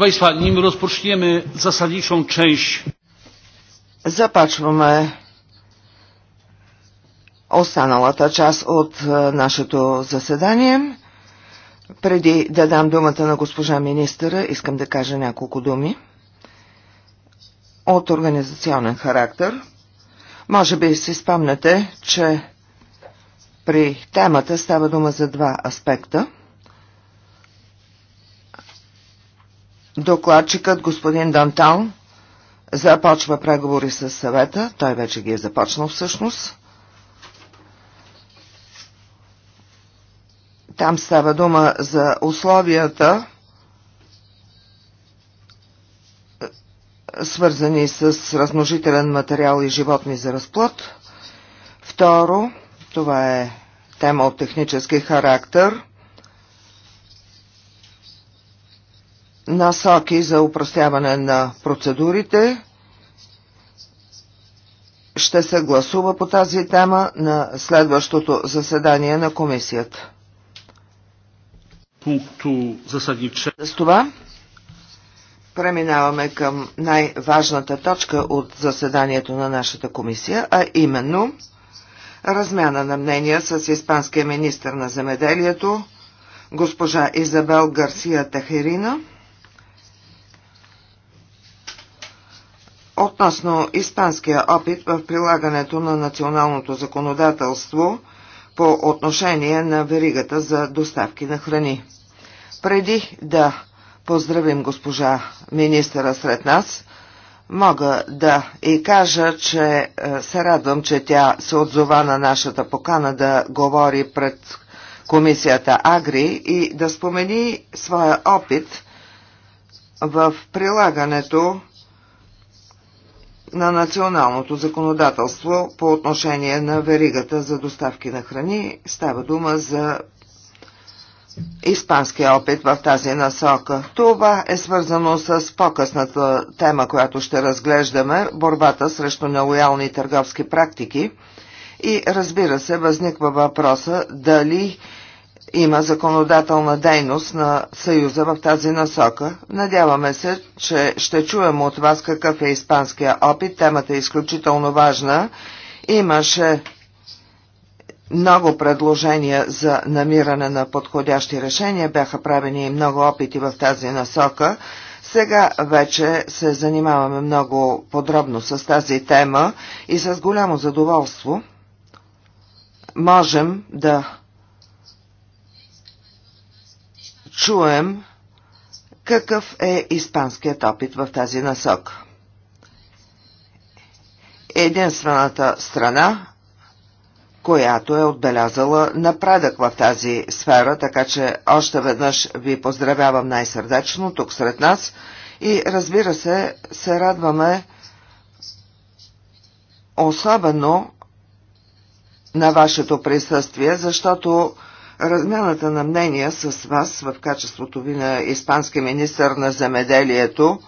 Państwa, nim rozpoczniemy zasadniczą część. Започваме останалата част от нашето заседание. Преди да дам думата на госпожа министъра, искам да кажа няколко думи от организационен характер. Може би си спомняте, че при темата става дума за два аспекта – Докладчикът господин Дантан започва преговори с съвета. Той вече ги е започнал всъщност. Там става дума за условията, свързани с размножителен материал и животни за разплод. Второ, това е тема от технически характер. насоки за упростяване на процедурите. Ще се гласува по тази тема на следващото заседание на комисията. С това преминаваме към най-важната точка от заседанието на нашата комисия, а именно размяна на мнения с испанския министр на земеделието госпожа Изабел Гарсия Тахерина. Относно испанския опит в прилагането на националното законодателство по отношение на веригата за доставки на храни. Преди да поздравим госпожа министъра сред нас, мога да и кажа, че е, се радвам, че тя се отзова на нашата покана да говори пред комисията Агри и да спомени своя опит в прилагането на националното законодателство по отношение на веригата за доставки на храни. Става дума за испанския опит в тази насока. Това е свързано с по-късната тема, която ще разглеждаме – борбата срещу нелоялни търговски практики. И разбира се, възниква въпроса дали има законодателна дейност на Съюза в тази насока. Надяваме се, че ще чуем от вас какъв е испанския опит. Темата е изключително важна. Имаше много предложения за намиране на подходящи решения, бяха правени и много опити в тази насока. Сега вече се занимаваме много подробно с тази тема и с голямо задоволство можем да чуем какъв е испанският опит в тази насок. Единствената страна, която е отбелязала напредък в тази сфера, така че още веднъж ви поздравявам най-сърдечно тук сред нас и разбира се, се радваме особено на вашето присъствие, защото размяната на мнения с вас в качеството ви на испански министър на земеделието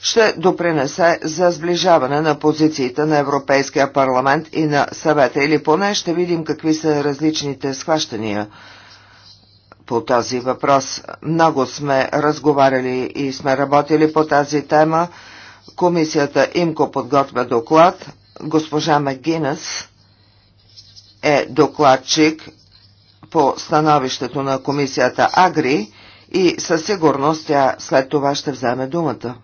ще допринесе за сближаване на позициите на Европейския парламент и на съвета или поне ще видим какви са различните схващания по този въпрос. Много сме разговаряли и сме работили по тази тема. Комисията ИМКО подготвя доклад. Госпожа Магинес е докладчик по становището на комисията Агри и със сигурност тя след това ще вземе думата.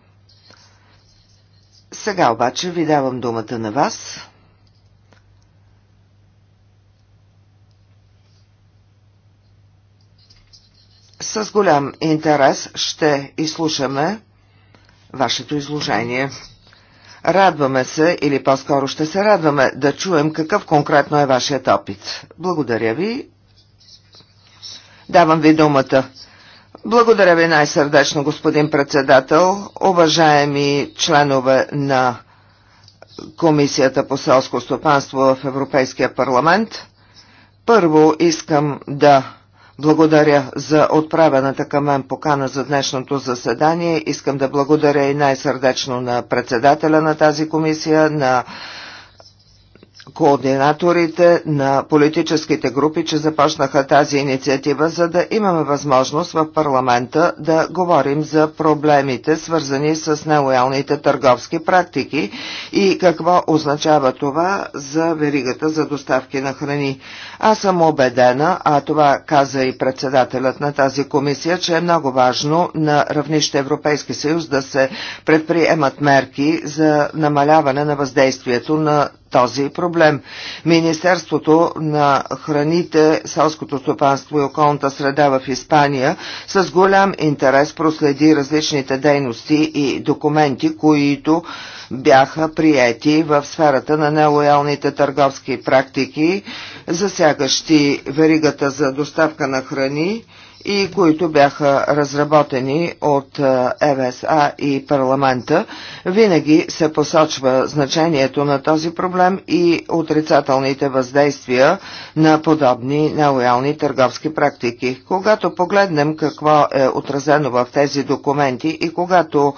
Сега обаче ви давам думата на вас. С голям интерес ще изслушаме вашето изложение. Радваме се, или по-скоро ще се радваме, да чуем какъв конкретно е вашият опит. Благодаря ви. Давам ви думата. Благодаря ви най-сърдечно, господин председател, уважаеми членове на Комисията по селско стопанство в Европейския парламент. Първо искам да благодаря за отправената към мен покана за днешното заседание. Искам да благодаря и най-сърдечно на председателя на тази комисия, на координаторите на политическите групи, че започнаха тази инициатива, за да имаме възможност в парламента да говорим за проблемите, свързани с нелоялните търговски практики и какво означава това за веригата за доставки на храни. Аз съм убедена, а това каза и председателят на тази комисия, че е много важно на равнище Европейски съюз да се предприемат мерки за намаляване на въздействието на този проблем. Министерството на храните, селското стопанство и околната среда в Испания с голям интерес проследи различните дейности и документи, които бяха приети в сферата на нелоялните търговски практики, засягащи веригата за доставка на храни, и които бяха разработени от е, ЕВСА и парламента, винаги се посочва значението на този проблем и отрицателните въздействия на подобни нелоялни търговски практики. Когато погледнем какво е отразено в тези документи и когато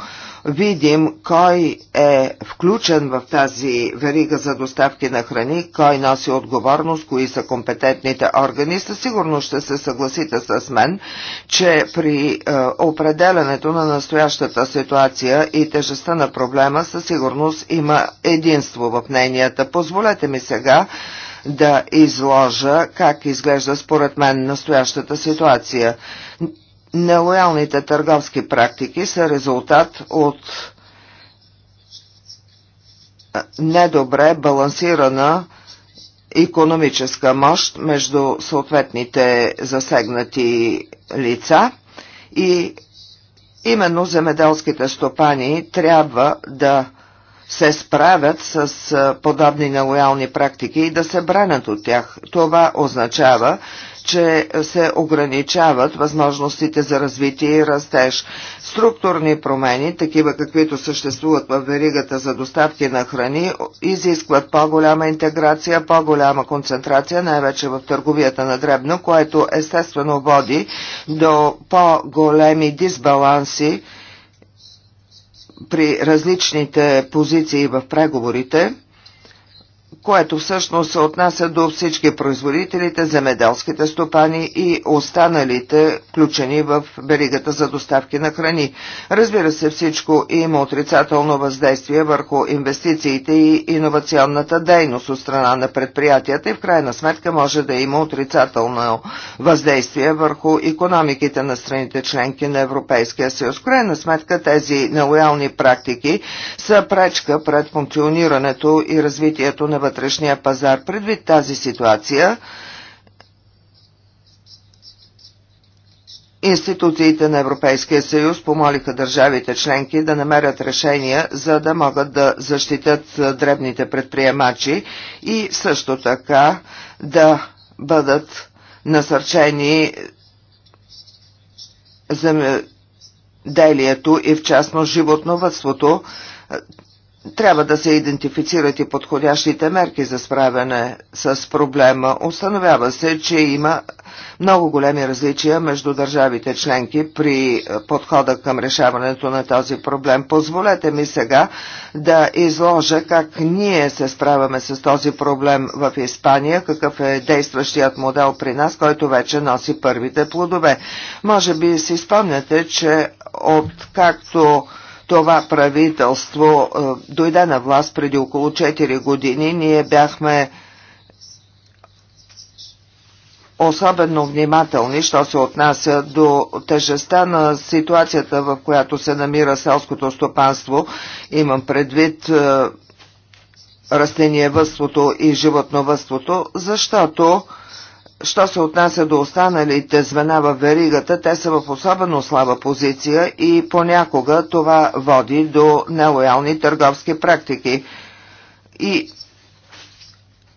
видим кой е включен в тази верига за доставки на храни, кой носи отговорност, кои са компетентните органи, със сигурност ще се съгласите с мен, че при е, определенето на настоящата ситуация и тежестта на проблема със сигурност има единство в мненията. Позволете ми сега да изложа как изглежда според мен настоящата ситуация. Нелоялните търговски практики са резултат от недобре балансирана економическа мощ между съответните засегнати лица и именно земеделските стопани трябва да се справят с подобни нелоялни практики и да се бранят от тях. Това означава, че се ограничават възможностите за развитие и растеж. Структурни промени, такива каквито съществуват в веригата за доставки на храни, изискват по-голяма интеграция, по-голяма концентрация, най-вече в търговията на дребно, което естествено води до по-големи дисбаланси при различните позиции в преговорите – което всъщност се отнася до всички производителите, земеделските стопани и останалите, включени в беригата за доставки на храни. Разбира се, всичко има отрицателно въздействие върху инвестициите и иновационната дейност от страна на предприятията и в крайна сметка може да има отрицателно въздействие върху економиките на страните членки на Европейския съюз. В крайна сметка тези нелоялни практики са пречка пред функционирането и развитието на вътре вътрешния пазар. Предвид тази ситуация, Институциите на Европейския съюз помолиха държавите членки да намерят решения, за да могат да защитят дребните предприемачи и също така да бъдат насърчени земеделието и в частност животновътството, трябва да се идентифицират и подходящите мерки за справяне с проблема. Установява се, че има много големи различия между държавите членки при подхода към решаването на този проблем. Позволете ми сега да изложа как ние се справяме с този проблем в Испания, какъв е действащият модел при нас, който вече носи първите плодове. Може би си спомняте, че откакто това правителство е, дойде на власт преди около 4 години. Ние бяхме особено внимателни, що се отнася до тежестта на ситуацията, в която се намира селското стопанство. Имам предвид е, растениевътството и животновътството, защото Що се отнася до останалите звена в веригата, те са в особено слаба позиция и понякога това води до нелоялни търговски практики. И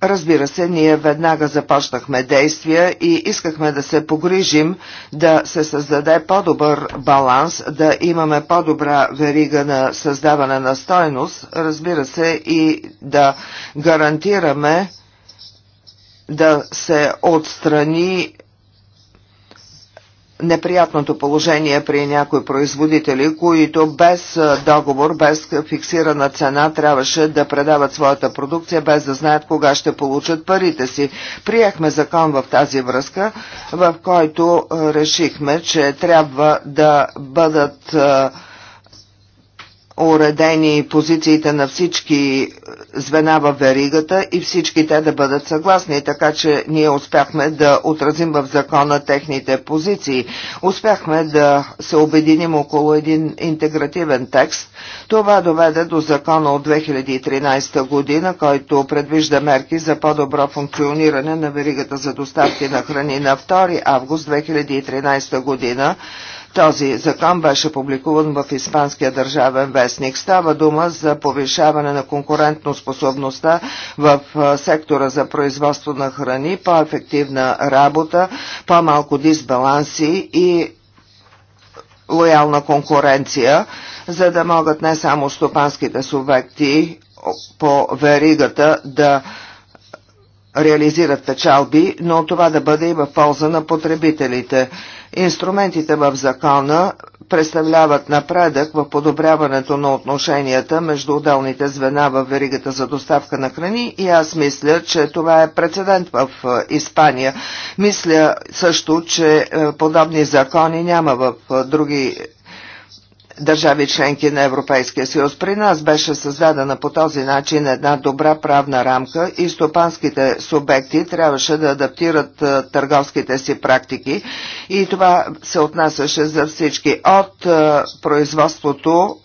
Разбира се, ние веднага започнахме действия и искахме да се погрижим да се създаде по-добър баланс, да имаме по-добра верига на създаване на стойност, разбира се, и да гарантираме да се отстрани неприятното положение при някои производители, които без договор, без фиксирана цена трябваше да предават своята продукция, без да знаят кога ще получат парите си. Приехме закон в тази връзка, в който решихме, че трябва да бъдат уредени позициите на всички звена в веригата и всички те да бъдат съгласни, така че ние успяхме да отразим в закона техните позиции. Успяхме да се обединим около един интегративен текст. Това доведе до закона от 2013 година, който предвижда мерки за по-добро функциониране на веригата за доставки на храни на 2 август 2013 година този закон беше публикуван в Испанския държавен вестник. Става дума за повишаване на конкурентно способността в сектора за производство на храни, по-ефективна работа, по-малко дисбаланси и лоялна конкуренция, за да могат не само стопанските субекти по веригата да реализират печалби, но това да бъде и в полза на потребителите. Инструментите в закона представляват напредък в подобряването на отношенията между отделните звена в веригата за доставка на храни и аз мисля, че това е прецедент в е, Испания. Мисля също, че е, подобни закони няма в е, други държави членки на Европейския съюз. При нас беше създадена по този начин една добра правна рамка и стопанските субекти трябваше да адаптират търговските си практики и това се отнасяше за всички от производството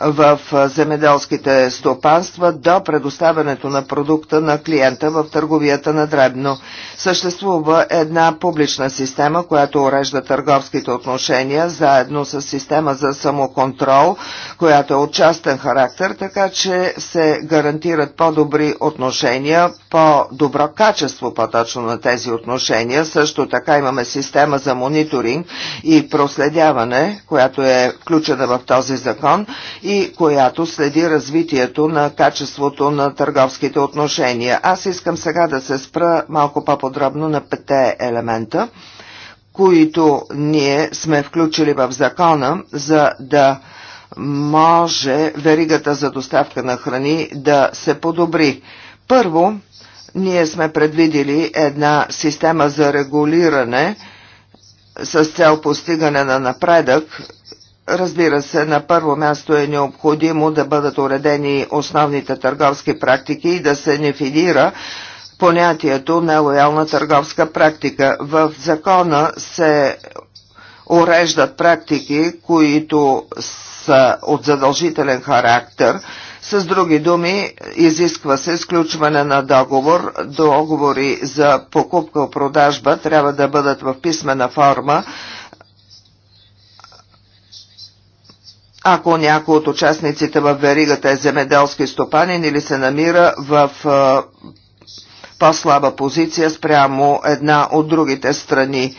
в земеделските стопанства до предоставянето на продукта на клиента в търговията на дребно. Съществува една публична система, която урежда търговските отношения, заедно с система за самоконтрол, която е от частен характер, така че се гарантират по-добри отношения, по-добро качество по-точно на тези отношения. Също така имаме система за мониторинг и проследяване, която е включена в този закон и която следи развитието на качеството на търговските отношения. Аз искам сега да се спра малко по-подробно на пете елемента, които ние сме включили в закона, за да може веригата за доставка на храни да се подобри. Първо, ние сме предвидили една система за регулиране с цел постигане на напредък Разбира се, на първо място е необходимо да бъдат уредени основните търговски практики и да се дефинира понятието нелоялна търговска практика. В закона се уреждат практики, които са от задължителен характер. С други думи, изисква се сключване на договор. Договори за покупка-продажба трябва да бъдат в писмена форма ако някой от участниците в веригата е земеделски стопанин или се намира в по-слаба позиция спрямо една от другите страни.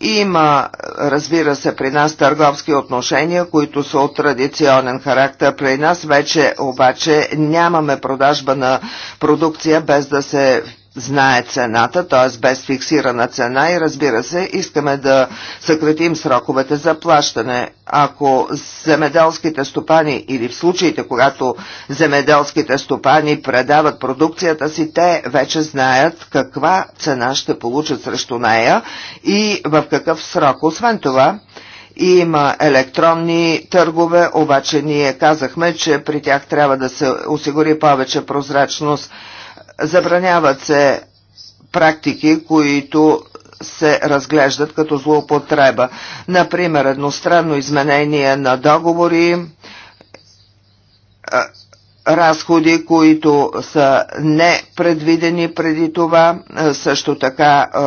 Има, разбира се, при нас търговски отношения, които са от традиционен характер. При нас вече обаче нямаме продажба на продукция без да се знае цената, т.е. без фиксирана цена и разбира се, искаме да съкратим сроковете за плащане. Ако земеделските стопани или в случаите, когато земеделските стопани предават продукцията си, те вече знаят каква цена ще получат срещу нея и в какъв срок. Освен това, има електронни търгове, обаче ние казахме, че при тях трябва да се осигури повече прозрачност. Забраняват се практики, които се разглеждат като злоупотреба. Например, едностранно изменение на договори, е, разходи, които са непредвидени преди това, е, също така е,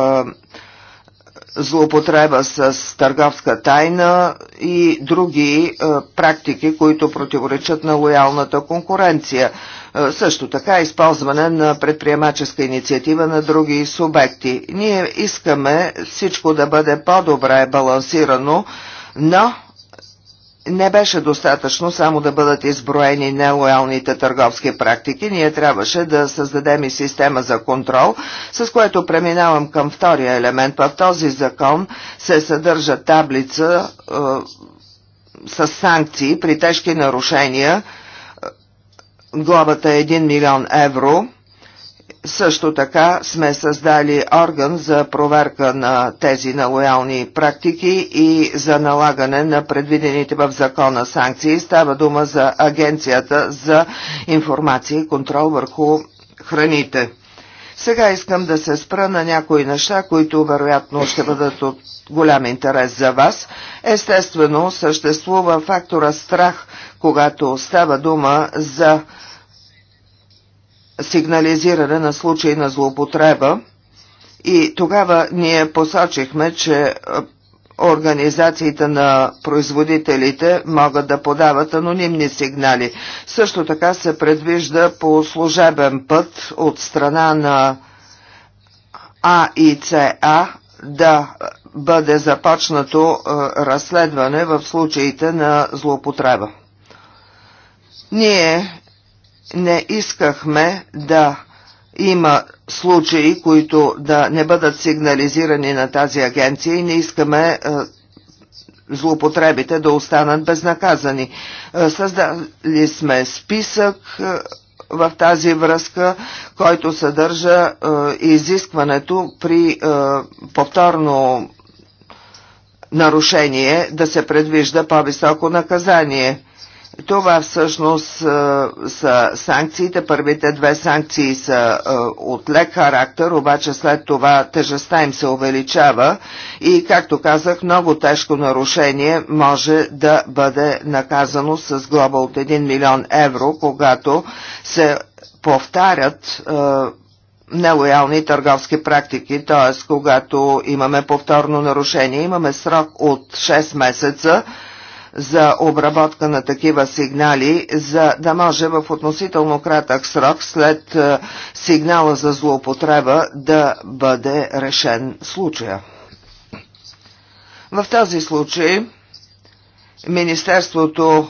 злоупотреба с търговска тайна и други е, практики, които противоречат на лоялната конкуренция. Е, също така използване на предприемаческа инициатива на други субекти. Ние искаме всичко да бъде по-добре балансирано, но не беше достатъчно само да бъдат изброени нелоялните търговски практики, ние трябваше да създадем и система за контрол, с което преминавам към втория елемент. В този закон се съдържа таблица е, с санкции при тежки нарушения. Глобата е 1 милион евро – също така сме създали орган за проверка на тези нелоялни практики и за налагане на предвидените в закона санкции. Става дума за Агенцията за информация и контрол върху храните. Сега искам да се спра на някои неща, които вероятно ще бъдат от голям интерес за вас. Естествено, съществува фактора страх, когато става дума за сигнализиране на случаи на злоупотреба и тогава ние посочихме, че е, организациите на производителите могат да подават анонимни сигнали. Също така се предвижда по служебен път от страна на АИЦА да бъде започнато е, разследване в случаите на злоупотреба. Ние не искахме да има случаи, които да не бъдат сигнализирани на тази агенция и не искаме е, злоупотребите да останат безнаказани. Е, създали сме списък е, в тази връзка, който съдържа изискването при повторно нарушение да се предвижда по-високо наказание. Това всъщност е, са санкциите. Първите две санкции са е, от лек характер, обаче след това тежестта им се увеличава и, както казах, много тежко нарушение може да бъде наказано с глоба от 1 милион евро, когато се повтарят е, нелоялни търговски практики, т.е. когато имаме повторно нарушение, имаме срок от 6 месеца за обработка на такива сигнали, за да може в относително кратък срок след е, сигнала за злоупотреба да бъде решен случая. В този случай Министерството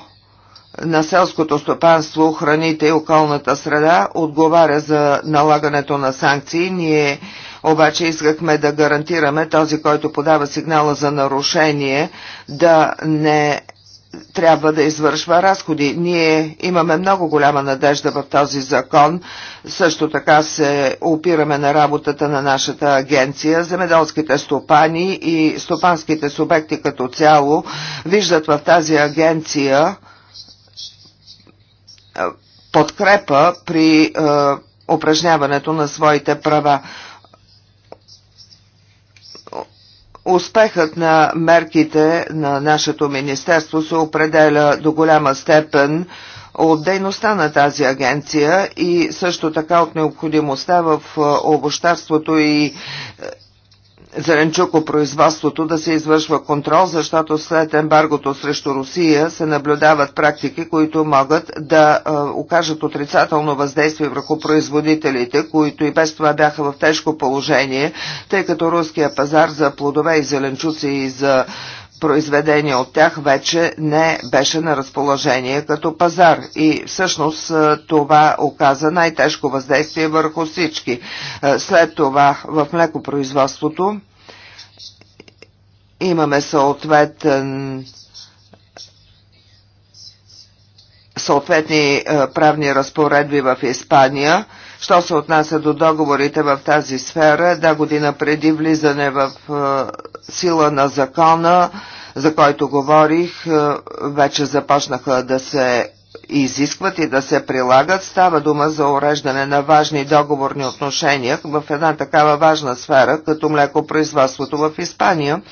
на селското стопанство, храните и околната среда отговаря за налагането на санкции. Ние обаче искахме да гарантираме този, който подава сигнала за нарушение, да не трябва да извършва разходи. Ние имаме много голяма надежда в този закон. Също така се опираме на работата на нашата агенция. Земеделските стопани и стопанските субекти като цяло виждат в тази агенция подкрепа при упражняването на своите права. Успехът на мерките на нашето министерство се определя до голяма степен от дейността на тази агенция и също така от необходимостта в обощарството и зеленчукопроизводството да се извършва контрол, защото след ембаргото срещу Русия се наблюдават практики, които могат да а, окажат отрицателно въздействие върху производителите, които и без това бяха в тежко положение, тъй като руския пазар за плодове и зеленчуци и за произведение от тях вече не беше на разположение като пазар и всъщност това оказа най-тежко въздействие върху всички. След това в млекопроизводството имаме съответен съответни правни разпоредби в Испания – Що се отнася до договорите в тази сфера, една година преди влизане в сила на закона, за който говорих, вече започнаха да се изискват и да се прилагат. Става дума за уреждане на важни договорни отношения в една такава важна сфера, като млекопроизводството в Испания.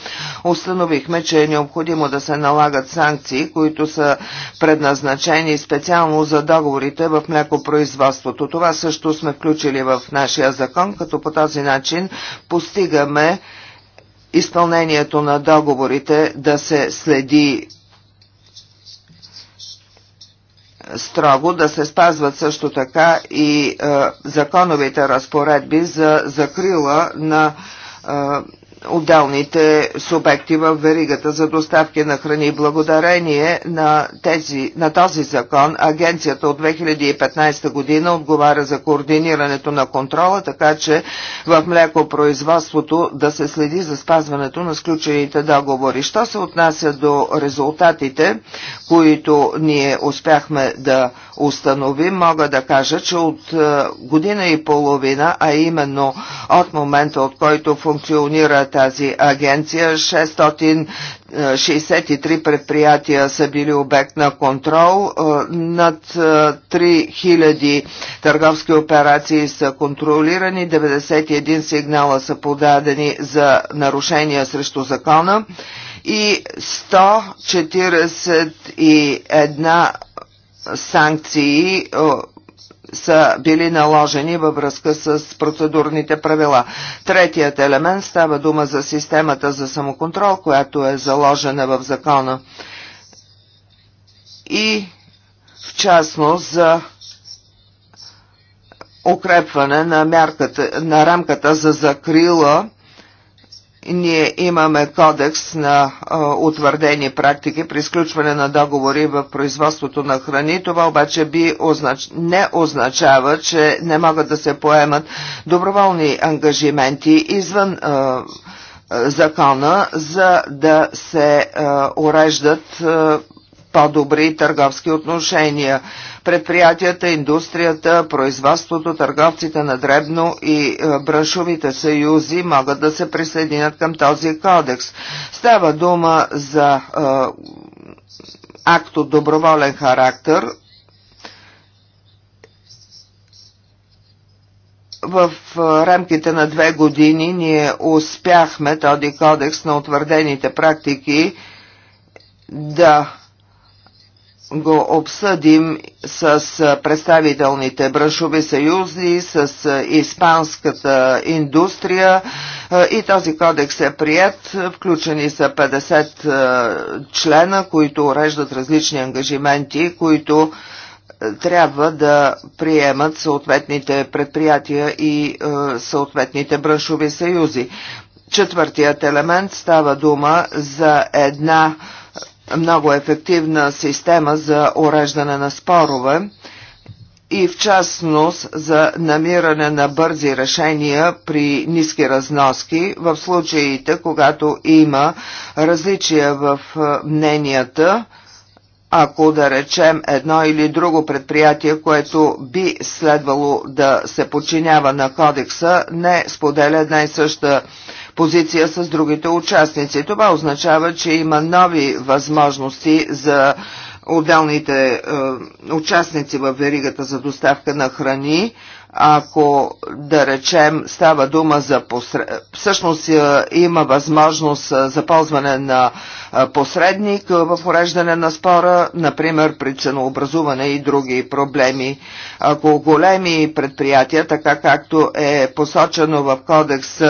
Установихме, че е необходимо да се налагат санкции, които са предназначени специално за договорите в млекопроизводството. Това също сме включили в нашия закон, като по този начин постигаме изпълнението на договорите да се следи строго да се спазват също така и е, законовите разпоредби за закрила на е, отделните субекти в веригата за доставки на храни. Благодарение на, тези, на този закон, агенцията от 2015 година отговаря за координирането на контрола, така че в млекопроизводството да се следи за спазването на сключените договори. Що се отнася до резултатите, които ние успяхме да установи, мога да кажа, че от е, година и половина, а именно от момента, от който функционира тази агенция, 663 предприятия са били обект на контрол, е, над 3000 е, търговски операции са контролирани, 91 сигнала са подадени за нарушения срещу закона и 141 санкции са били наложени във връзка с процедурните правила. Третият елемент става дума за системата за самоконтрол, която е заложена в закона и в частност за укрепване на, мярката, на рамката за закрила ние имаме кодекс на а, утвърдени практики при изключване на договори в производството на храни. Това обаче би означ... не означава, че не могат да се поемат доброволни ангажименти извън а, закона, за да се а, уреждат а, по-добри търговски отношения предприятията, индустрията, производството, търговците на дребно и е, браншовите съюзи могат да се присъединят към този кодекс. Става дума за е, акт от доброволен характер, в е, рамките на две години ние успяхме този кодекс на утвърдените практики да го обсъдим с представителните брашови съюзи, с испанската индустрия и този кодекс е прият. Включени са 50 члена, които уреждат различни ангажименти, които трябва да приемат съответните предприятия и съответните брашови съюзи. Четвъртият елемент става дума за една много ефективна система за уреждане на спорове и в частност за намиране на бързи решения при ниски разноски в случаите, когато има различия в мненията, ако да речем едно или друго предприятие, което би следвало да се подчинява на кодекса, не споделя една и съща позиция с другите участници. Това означава, че има нови възможности за отделните е, участници в веригата за доставка на храни, ако да речем става дума за посред... всъщност е, има възможност е, за ползване на е, посредник е, в уреждане на спора, например при ценообразуване и други проблеми. Ако големи предприятия, така както е посочено в кодекс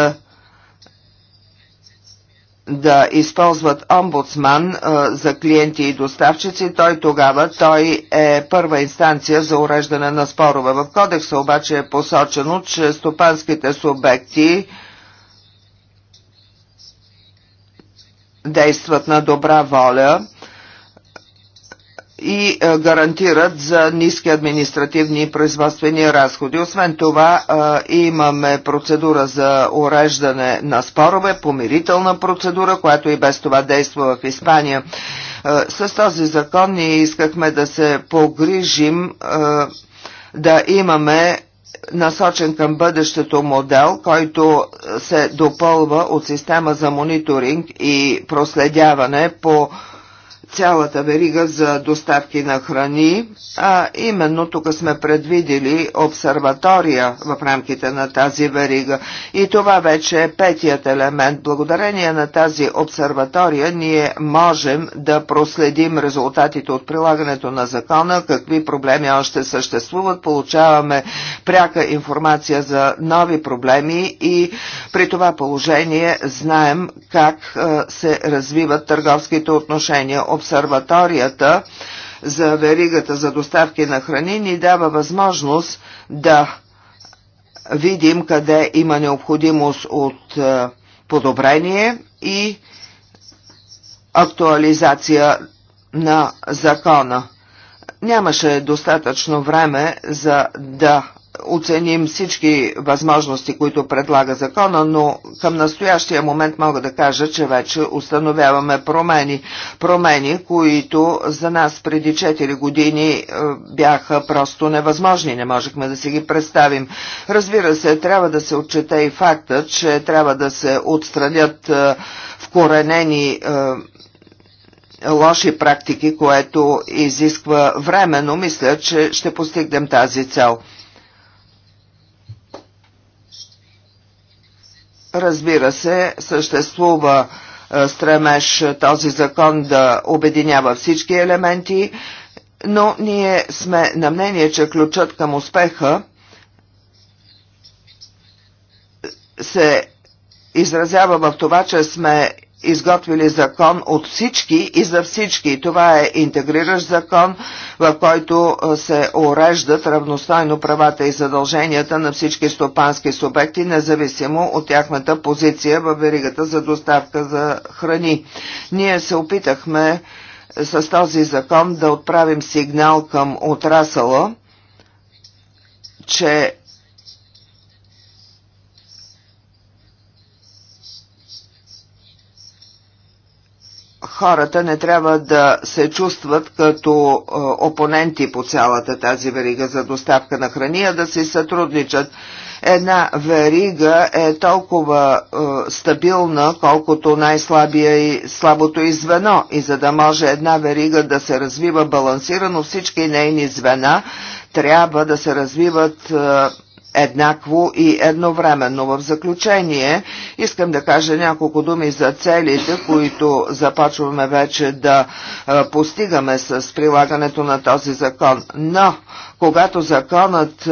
да използват омбудсман а, за клиенти и доставчици, той тогава той е първа инстанция за уреждане на спорове. В кодекса обаче е посочено, че стопанските субекти действат на добра воля и е, гарантират за ниски административни и производствени разходи. Освен това е, имаме процедура за уреждане на спорове, помирителна процедура, която и без това действа в Испания. Е, с този закон ние искахме да се погрижим да имаме насочен към бъдещето модел, който се допълва от система за мониторинг и проследяване по цялата верига за доставки на храни, а именно тук сме предвидели обсерватория в рамките на тази верига. И това вече е петият елемент. Благодарение на тази обсерватория ние можем да проследим резултатите от прилагането на закона, какви проблеми още съществуват, получаваме пряка информация за нови проблеми и при това положение знаем как се развиват търговските отношения отношения обсерваторията за веригата за доставки на храни ни дава възможност да видим къде има необходимост от е, подобрение и актуализация на закона. Нямаше достатъчно време за да оценим всички възможности, които предлага закона, но към настоящия момент мога да кажа, че вече установяваме промени. Промени, които за нас преди 4 години е, бяха просто невъзможни, не можехме да си ги представим. Разбира се, трябва да се отчете и факта, че трябва да се отстранят е, вкоренени е, лоши практики, което изисква време, но мисля, че ще постигнем тази цел. Разбира се, съществува е, стремеж този закон да обединява всички елементи, но ние сме на мнение, че ключът към успеха се изразява в това, че сме изготвили закон от всички и за всички. Това е интегриращ закон, в който се уреждат равностойно правата и задълженията на всички стопански субекти, независимо от тяхната позиция в веригата за доставка за храни. Ние се опитахме с този закон да отправим сигнал към отрасъла, че хората не трябва да се чувстват като е, опоненти по цялата тази верига за доставка на храни, а да си сътрудничат. Една верига е толкова е, стабилна, колкото най-слабия и слабото и звено. И за да може една верига да се развива балансирано, всички нейни звена трябва да се развиват е, еднакво и едновременно. В заключение искам да кажа няколко думи за целите, които започваме вече да постигаме с прилагането на този закон. Но, когато законът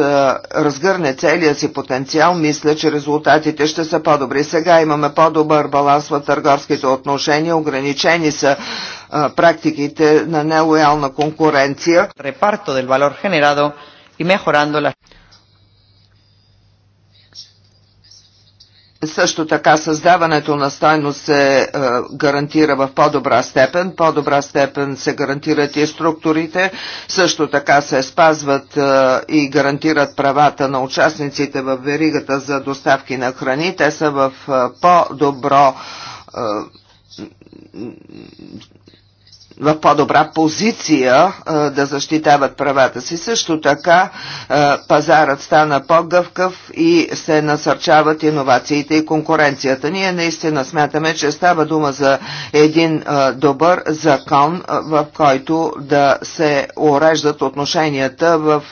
разгърне целия си потенциал, мисля, че резултатите ще са по-добри. Сега имаме по-добър баланс в търговските отношения, ограничени са практиките на нелоялна конкуренция. Репарто del valor generado и mejorando Също така създаването на стойност се е, гарантира в по-добра степен, по-добра степен се гарантират и структурите, също така се спазват е, и гарантират правата на участниците в веригата за доставки на храни. Те са в е, по-добро е, в по-добра позиция да защитават правата си. Също така пазарът стана по-гъвкав и се насърчават иновациите и конкуренцията. Ние наистина смятаме, че става дума за един добър закон, в който да се уреждат отношенията в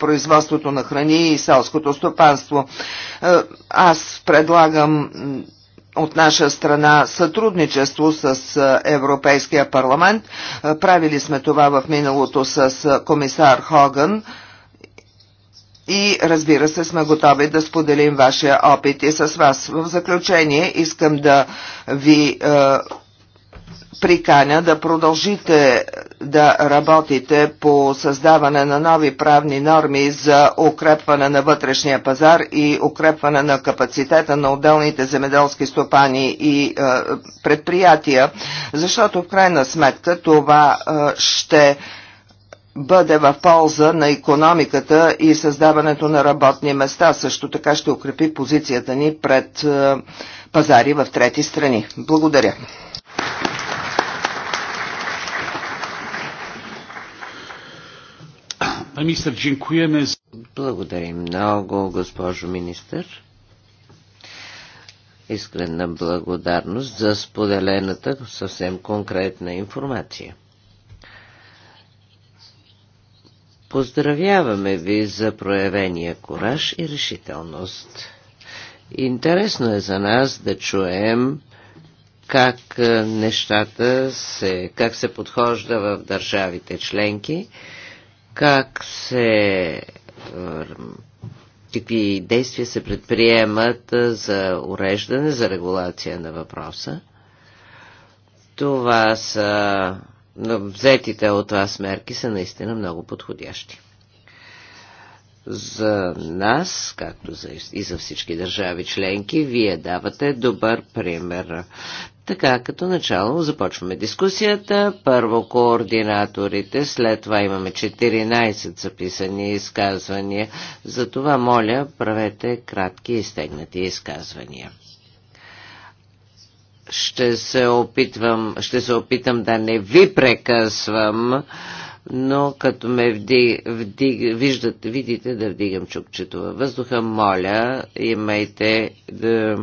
производството на храни и селското стопанство. Аз предлагам от наша страна сътрудничество с Европейския парламент. Правили сме това в миналото с комисар Хоган и разбира се сме готови да споделим вашия опит и с вас. В заключение искам да ви приканя да продължите да работите по създаване на нови правни норми за укрепване на вътрешния пазар и укрепване на капацитета на отделните земеделски стопани и е, предприятия, защото в крайна сметка това е, ще бъде в полза на економиката и създаването на работни места. Също така ще укрепи позицията ни пред е, пазари в трети страни. Благодаря. Министър, дякуваме. Благодарим много, госпожо министър. Искрена благодарност за споделената съвсем конкретна информация. Поздравяваме ви за проявения кораж и решителност. Интересно е за нас да чуем как нещата се, как се подхожда в държавите членки как се е, какви действия се предприемат е, за уреждане, за регулация на въпроса. Това са взетите от вас мерки са наистина много подходящи. За нас, както и за всички държави членки, вие давате добър пример. Така, като начало започваме дискусията. Първо координаторите, след това имаме 14 записани изказвания. Затова, моля, правете кратки и стегнати изказвания. Ще се, опитвам, ще се опитам да не ви прекъсвам, но като ме вдиг, вдиг, виждат, видите да вдигам чукчето във въздуха, моля, имайте да,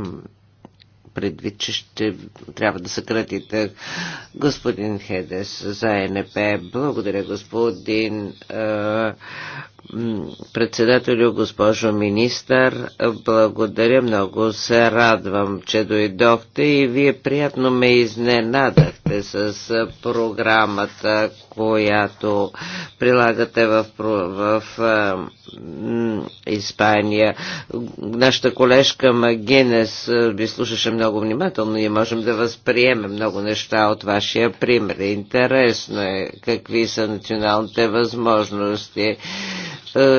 предвид, че ще трябва да съкратите господин Хедес за НП. Благодаря, господин председателю, госпожо министър, благодаря много, се радвам, че дойдохте и вие приятно ме изненадахте с програмата, която прилагате в, в, в Испания. Нашата колежка Магинес ви слушаше много внимателно и можем да възприемем много неща от вашия пример. Интересно е какви са националните възможности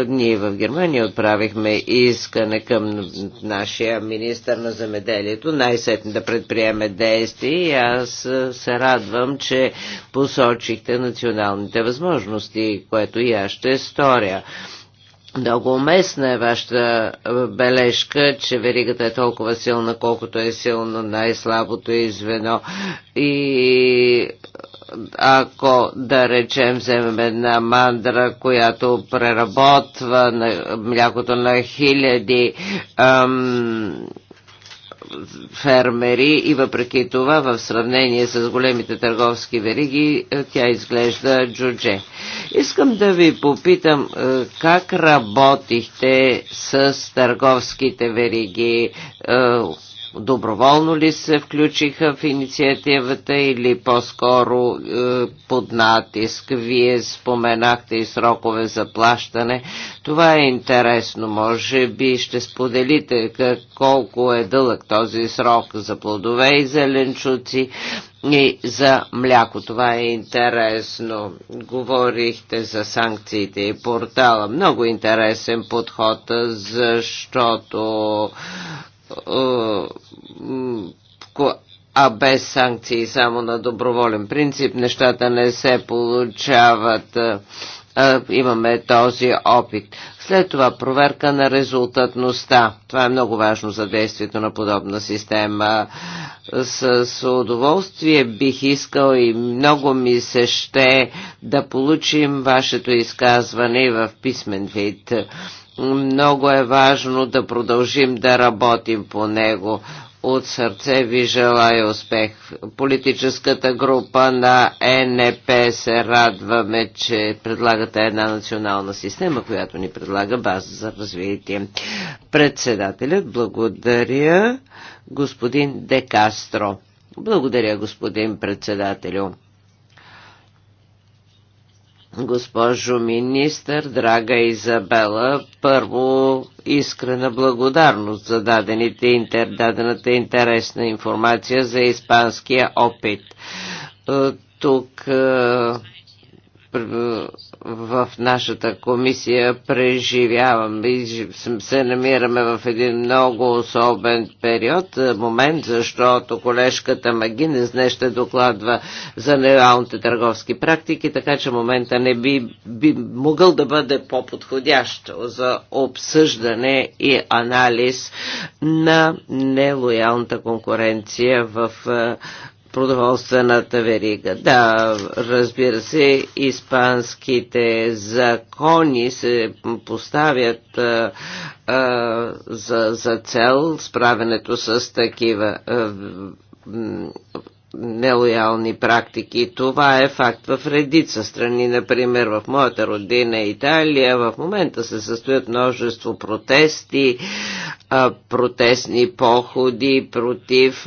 ние в Германия отправихме искане към нашия министр на земеделието най-сетне да предприеме действия и аз се радвам, че посочихте националните възможности, което и аз ще сторя. Много уместна е вашата бележка, че веригата е толкова силна, колкото е силно най-слабото е И ако, да речем, вземем една мандра, която преработва на, млякото на хиляди ам, фермери и въпреки това в сравнение с големите търговски вериги е, тя изглежда джудже. Искам да ви попитам е, как работихте с търговските вериги, е, доброволно ли се включиха в инициативата или по-скоро е, под натиск? Вие споменахте и срокове за плащане. Това е интересно. Може би ще споделите как, колко е дълъг този срок за плодове и зеленчуци и за мляко. Това е интересно. Говорихте за санкциите и портала. Много интересен подход, защото е, а без санкции само на доброволен принцип нещата не се получават. Е, е, имаме този опит. След това проверка на резултатността. Това е много важно за действието на подобна система. С удоволствие бих искал и много ми се ще да получим вашето изказване в писмен вид. Много е важно да продължим да работим по него. От сърце ви желая успех. Политическата група на НП се радваме, че предлагате една национална система, която ни предлага база за развитие. Председателят благодаря господин Декастро. Благодаря господин председателю. Госпожо министър, драга Изабела, първо искрена благодарност за дадените, интер, дадената интересна информация за испанския опит. Е, тук е, в нашата комисия преживявам и се намираме в един много особен период, е, момент, защото колежката Магинес днес ще докладва за нелеалните търговски практики, така че момента не би, би могъл да бъде по-подходящ за обсъждане и анализ на нелоялната конкуренция в е, продоволствената верига. Да, разбира се, испанските закони се поставят а, а, за, за цел справенето с такива а, нелоялни практики. Това е факт в редица страни, например в моята родина Италия. В момента се състоят множество протести, протестни походи против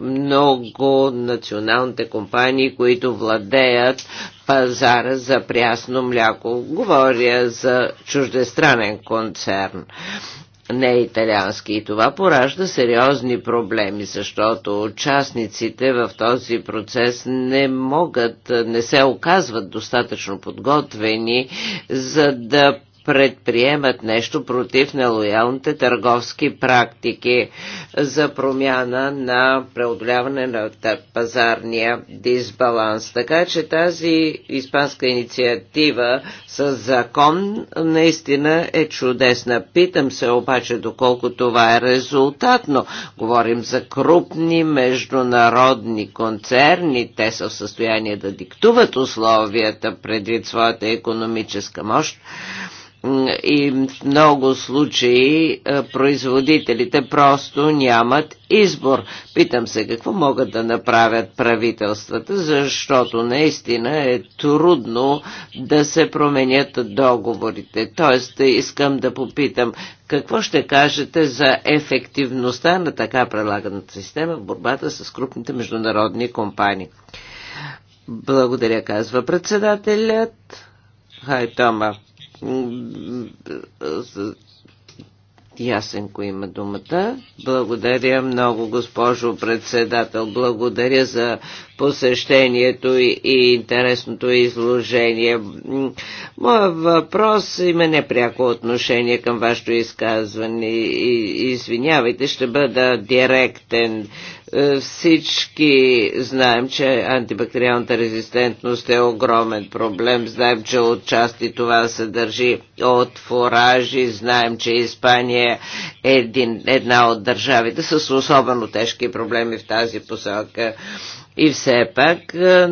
много националните компании, които владеят пазара за прясно мляко. Говоря за чуждестранен концерн не е италиански. И това поражда сериозни проблеми, защото участниците в този процес не могат, не се оказват достатъчно подготвени, за да предприемат нещо против нелоялните търговски практики за промяна на преодоляване на пазарния дисбаланс. Така че тази испанска инициатива с закон наистина е чудесна. Питам се обаче доколко това е резултатно. Говорим за крупни международни концерни. Те са в състояние да диктуват условията предвид своята економическа мощ и в много случаи е, производителите просто нямат избор. Питам се какво могат да направят правителствата, защото наистина е трудно да се променят договорите. Тоест искам да попитам какво ще кажете за ефективността на така предлаганата система в борбата с крупните международни компании. Благодаря, казва председателят. Хай, Тома. Ясен, Ясенко има думата. Благодаря много, госпожо председател. Благодаря за посещението и, интересното изложение. Моя въпрос има непряко отношение към вашето изказване. извинявайте, ще бъда директен. Е, всички знаем, че антибактериалната резистентност е огромен проблем. Знаем, че отчасти това се държи от фуражи. Знаем, че Испания е един, една от държавите с особено тежки проблеми в тази посока. И все пак е,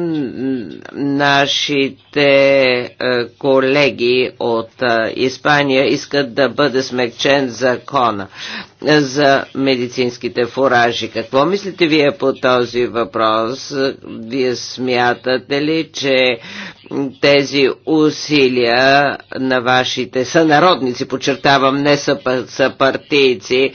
нашите е, колеги от е, Испания искат да бъде смекчен закона за медицинските фуражи. Какво мислите вие по този въпрос? Вие смятате ли, че тези усилия на вашите сънародници, подчертавам, не са, са партийци,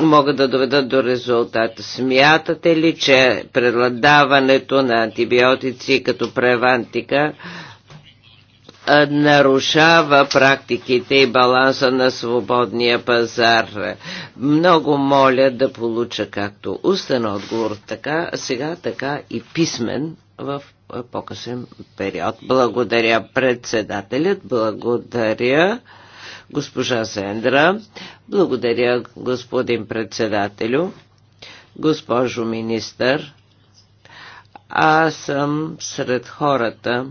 могат да доведат до резултат. Смятате ли, че предладаването на антибиотици като превантика нарушава практиките и баланса на свободния пазар. Много моля да получа както устен отговор, така сега, така и писмен в по-късен период. Благодаря председателят, благодаря. Госпожа Сендра, благодаря господин председателю, госпожо министър. Аз съм сред хората,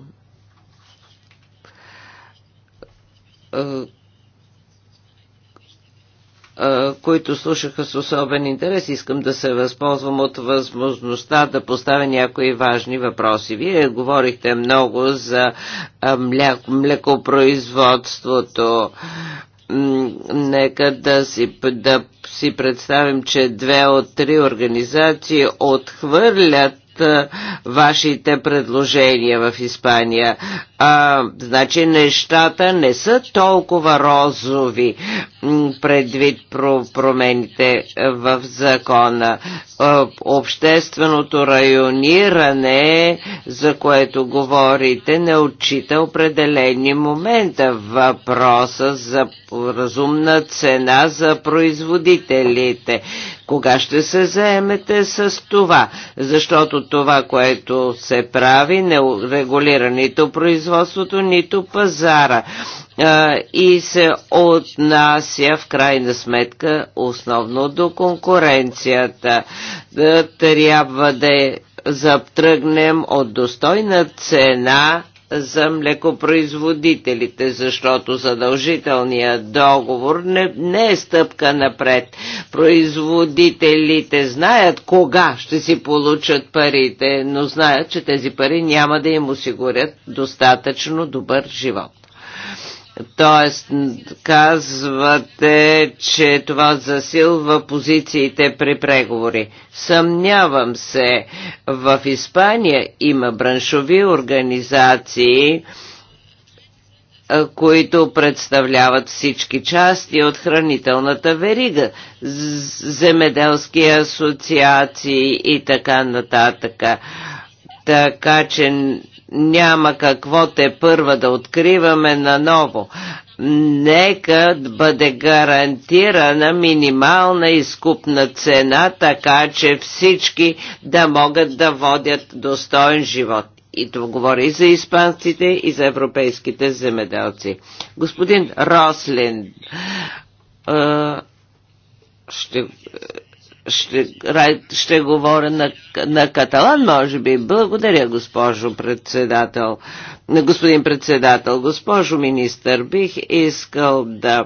които слушаха с особен интерес. Искам да се възползвам от възможността да поставя някои важни въпроси. Вие говорихте много за мляко, млекопроизводството. Нека да си, да си представим, че две от три организации отхвърлят вашите предложения в Испания. А, значи нещата не са толкова розови предвид про промените в закона. Общественото райониране, за което говорите, не отчита определени момента. Въпроса за разумна цена за производителите. Кога ще се заемете с това? Защото това, което се прави, регулираните производителите, производството, нито пазара. И се отнася в крайна сметка основно до конкуренцията. Трябва да е- затръгнем от достойна цена за млекопроизводителите, защото задължителният договор не, не е стъпка напред. Производителите знаят кога ще си получат парите, но знаят, че тези пари няма да им осигурят достатъчно добър живот. Тоест, казвате, че това засилва позициите при преговори. Съмнявам се, в Испания има браншови организации, които представляват всички части от хранителната верига, земеделски асоциации и така нататък. Така че няма какво те първа да откриваме наново. Нека бъде гарантирана минимална изкупна цена, така че всички да могат да водят достоен живот. И това говори и за испанците, и за европейските земеделци. Господин Рослин, ще ще, ще говоря на, на каталан, може би. Благодаря, госпожо председател. Господин председател, госпожо министър, бих искал да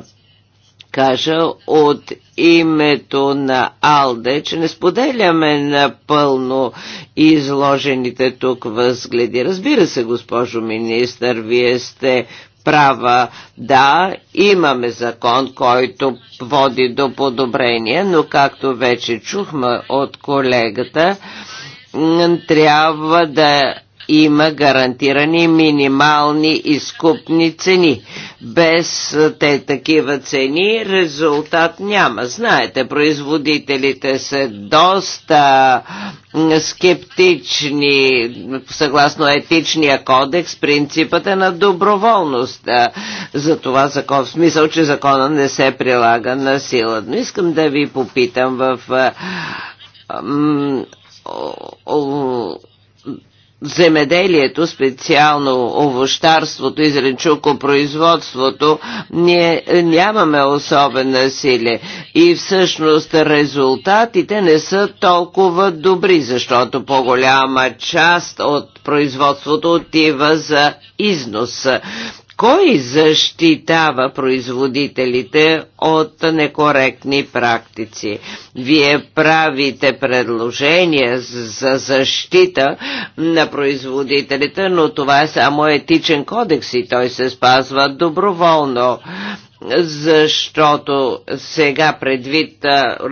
кажа от името на Алде, че не споделяме напълно изложените тук възгледи. Разбира се, госпожо министър, вие сте права. Да, имаме закон, който води до подобрение, но както вече чухме от колегата, трябва да има гарантирани минимални изкупни цени. Без те такива цени резултат няма. Знаете, производителите са доста скептични, съгласно етичния кодекс, принципът е на доброволност. За това закон, в смисъл, че закона не се прилага на сила. Но искам да ви попитам в земеделието, специално овощарството и зеленчукопроизводството, ние нямаме особена сили. И всъщност резултатите не са толкова добри, защото по-голяма част от производството отива за износ. Кой защитава производителите от некоректни практици? Вие правите предложения за защита на производителите, но това е само етичен кодекс и той се спазва доброволно защото сега предвид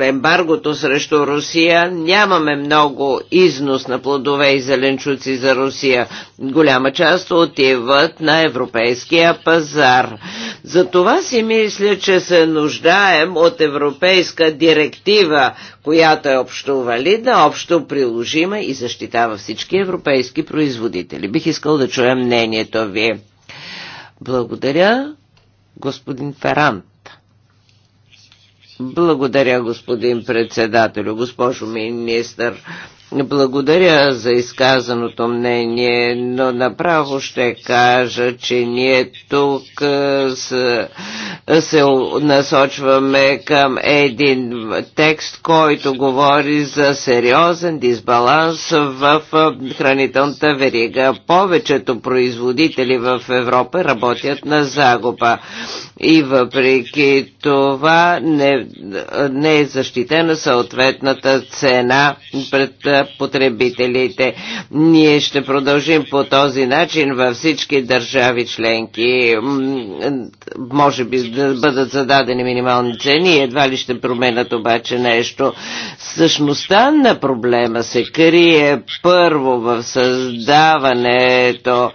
ембаргото срещу Русия нямаме много износ на плодове и зеленчуци за Русия. Голяма част отиват на европейския пазар. Затова си мисля, че се нуждаем от европейска директива, която е общо валидна, общо приложима и защитава всички европейски производители. Бих искал да чуя мнението ви. Благодаря. Господин Ферант. Благодаря, господин председател, госпожо министър. Благодаря за изказаното мнение, но направо ще кажа, че ние тук е, с, е, се насочваме към един текст, който говори за сериозен дисбаланс в е, хранителната верига. Повечето производители в Европа работят на загуба и въпреки това не, не е защитена съответната цена пред потребителите. Ние ще продължим по този начин във всички държави членки. Може би да бъдат зададени минимални цени, едва ли ще променят обаче нещо. Същността на проблема се крие първо в създаването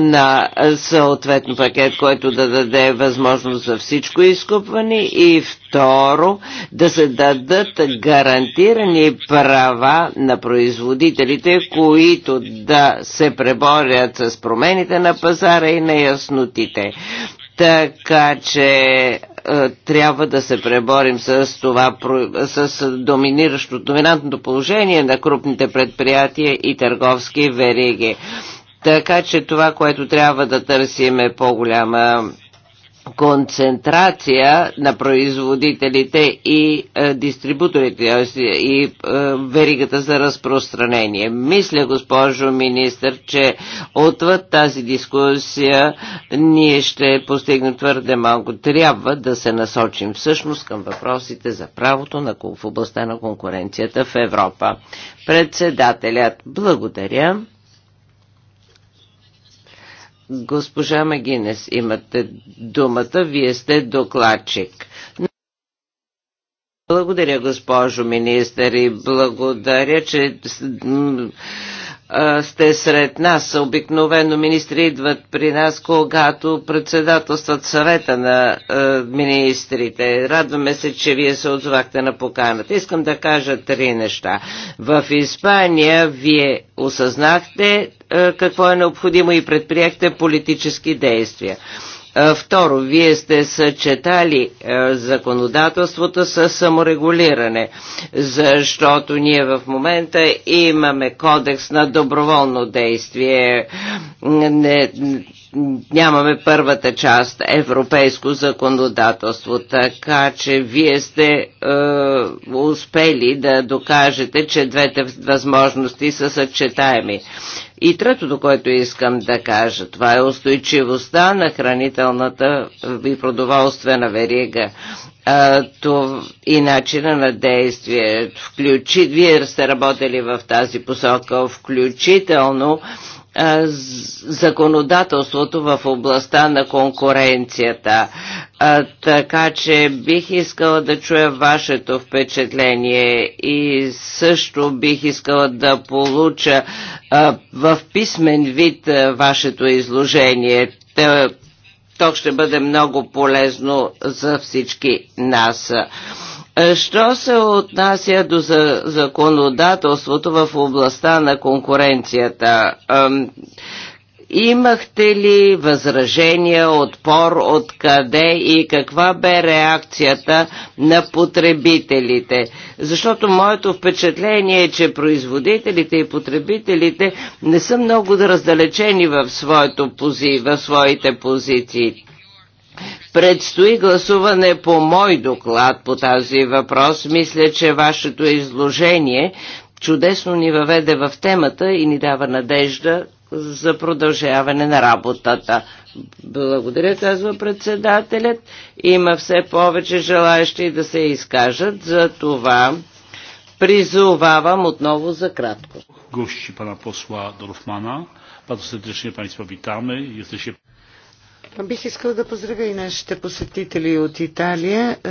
на съответно пакет, който да даде да е възможност за всичко изкупване и второ да се дадат гарантирани права на производителите, които да се преборят с промените на пазара и на яснотите. Така че е, трябва да се преборим с това, с доминиращото, доминантното положение на крупните предприятия и търговски вериги. Така че това, което трябва да търсим е по-голяма концентрация на производителите и е, дистрибуторите и е, веригата за разпространение. Мисля, госпожо министр, че отвъд тази дискусия ние ще постигнем твърде малко. Трябва да се насочим всъщност към въпросите за правото на, в областта на конкуренцията в Европа. Председателят, благодаря. Госпожа Магинес, имате думата. Вие сте докладчик. Благодаря, госпожо министър, и благодаря, че сте сред нас. Обикновено министри идват при нас, когато председателстват съвета на министрите. Радваме се, че вие се отзвахте на поканата. Искам да кажа три неща. В Испания вие осъзнахте е, какво е необходимо и предприехте политически действия. Е, второ, вие сте съчетали е, законодателството с саморегулиране, защото ние в момента имаме кодекс на доброволно действие. Не, нямаме първата част европейско законодателство, така че вие сте е, успели да докажете, че двете възможности са съчетаеми. И третото, което искам да кажа, това е устойчивостта на хранителната и продоволствена верига е, и начина на действие. Включи, вие сте работили в тази посока, включително законодателството в областта на конкуренцията. А, така че бих искала да чуя вашето впечатление и също бих искала да получа а, в писмен вид а, вашето изложение. То ще бъде много полезно за всички нас. Е, що се отнася до законодателството в областта на конкуренцията? Имахте ли възражения, отпор, откъде и каква бе реакцията на потребителите? Защото моето впечатление е, че производителите и потребителите не са много раздалечени в, своето пози, в своите позиции. Предстои гласуване по мой доклад по тази въпрос. Мисля, че вашето изложение чудесно ни въведе в темата и ни дава надежда за продължаване на работата. Благодаря, казва председателят. Има все повече желаящи да се изкажат, за това призовавам отново за кратко. Гощи пана посла Дорфмана, bardzo serdecznie Państwa witamy. Jesteście... Бих искала да поздравя и нашите посетители от Италия. Е,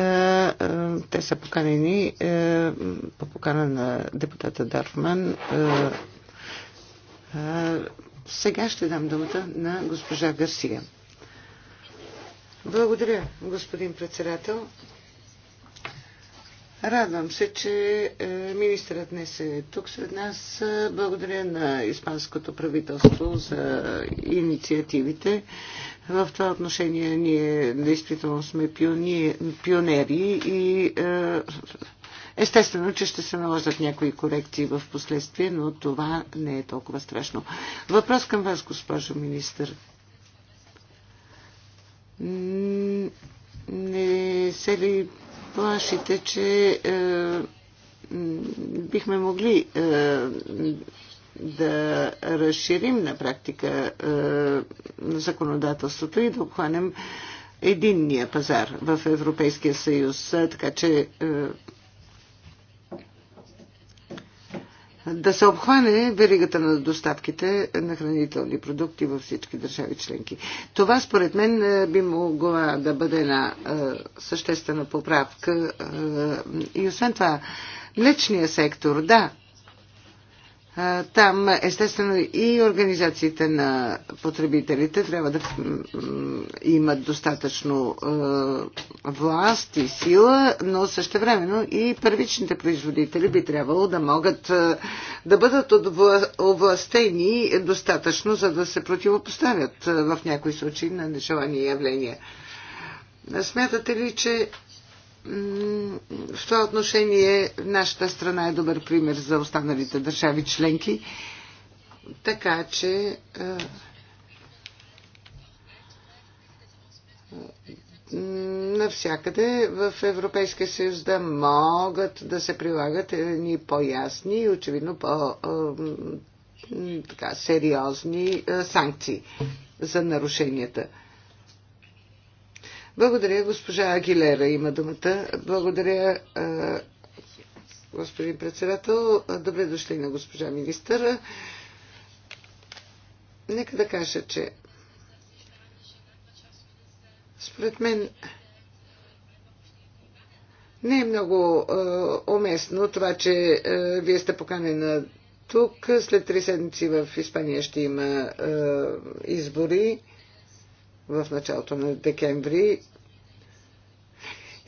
е, те са поканени е, по покана на депутата Дарфман. Сега ще дам думата на госпожа Гарсия. Благодаря, господин председател. Радвам се, че е, министърът днес е тук сред нас. Благодаря на Испанското правителство за инициативите. В това отношение ние действително сме пионери и е, Естествено, че ще се наложат някои корекции в последствие, но това не е толкова страшно. Въпрос към вас, госпожо министър. Не се ли плашите, че е, бихме могли е, да разширим на практика е, законодателството и да обхванем единния пазар в Европейския съюз. Е, така че е, да се обхване веригата на доставките на хранителни продукти във всички държави членки. Това според мен е, би могла да бъде една е, съществена поправка. Е, и освен това, млечния сектор, да, там, естествено, и организациите на потребителите трябва да имат достатъчно власт и сила, но времено и първичните производители би трябвало да могат да бъдат овластени достатъчно, за да се противопоставят в някои случаи на нежелани явления. Смятате ли, че в това отношение нашата страна е добър пример за останалите държави членки. Така че навсякъде в Европейския съюз да могат да се прилагат едни по-ясни и очевидно по-сериозни санкции за нарушенията. Благодаря, госпожа Агилера има думата. Благодаря, господин председател. Добре дошли на госпожа министъра. Нека да кажа, че според мен не е много уместно това, че вие сте поканена тук. След три седмици в Испания ще има избори в началото на декември.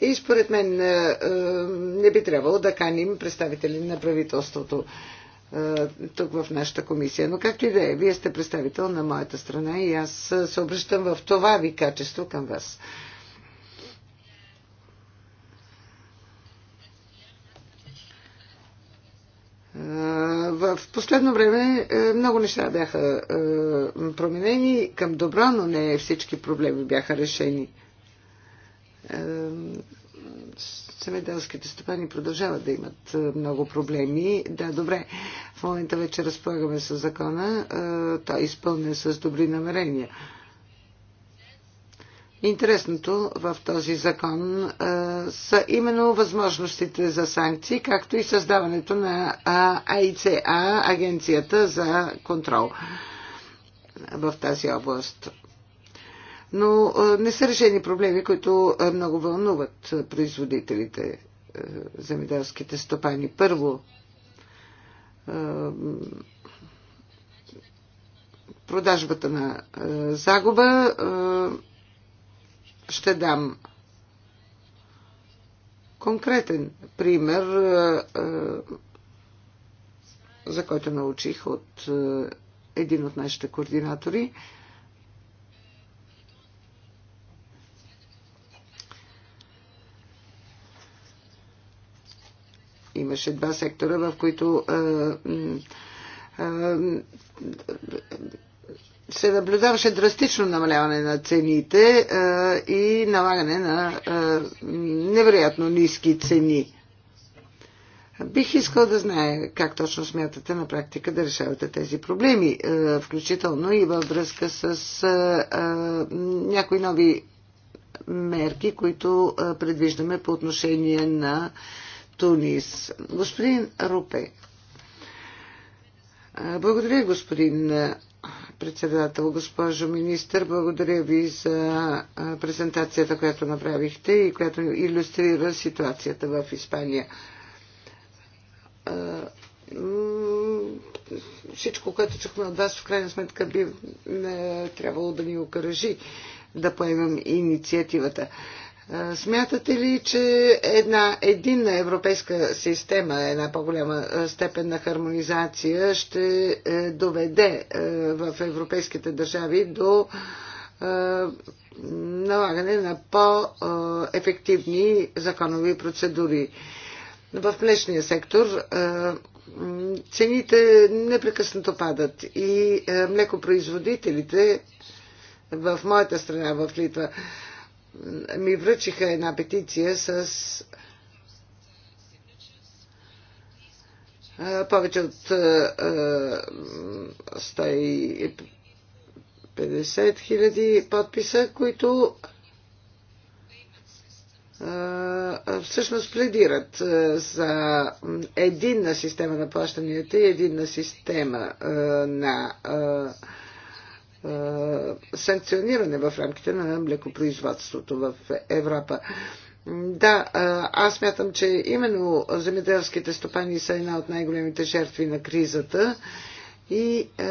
И според мен е, е, не би трябвало да каним представители на правителството е, тук в нашата комисия. Но както и да е, вие сте представител на моята страна и аз се обръщам в това ви качество към вас. В последно време е, много неща бяха е, променени към добро, но не всички проблеми бяха решени. Е, семеделските стопани продължават да имат много проблеми. Да, добре, в момента вече разполагаме с закона. Той е изпълнен с добри намерения. Интересното в този закон а, са именно възможностите за санкции, както и създаването на АИЦА, Агенцията за контрол в тази област. Но а, не са решени проблеми, които а, много вълнуват производителите, а, земеделските стопани. Първо, а, продажбата на а, загуба. А, ще дам конкретен пример, е, е, за който научих от е, един от нашите координатори. Имаше два сектора, в които се наблюдаваше драстично намаляване на цените е, и налагане на е, невероятно ниски цени. Бих искал да знае как точно смятате на практика да решавате тези проблеми, е, включително и във връзка с някои нови мерки, които предвиждаме по отношение на Тунис. Господин Рупе, благодаря, господин председател, госпожо министър. Благодаря ви за презентацията, която направихте и която иллюстрира ситуацията в Испания. Всичко, което чухме от вас, в крайна сметка би е, трябвало да ни окаражи да поемем инициативата. Смятате ли, че една единна европейска система, една по-голяма степен на хармонизация ще е, доведе е, в европейските държави до е, налагане на по-ефективни законови процедури? В млечния сектор цените непрекъснато падат и млекопроизводителите в моята страна, в Литва, ми връчиха една петиция с повече от 150 хиляди подписа, които всъщност пледират за единна система на плащанията и единна система на е, санкциониране в рамките на млекопроизводството в Европа. Да, е, аз мятам, че именно земеделските стопани са една от най-големите жертви на кризата и е,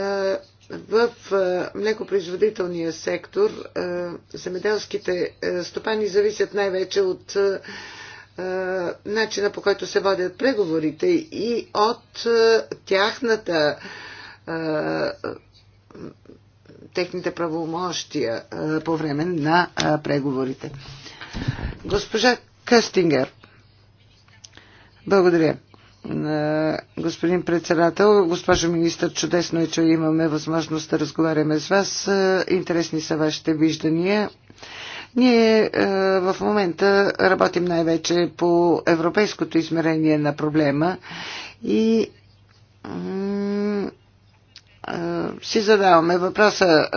в млекопроизводителния сектор земеделските стопани зависят най-вече от начина по който се водят преговорите и от тяхната техните правомощия е, по време на е, преговорите. Госпожа Къстингер. Благодаря. Е, господин председател, госпожо министър, чудесно е, че имаме възможност да разговаряме с вас. Интересни са вашите виждания. Ние в момента работим най-вече по европейското измерение на проблема и си задаваме въпроса,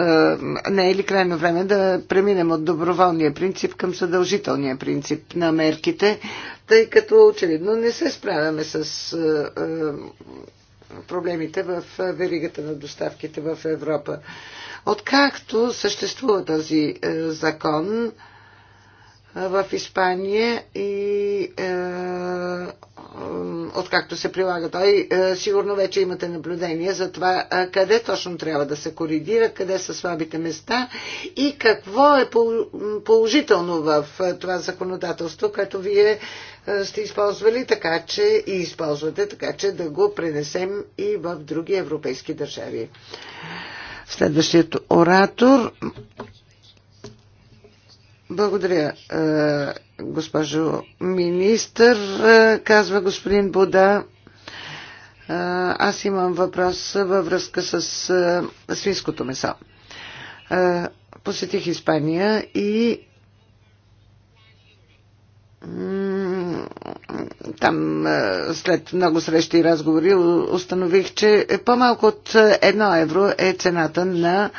не е ли крайно време да преминем от доброволния принцип към съдължителния принцип на мерките, тъй като очевидно не се справяме с проблемите в веригата на доставките в Европа. Откакто съществува този закон, в Испания и е, откакто се прилага той, е, сигурно вече имате наблюдение за това е, къде точно трябва да се коригира, къде са слабите места и какво е положително в е, това законодателство, което вие е, сте използвали така, че и използвате така, че да го пренесем и в други европейски държави. Следващият оратор благодаря, е, госпожо министър, е, казва господин Буда. Е, аз имам въпрос във връзка с свинското месо. Посетих Испания и там след много срещи и разговори установих, че по-малко от едно евро е цената на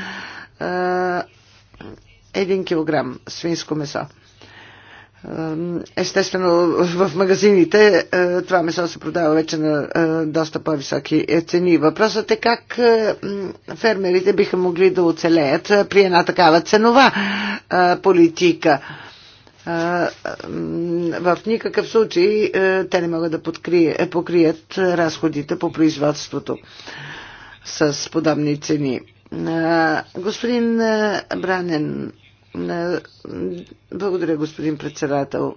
1 кг свинско месо. Е, естествено, в магазините е, това месо се продава вече на е, доста по-високи цени. Въпросът е как фермерите биха могли да оцелеят при една такава ценова политика. В никакъв случай те не могат да покрият разходите по производството с подобни цени. Господин Бранен благодаря, господин председател.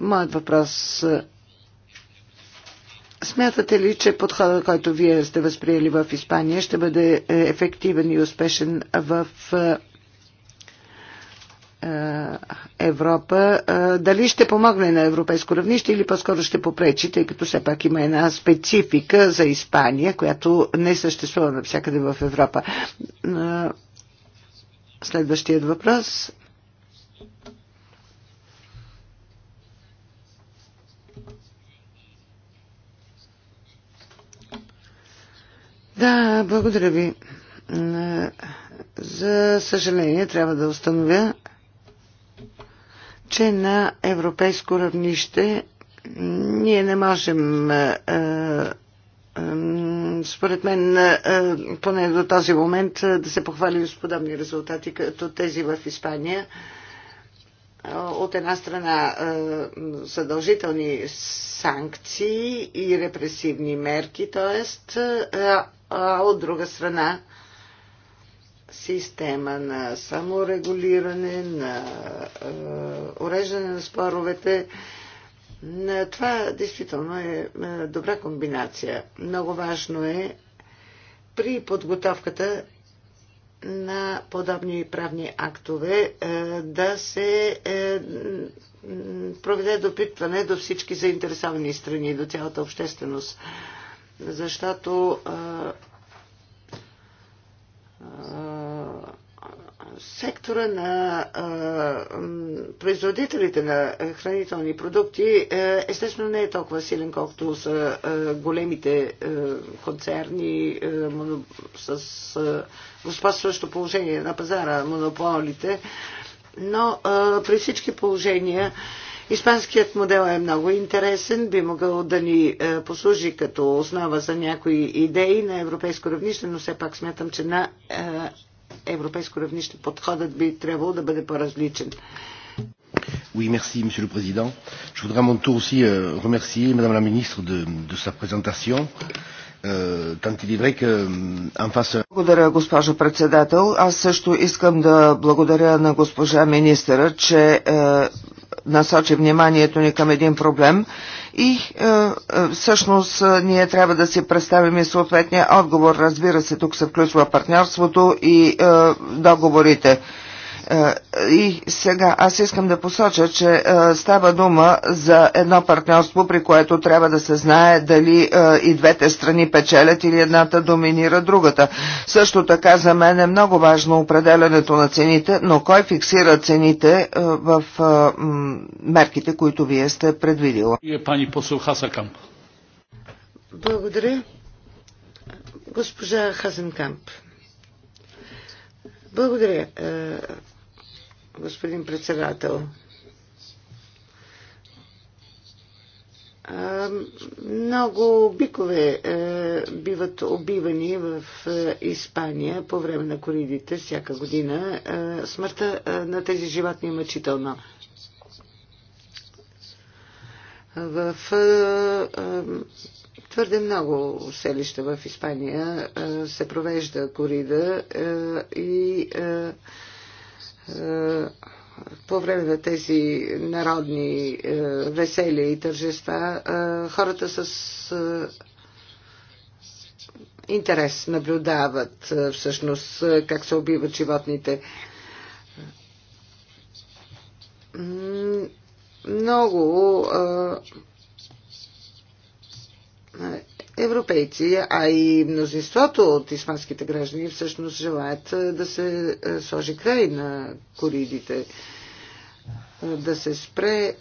Моят въпрос Смятате ли, че подходът, който вие сте възприели в Испания, ще бъде е, ефективен и успешен в е, е, Европа? Дали ще помогне на европейско равнище или по-скоро ще попречи, тъй като все пак има една специфика за Испания, която не съществува навсякъде в Европа? Следващият въпрос. Да, благодаря ви. За съжаление, трябва да установя, че на европейско равнище ние не можем е, според мен, поне до този момент, да се похвалим с подобни резултати, като тези в Испания. От една страна задължителни санкции и репресивни мерки, т.е. а от друга страна система на саморегулиране, на уреждане на споровете, това действително е, е добра комбинация. Много важно е при подготовката на подобни правни актове е, да се е, проведе допитване до всички заинтересовани страни, до цялата общественост. Защото сектора на производителите на хранителни продукти е, естествено не е толкова силен, колкото са големите концерни с господстващо положение на пазара, монополите. Но при всички положения Испанският модел е много интересен, би могъл да ни послужи като основа за някои идеи на европейско равнище, но все пак смятам, че на европейско равнище подходът би трябвало да бъде по-различен. Oui, merci, Monsieur le Président. Je voudrais à mon tour aussi euh, remercier Madame la Ministre de, de sa présentation. Euh, euh, благодаря, госпожо председател. Аз също искам да благодаря на госпожа министъра, че е, насочи вниманието ни към един проблем и е, е, всъщност е, ние трябва да си представим и съответния отговор. Разбира се, тук се включва партньорството и е, договорите. Е, и сега аз искам да посоча, че е, става дума за едно партньорство, при което трябва да се знае дали е, и двете страни печелят или едната доминира другата. Също така за мен е много важно определенето на цените, но кой фиксира цените в мерките, които вие сте предвидила? Благодаря. Госпожа Хазенкамп. Благодаря, е, господин председател. Е, много бикове е, биват убивани в Испания по време на коридите всяка година. Смъртта на тези животни е мъчителна. В Твърде много селища в Испания се провежда корида и по време на тези народни веселия и тържества хората с интерес наблюдават всъщност как се убиват животните. Много европейци, а и мнозинството от испанските граждани всъщност желаят да се сложи край на коридите, да се спре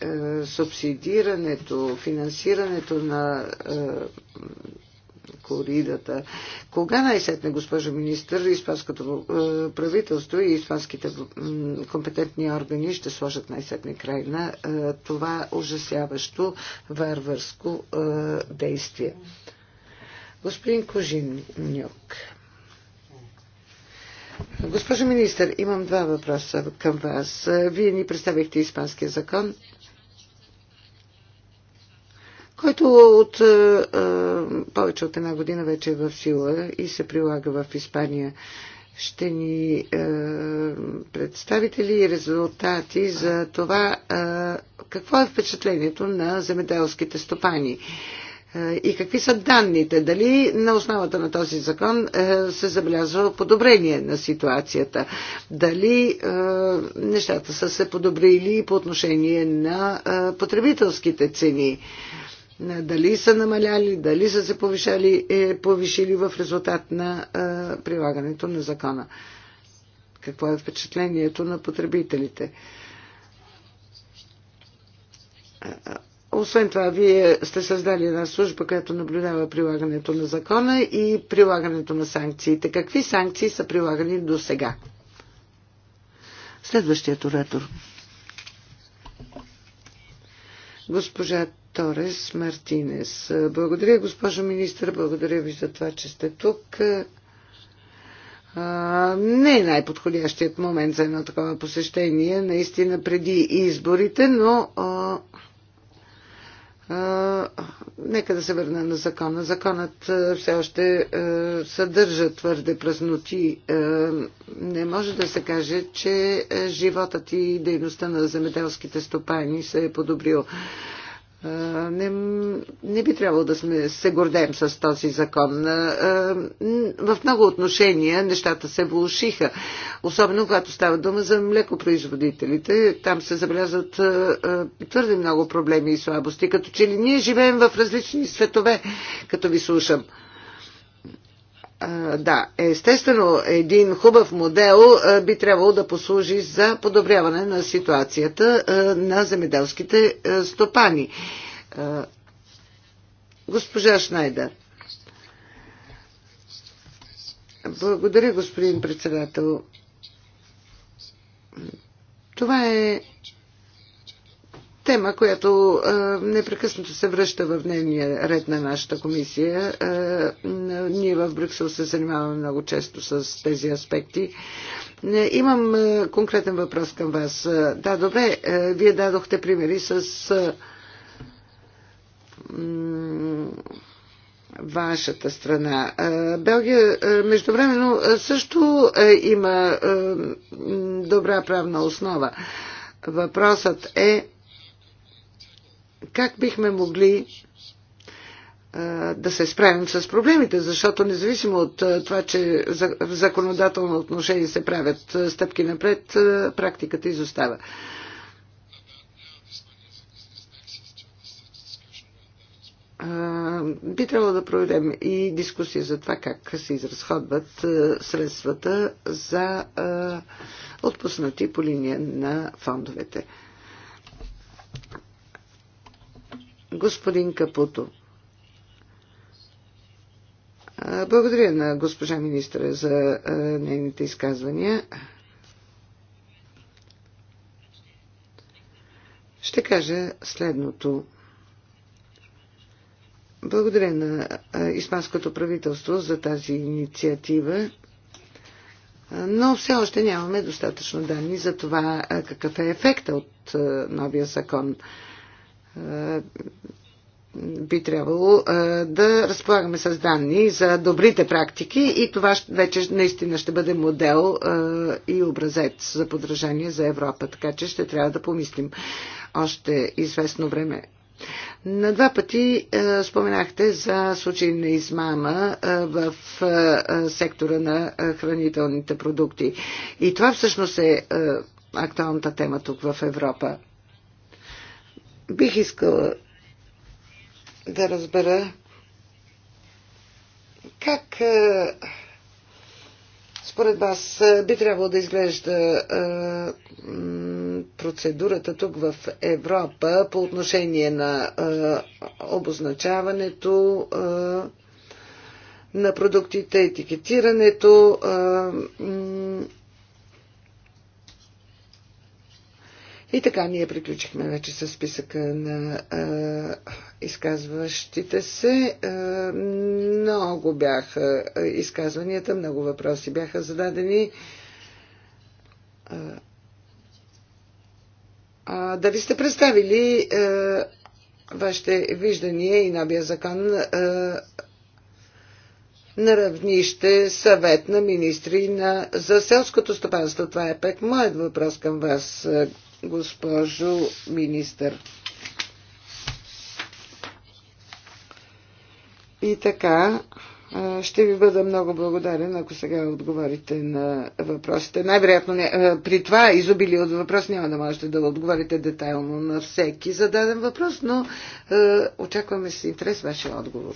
субсидирането, финансирането на коридата. Кога най-сетне, госпожо министр, испанското е, правителство и испанските компетентни органи ще сложат най-сетне край на е, това ужасяващо варварско е, действие? Господин Кожин Нюк. Госпожо министър, имам два въпроса към вас. Вие ни представихте испанския закон който от а, е, е, повече от една година вече е в сила и се прилага в Испания. Ще ни а, е, представите ли резултати за това а, какво е впечатлението на земеделските стопани? и какви са данните? Дали на основата на този закон се забелязва подобрение на ситуацията? Дали нещата са се подобрили по отношение на потребителските цени? дали са намаляли, дали са се повишали, е, повишили в резултат на е, прилагането на закона. Какво е впечатлението на потребителите? Е, е, освен това, вие сте създали една служба, която наблюдава прилагането на закона и прилагането на санкциите. Какви санкции са прилагани до сега? Следващият оратор. Госпожа Торес Мартинес. Благодаря, госпожо министър, благодаря ви за това, че сте тук. Не е най-подходящият момент за едно такова посещение, наистина преди изборите, но а, а, нека да се върна на закона. Законът все още а, съдържа твърде празноти. А, не може да се каже, че животът и дейността на земеделските стопани се е подобрил не, не би трябвало да сме, се гордеем с този закон. В много отношения нещата се влушиха, особено когато става дума за млекопроизводителите. Там се забелязват твърде много проблеми и слабости, като че ли ние живеем в различни светове, като ви слушам да, естествено, един хубав модел би трябвало да послужи за подобряване на ситуацията на земеделските стопани. Госпожа Шнайдер. Благодаря, господин председател. Това е тема, която а, непрекъснато се връща в дневния ред на нашата комисия. А, ние в Брюксел се занимаваме много често с тези аспекти. Не, имам а, конкретен въпрос към вас. да, добре, а, вие дадохте примери с. м, вашата страна. Белгия междувременно също има добра правна основа. Въпросът е как бихме могли да се справим с проблемите, защото независимо от това, че в законодателно отношение се правят стъпки напред, практиката изостава. би трябвало да проведем и дискусия за това как се изразходват средствата за отпуснати по линия на фондовете. господин Капуто. Благодаря на госпожа министра за нейните изказвания. Ще кажа следното. Благодаря на Испанското правителство за тази инициатива, но все още нямаме достатъчно данни за това какъв е ефекта от новия закон. Е, би трябвало е, да разполагаме с данни за добрите практики и това вече наистина ще бъде модел е, и образец за подражание за Европа. Така че ще трябва да помислим още известно време. На два пъти споменахте за случай на измама в сектора на хранителните продукти. И това всъщност е актуалната тема тук в Европа. Бих искала да разбера как е, според вас е, би трябвало да изглежда е, процедурата тук в Европа по отношение на обозначаването на продуктите, етикетирането И така, ние приключихме вече с списъка на а, изказващите се. А, много бяха изказванията, много въпроси бяха зададени. А, а, дали сте представили а, вашите виждания и новия закон а, на равнище съвет на министри на, за селското стопанство? Това е пек моят въпрос към вас госпожо министър. И така, ще ви бъда много благодарен, ако сега отговорите на въпросите. Най-вероятно при това изобилие от въпрос няма да можете да отговорите детайлно на всеки зададен въпрос, но очакваме с интерес вашия отговор.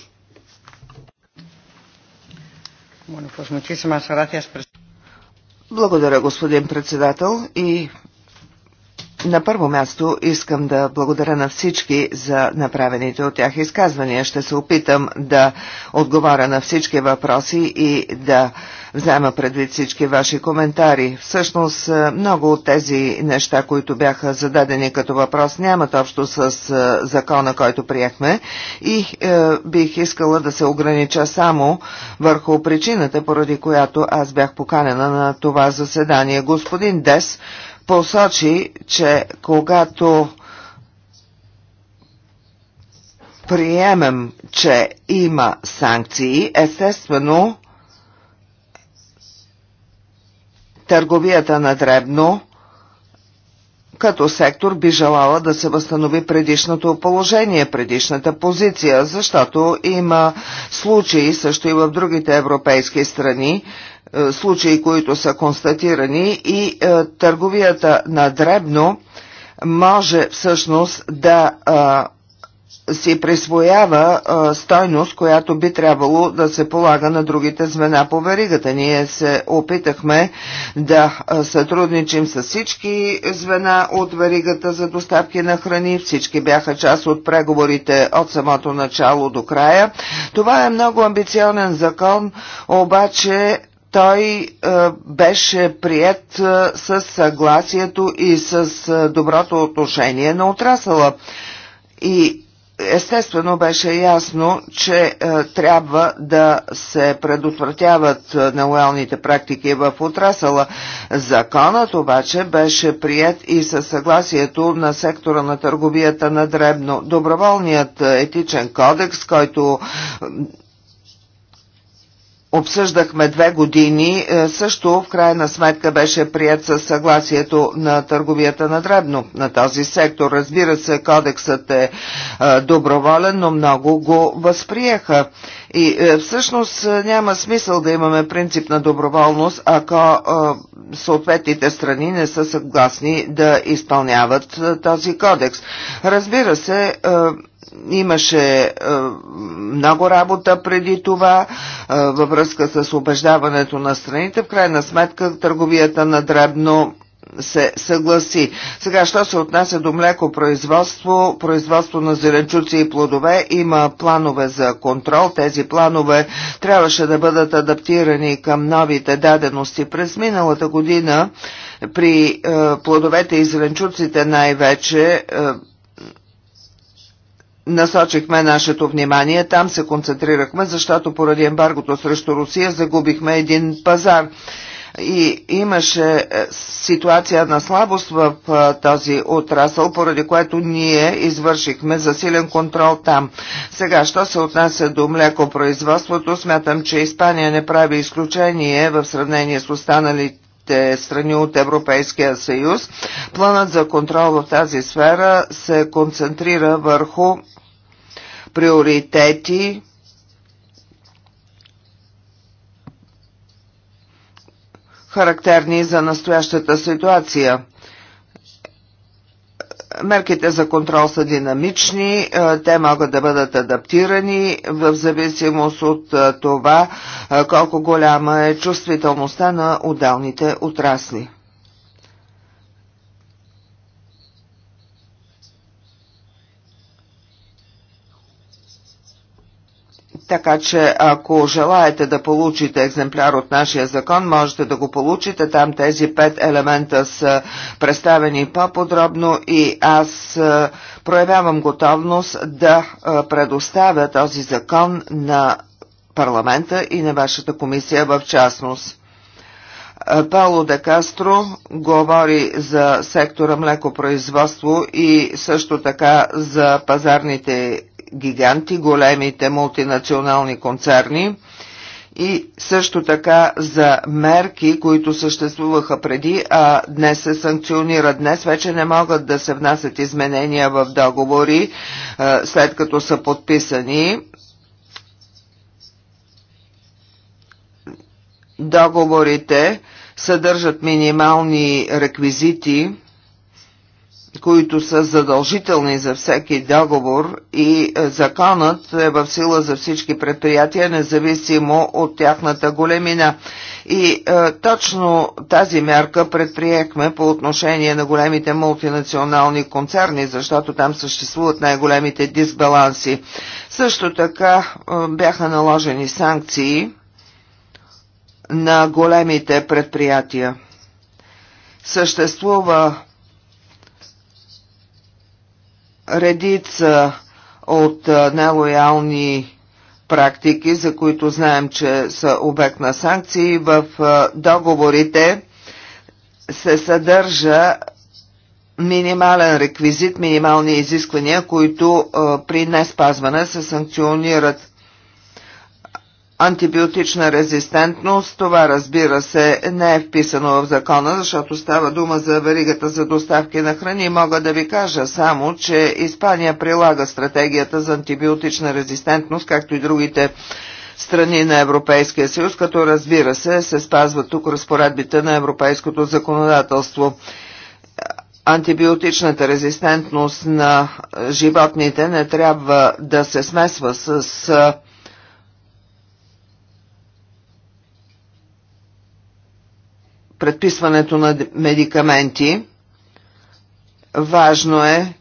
Благодаря, господин председател, и на първо място искам да благодаря на всички за направените от тях изказвания. Ще се опитам да отговаря на всички въпроси и да взема предвид всички ваши коментари. Всъщност е, много от тези неща, които бяха зададени като въпрос, нямат общо с е, закона, който приехме и е, бих искала да се огранича само върху причината, поради която аз бях поканена на това заседание. Господин Дес, посочи, че когато приемем, че има санкции, естествено търговията на дребно като сектор би желала да се възстанови предишното положение, предишната позиция, защото има случаи също и в другите европейски страни, е, случаи, които са констатирани и е, търговията на дребно може всъщност да е, си присвоява а, стойност, която би трябвало да се полага на другите звена по веригата. Ние се опитахме да сътрудничим с всички звена от веригата за доставки на храни. Всички бяха част от преговорите от самото начало до края. Това е много амбиционен закон, обаче той е, беше прият е, с съгласието и с е, доброто отношение на отрасъла. И Естествено беше ясно, че е, трябва да се предотвратяват е, нелоялните практики в отрасъла. Законът обаче беше прият и със съгласието на сектора на търговията на Дребно. Доброволният е, етичен кодекс, който обсъждахме две години, е, също в крайна сметка беше прият със съгласието на търговията на дребно на този сектор. Разбира се, кодексът е, е доброволен, но много го възприеха. И е, всъщност няма смисъл да имаме принцип на доброволност, ако съответните страни не са съгласни да изпълняват този кодекс. Разбира се, имаше е, много работа преди това е, във връзка с убеждаването на страните. В крайна сметка търговията на дребно се съгласи. Сега, що се отнася до млекопроизводство, производство на зеленчуци и плодове, има планове за контрол. Тези планове трябваше да бъдат адаптирани към новите дадености. През миналата година при е, плодовете и зеленчуците най-вече е, насочихме нашето внимание, там се концентрирахме, защото поради ембаргото срещу Русия загубихме един пазар. И имаше е, ситуация на слабост в е, този отрасъл, поради което ние извършихме засилен контрол там. Сега, що се отнася до млекопроизводството, смятам, че Испания не прави изключение в сравнение с останалите другите страни от Европейския съюз. Планът за контрол в тази сфера се концентрира върху приоритети, характерни за настоящата ситуация. Мерките за контрол са динамични, е, те могат да бъдат адаптирани в зависимост от е, това е, колко голяма е чувствителността на отделните отрасли. Така че ако желаете да получите екземпляр от нашия закон, можете да го получите. Там тези пет елемента са представени по-подробно и аз е, проявявам готовност да е, предоставя този закон на парламента и на вашата комисия в частност. Е, Пауло де Кастро говори за сектора млекопроизводство и също така за пазарните гиганти, големите мултинационални концерни и също така за мерки, които съществуваха преди, а днес се санкционират. Днес вече не могат да се внасят изменения в договори, е, след като са подписани. Договорите съдържат минимални реквизити, които са задължителни за всеки договор и е, законът е в сила за всички предприятия, независимо от тяхната големина. И е, точно тази мярка предприехме по отношение на големите мултинационални концерни, защото там съществуват най-големите дисбаланси. Също така е, бяха наложени санкции на големите предприятия. Съществува редица от нелоялни практики, за които знаем, че са обект на санкции. В договорите се съдържа минимален реквизит, минимални изисквания, които при неспазване се санкционират антибиотична резистентност. Това разбира се не е вписано в закона, защото става дума за веригата за доставки на храни. Мога да ви кажа само, че Испания прилага стратегията за антибиотична резистентност, както и другите страни на Европейския съюз, като разбира се се спазват тук разпоредбите на европейското законодателство. Антибиотичната резистентност на животните не трябва да се смесва с предписването на медикаменти. Важно е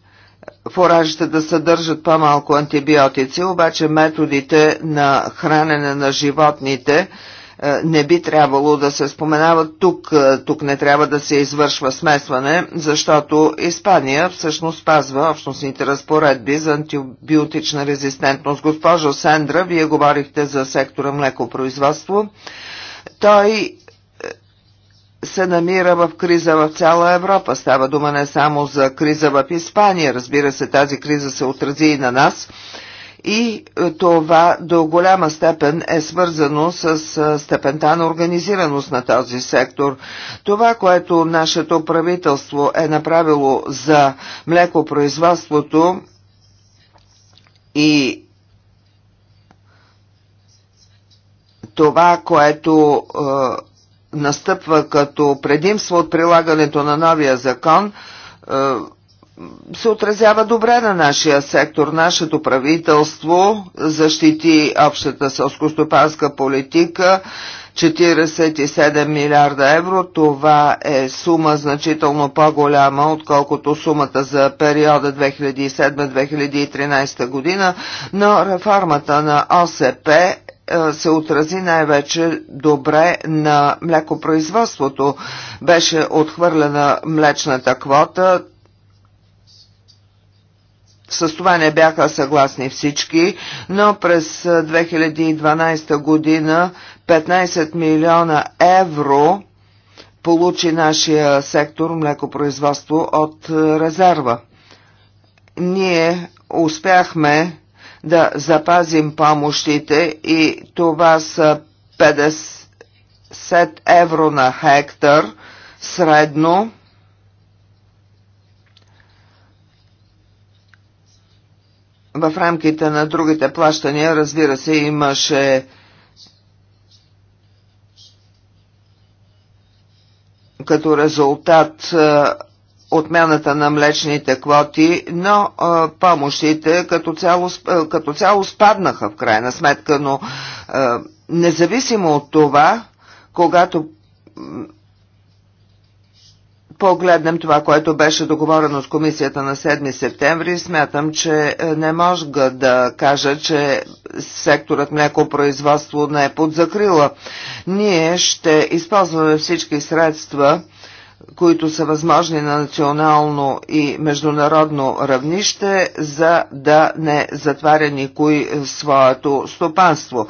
фуражите да съдържат по-малко антибиотици, обаче методите на хранене на животните е, не би трябвало да се споменават тук. Е, тук не трябва да се извършва смесване, защото Испания всъщност спазва общностните разпоредби за антибиотична резистентност. Госпожо Сендра, вие говорихте за сектора млекопроизводство. Той се намира в криза в цяла Европа. Става дума не само за криза в Испания. Разбира се, тази криза се отрази и на нас. И е, това до голяма степен е свързано с е, степента на организираност на този сектор. Това, което нашето правителство е направило за млекопроизводството и това, което е, настъпва като предимство от прилагането на новия закон, е, се отразява добре на нашия сектор. Нашето правителство защити общата селскостопанска политика. 47 милиарда евро. Това е сума значително по-голяма, отколкото сумата за периода 2007-2013 година, но реформата на ОСП е, се отрази най-вече добре на млекопроизводството. Беше отхвърлена млечната квота, с това не бяха съгласни всички, но през 2012 е, година 15 милиона евро получи нашия сектор млекопроизводство от резерва. Ние успяхме да запазим помощите и това са 50 евро на хектар средно. В рамките на другите плащания, разбира се, имаше като резултат отмяната на млечните квоти, но а, помощите като цяло, като цяло спаднаха в крайна сметка, но а, независимо от това, когато погледнем това, което беше договорено с комисията на 7 септември, смятам, че не мога да кажа, че секторът млекопроизводство не е под закрила. Ние ще използваме всички средства, които са възможни на национално и международно равнище, за да не затваря никой своето стопанство.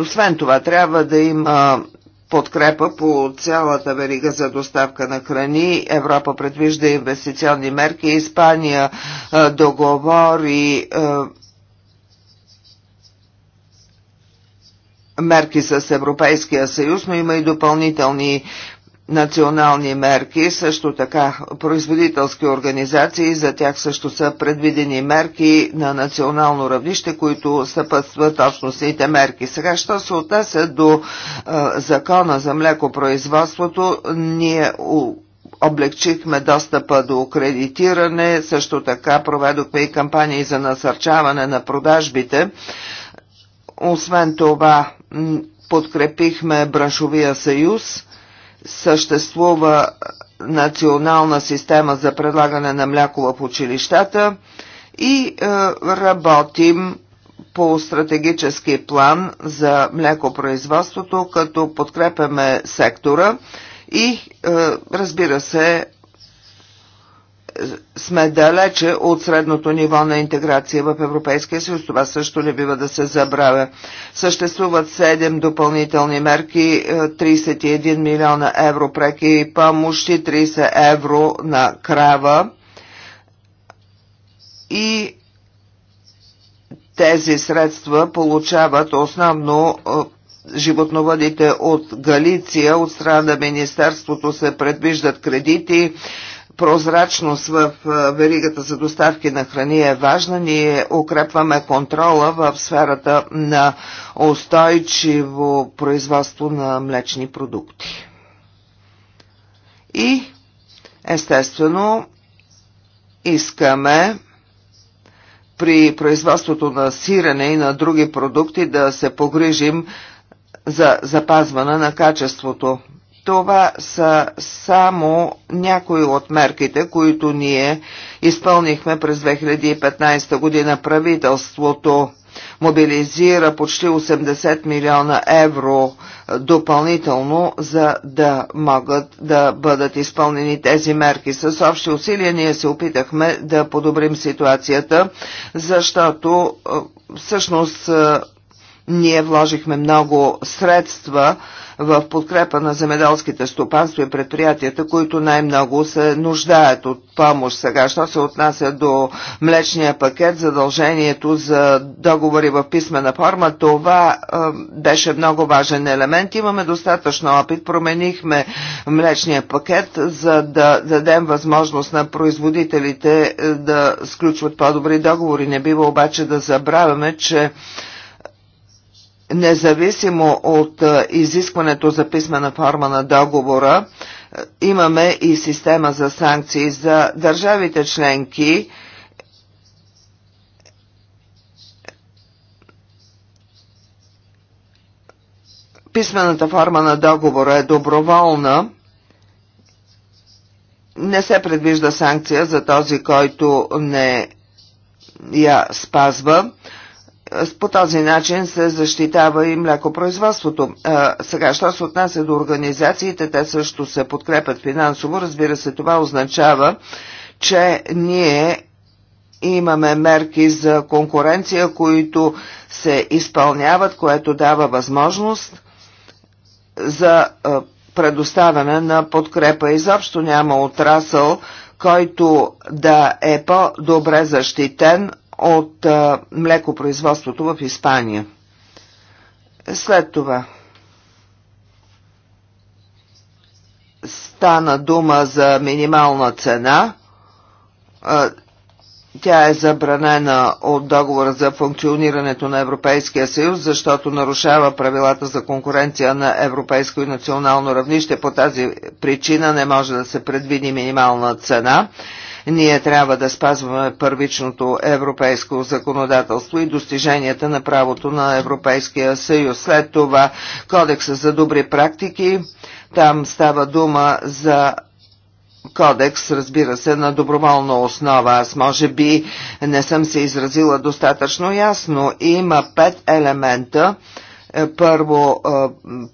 Освен това, трябва да има подкрепа по цялата верига за доставка на храни. Европа предвижда инвестиционни мерки. Испания договори мерки с Европейския съюз, но има и допълнителни национални мерки, също така производителски организации, за тях също са предвидени мерки на национално равнище, които съпътстват общностните мерки. Сега, що се отнася до а, закона за млекопроизводството, ние облегчихме достъпа до кредитиране, също така проведохме и кампании за насърчаване на продажбите. Освен това, подкрепихме Браншовия съюз, съществува национална система за предлагане на мляко в училищата и е, работим по стратегически план за млекопроизводството, като подкрепяме сектора и е, разбира се сме далече от средното ниво на интеграция в Европейския съюз. Това също не бива да се забравя. Съществуват 7 допълнителни мерки, 31 е, милиона евро преки и помощи, 30 евро на крава и тези средства получават основно е, животновъдите от Галиция, от страна на Министерството се предвиждат кредити, прозрачност в веригата за доставки на храни е важна. Ние укрепваме контрола в сферата на устойчиво производство на млечни продукти. И естествено искаме при производството на сирене и на други продукти да се погрижим за запазване на качеството. Това са само някои от мерките, които ние изпълнихме през 2015 година. Правителството мобилизира почти 80 милиона евро допълнително, за да могат да бъдат изпълнени тези мерки. С общи усилия ние се опитахме да подобрим ситуацията, защото е, всъщност е, ние вложихме много средства в подкрепа на земеделските стопанства и предприятията, които най-много се нуждаят от помощ сега. Що се отнася до млечния пакет, задължението за договори в писмена форма, това е, беше много важен елемент. Имаме достатъчно опит, променихме млечния пакет, за да дадем възможност на производителите е, да сключват по-добри договори. Не бива обаче да забравяме, че независимо от изискването за писмена форма на договора, имаме и система за санкции за държавите членки. Писмената форма на договора е доброволна. Не се предвижда санкция за този, който не я спазва по този начин се защитава и млекопроизводството. Сега, що се отнася до организациите, те също се подкрепят финансово. Разбира се, това означава, че ние имаме мерки за конкуренция, които се изпълняват, което дава възможност за предоставяне на подкрепа. Изобщо няма отрасъл, който да е по-добре защитен от а, млекопроизводството в Испания. След това стана дума за минимална цена. А, тя е забранена от договора за функционирането на Европейския съюз, защото нарушава правилата за конкуренция на европейско и национално равнище. По тази причина не може да се предвиди минимална цена. Ние трябва да спазваме първичното европейско законодателство и достиженията на правото на Европейския съюз. След това кодекса за добри практики, там става дума за кодекс, разбира се, на доброволна основа. Аз може би не съм се изразила достатъчно ясно. Има пет елемента, е, първо е,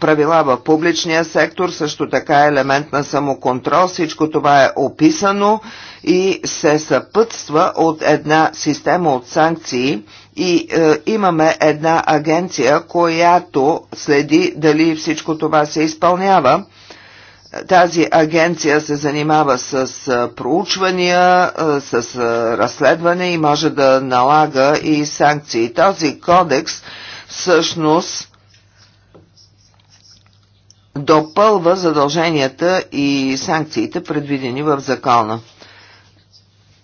правила в публичния сектор, също така е елемент на самоконтрол. Всичко това е описано и се съпътства от една система от санкции и е, имаме една агенция, която следи дали всичко това се изпълнява. Тази агенция се занимава с проучвания, с разследване и може да налага и санкции. Този кодекс всъщност допълва задълженията и санкциите, предвидени в закона.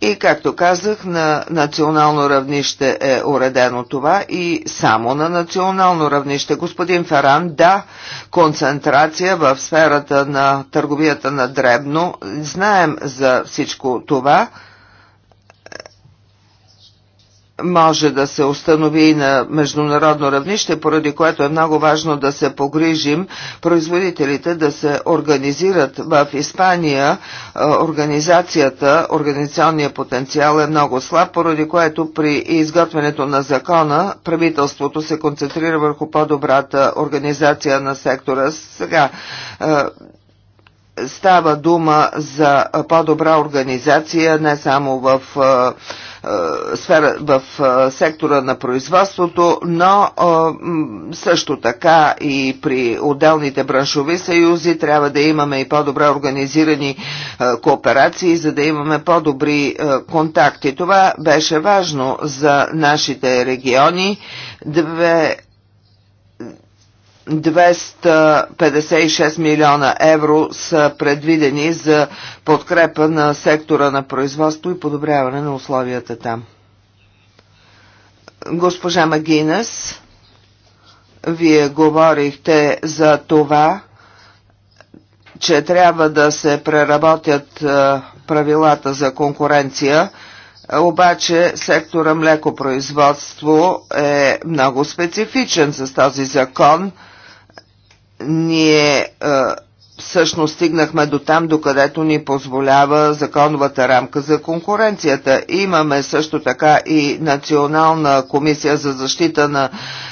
И както казах, на национално равнище е уредено това и само на национално равнище. Господин Феран, да, концентрация в сферата на търговията на дребно. Знаем за всичко това може да се установи и на международно равнище, поради което е много важно да се погрижим производителите да се организират в Испания. Е, организацията, организационният потенциал е много слаб, поради което при изготвянето на закона правителството се концентрира върху по-добрата организация на сектора. Сега е, става дума за по-добра организация не само в, сфера, в сектора на производството, но също така и при отделните браншови съюзи трябва да имаме и по добра организирани кооперации, за да имаме по-добри контакти. Това беше важно за нашите региони. Две 256 милиона евро са предвидени за подкрепа на сектора на производство и подобряване на условията там. Госпожа Магинес, вие говорихте за това, че трябва да се преработят е, правилата за конкуренция, обаче сектора млекопроизводство е много специфичен с този закон – ние всъщност стигнахме до там, докъдето ни позволява законовата рамка за конкуренцията. Имаме също така и Национална комисия за защита на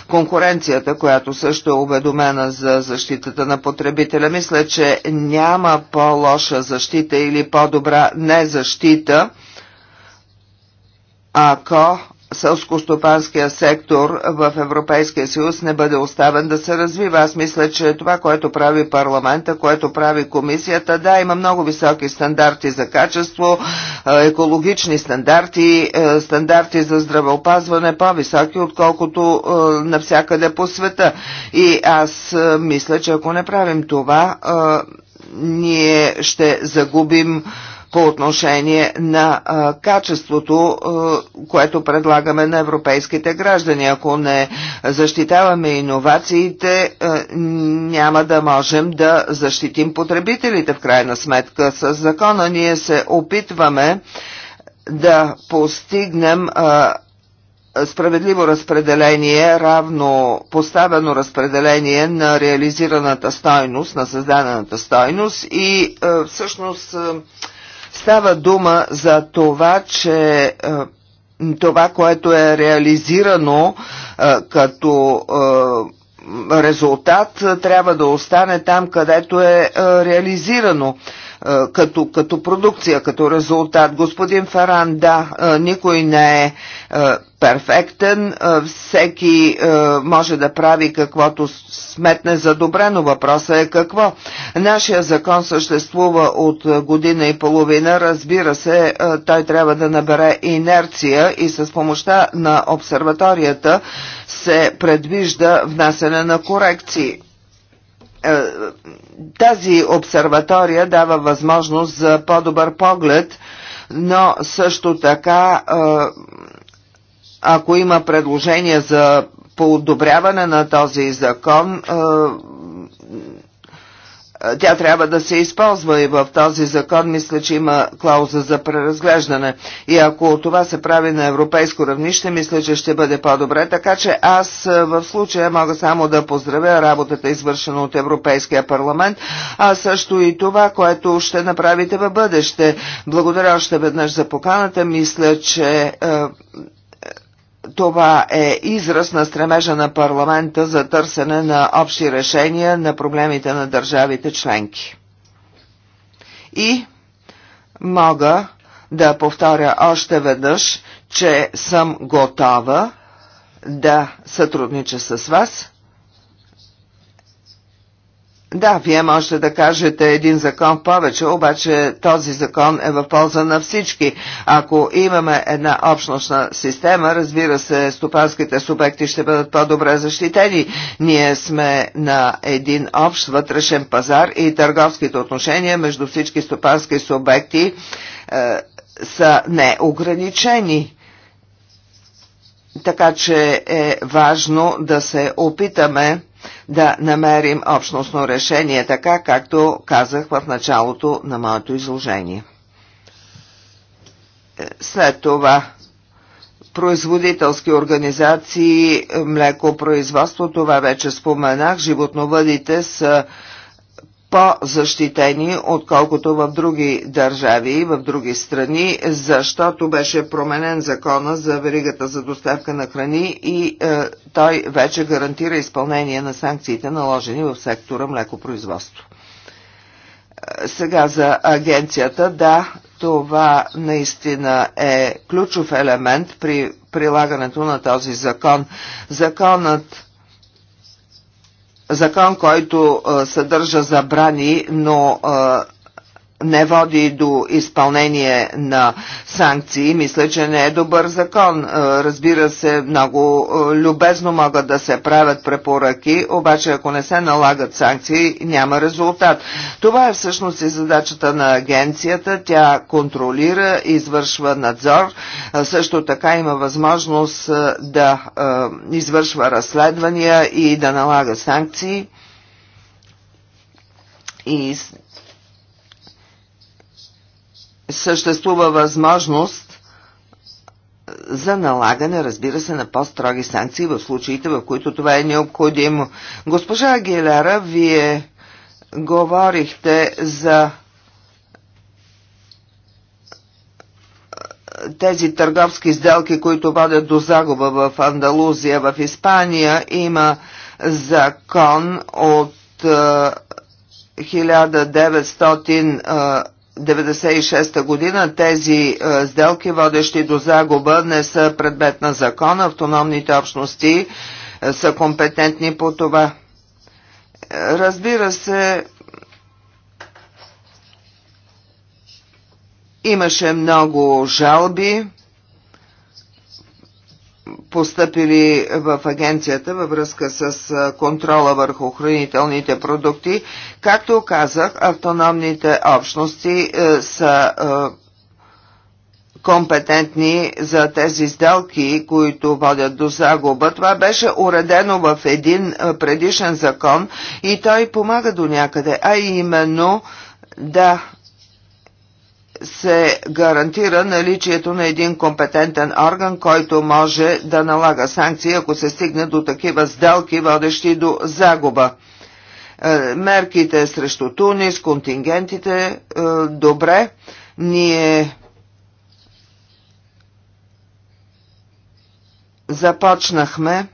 конкуренцията, която също е уведомена за защитата на потребителя. Мисля, че няма по-лоша защита или по-добра незащита, ако селско-стопанския сектор в Европейския съюз не бъде оставен да се развива. Аз мисля, че това, което прави парламента, което прави комисията, да, има много високи стандарти за качество, е, екологични стандарти, е, стандарти за здравеопазване, по-високи, отколкото е, навсякъде по света. И аз мисля, че ако не правим това, ние ще загубим по отношение на а, качеството, а, което предлагаме на европейските граждани. Ако не защитаваме иновациите, а, няма да можем да защитим потребителите в крайна сметка. С закона ние се опитваме да постигнем а, справедливо разпределение, равно поставено разпределение на реализираната стойност, на създадената стойност и всъщност Става дума за това, че е, това, което е реализирано е, като е, резултат, трябва да остане там, където е реализирано. Е, като, като продукция, като резултат. Господин Фаран, да, е, никой не е, е перфектен, всеки може да прави каквото сметне за добре, но въпросът е какво. Нашия закон съществува от година и половина, разбира се, той трябва да набере инерция и с помощта на обсерваторията се предвижда внасене на корекции. Е, тази обсерватория дава възможност за по-добър поглед, но също така, е, ако има предложения за подобряване на този закон, е, тя трябва да се използва и в този закон мисля, че има клауза за преразглеждане. И ако това се прави на европейско равнище, мисля, че ще бъде по-добре. Така че аз в случая мога само да поздравя работата, извършена от Европейския парламент, а също и това, което ще направите във бъдеще. Благодаря още веднъж за поканата. Мисля, че това е израз на стремежа на парламента за търсене на общи решения на проблемите на държавите членки. И мога да повторя още веднъж, че съм готова да сътруднича с вас да, вие можете да кажете един закон повече, обаче този закон е в полза на всички. Ако имаме една общностна система, разбира се, стопанските субекти ще бъдат по-добре защитени. Ние сме на един общ вътрешен пазар и търговските отношения между всички стопански субекти е, са неограничени. Така че е важно да се опитаме да намерим общностно решение, така както казах в началото на моето изложение. Е, след това производителски организации, млекопроизводство, това вече споменах, животновъдите са по-защитени, отколкото в други държави и в други страни, защото беше променен закона за веригата за доставка на храни и е, той вече гарантира изпълнение на санкциите, наложени в сектора млекопроизводство. Е, сега за агенцията, да, това наистина е ключов елемент при прилагането на този закон. Законът закон, който съдържа забрани, но не води до изпълнение на санкции, мисля, че не е добър закон. Е, разбира се, много е, любезно могат да се правят препоръки, обаче ако не се налагат санкции, няма резултат. Това е всъщност и задачата на агенцията. Тя контролира, извършва надзор, е, също така има възможност да извършва разследвания и да налага санкции. И съществува възможност за налагане, разбира се, на по-строги санкции в случаите, в които това е необходимо. Госпожа Агилера, вие говорихте за тези търговски сделки, които водят до загуба в Андалузия, в Испания, има закон от 1900 1996 година тези е, сделки, водещи до загуба, не са предмет на закон. Автономните общности е, са компетентни по това. Е, разбира се, имаше много жалби постъпили в агенцията във връзка с контрола върху хранителните продукти. Както казах, автономните общности е, са е, компетентни за тези сделки, които водят до загуба. Това беше уредено в един е, предишен закон и той помага до някъде, а именно да се гарантира наличието на един компетентен орган, който може да налага санкции, ако се стигне до такива сделки, водещи до загуба. Е, мерките срещу Тунис, контингентите, е, добре, ние започнахме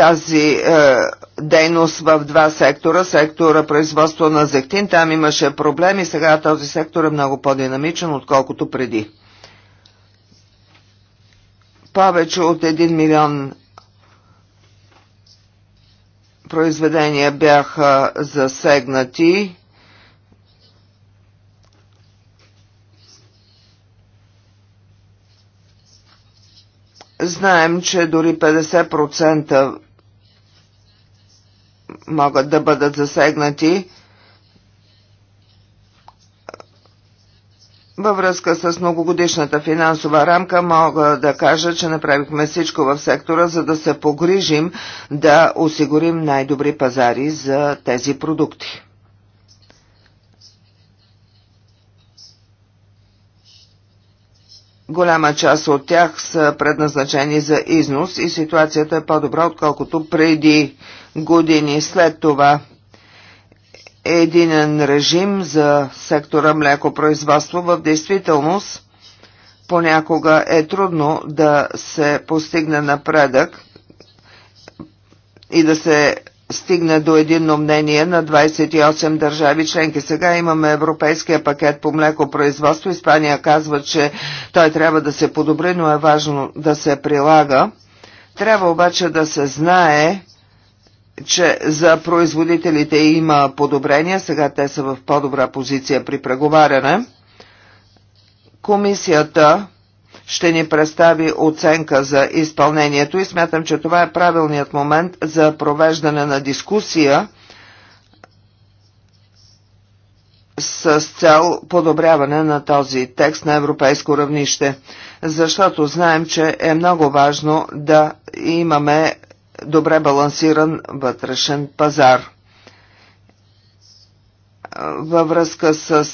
тази е, дейност в два сектора. Сектора производство на зехтин, там имаше проблеми, сега този сектор е много по-динамичен, отколкото преди. Повече от 1 милион произведения бяха засегнати. Знаем, че дори 50% могат да бъдат засегнати Във връзка с многогодишната финансова рамка мога да кажа, че направихме всичко в сектора, за да се погрижим да осигурим най-добри пазари за тези продукти. Голяма част от тях са предназначени за износ и ситуацията е по-добра, отколкото преди години. След това единен режим за сектора млекопроизводство в действителност понякога е трудно да се постигне напредък и да се стигне до единно мнение на 28 държави членки. Сега имаме европейския пакет по млекопроизводство. Испания казва, че той трябва да се подобри, но е важно да се прилага. Трябва обаче да се знае, че за производителите има подобрения, сега те са в по-добра позиция при преговаряне. Комисията ще ни представи оценка за изпълнението и смятам, че това е правилният момент за провеждане на дискусия с цел подобряване на този текст на европейско равнище, защото знаем, че е много важно да имаме добре балансиран вътрешен пазар. Във връзка с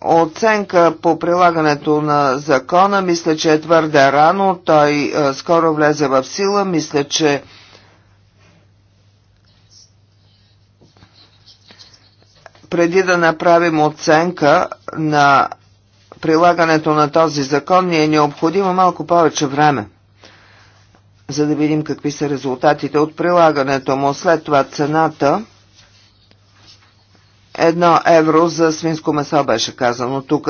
оценка по прилагането на закона, мисля, че е твърде рано. Той а, е, скоро влезе в сила. Мисля, че преди да направим оценка на прилагането на този закон, ни е необходимо малко повече време за да видим какви са резултатите от прилагането му. След това цената – Едно евро за свинско месо беше казано тук.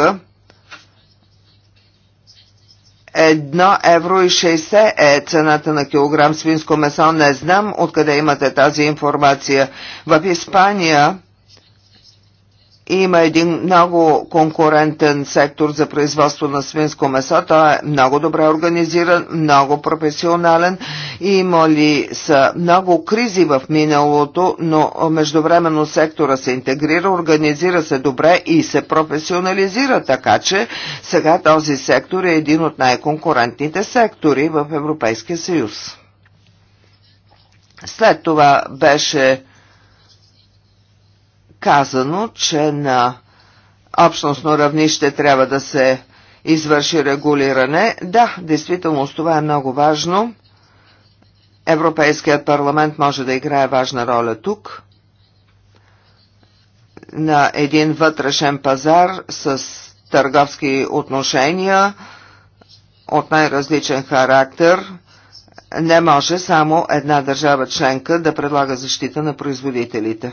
Едно евро и 60 е цената на килограм свинско месо. Не знам откъде имате тази информация. В Испания има един много конкурентен сектор за производство на свинско месо. Той е много добре организиран, много професионален. Има ли са много кризи в миналото, но междувременно сектора се интегрира, организира се добре и се професионализира, така че сега този сектор е един от най-конкурентните сектори в Европейския съюз. След това беше казано, че на общностно равнище трябва да се извърши регулиране. Да, действително, с това е много важно. Европейският парламент може да играе важна роля тук на един вътрешен пазар с търговски отношения от най-различен характер. Не може само една държава членка да предлага защита на производителите.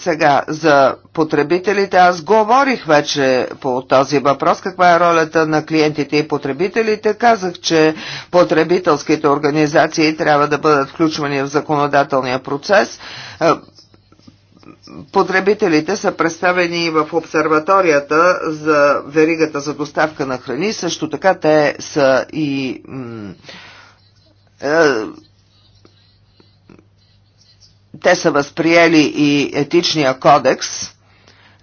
Сега, за потребителите, аз говорих вече по този въпрос, каква е ролята на клиентите и потребителите. Казах, че потребителските организации трябва да бъдат включвани в законодателния процес. Е, потребителите са представени в обсерваторията за веригата за доставка на храни. Също така те са и е, те са възприели и етичния кодекс,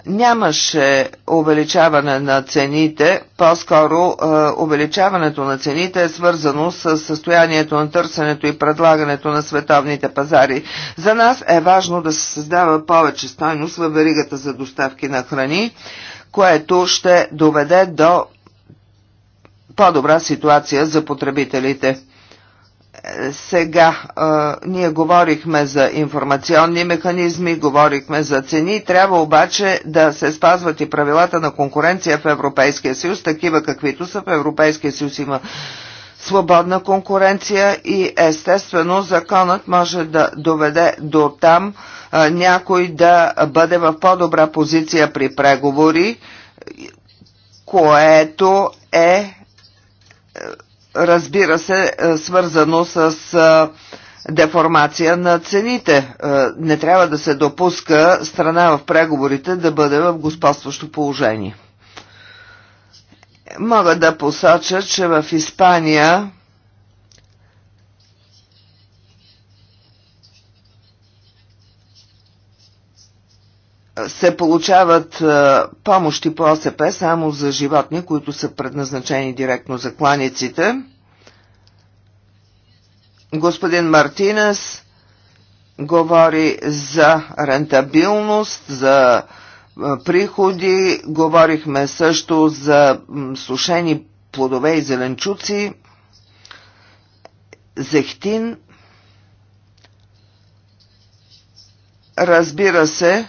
нямаше увеличаване на цените, по-скоро е, увеличаването на цените е свързано с състоянието на търсенето и предлагането на световните пазари. За нас е важно да се създава повече стойност във веригата за доставки на храни, което ще доведе до по-добра ситуация за потребителите сега а, ние говорихме за информационни механизми, говорихме за цени, трябва обаче да се спазват и правилата на конкуренция в Европейския съюз, такива каквито са в Европейския съюз има свободна конкуренция и естествено законът може да доведе до там а, някой да бъде в по-добра позиция при преговори, което е, е разбира се, е, свързано с е, деформация на цените. Е, не трябва да се допуска страна в преговорите да бъде в господстващо положение. Мога да посоча, че в Испания се получават помощи по ОСП само за животни, които са предназначени директно за кланиците. Господин Мартинес говори за рентабилност, за приходи, говорихме също за сушени плодове и зеленчуци, зехтин. Разбира се,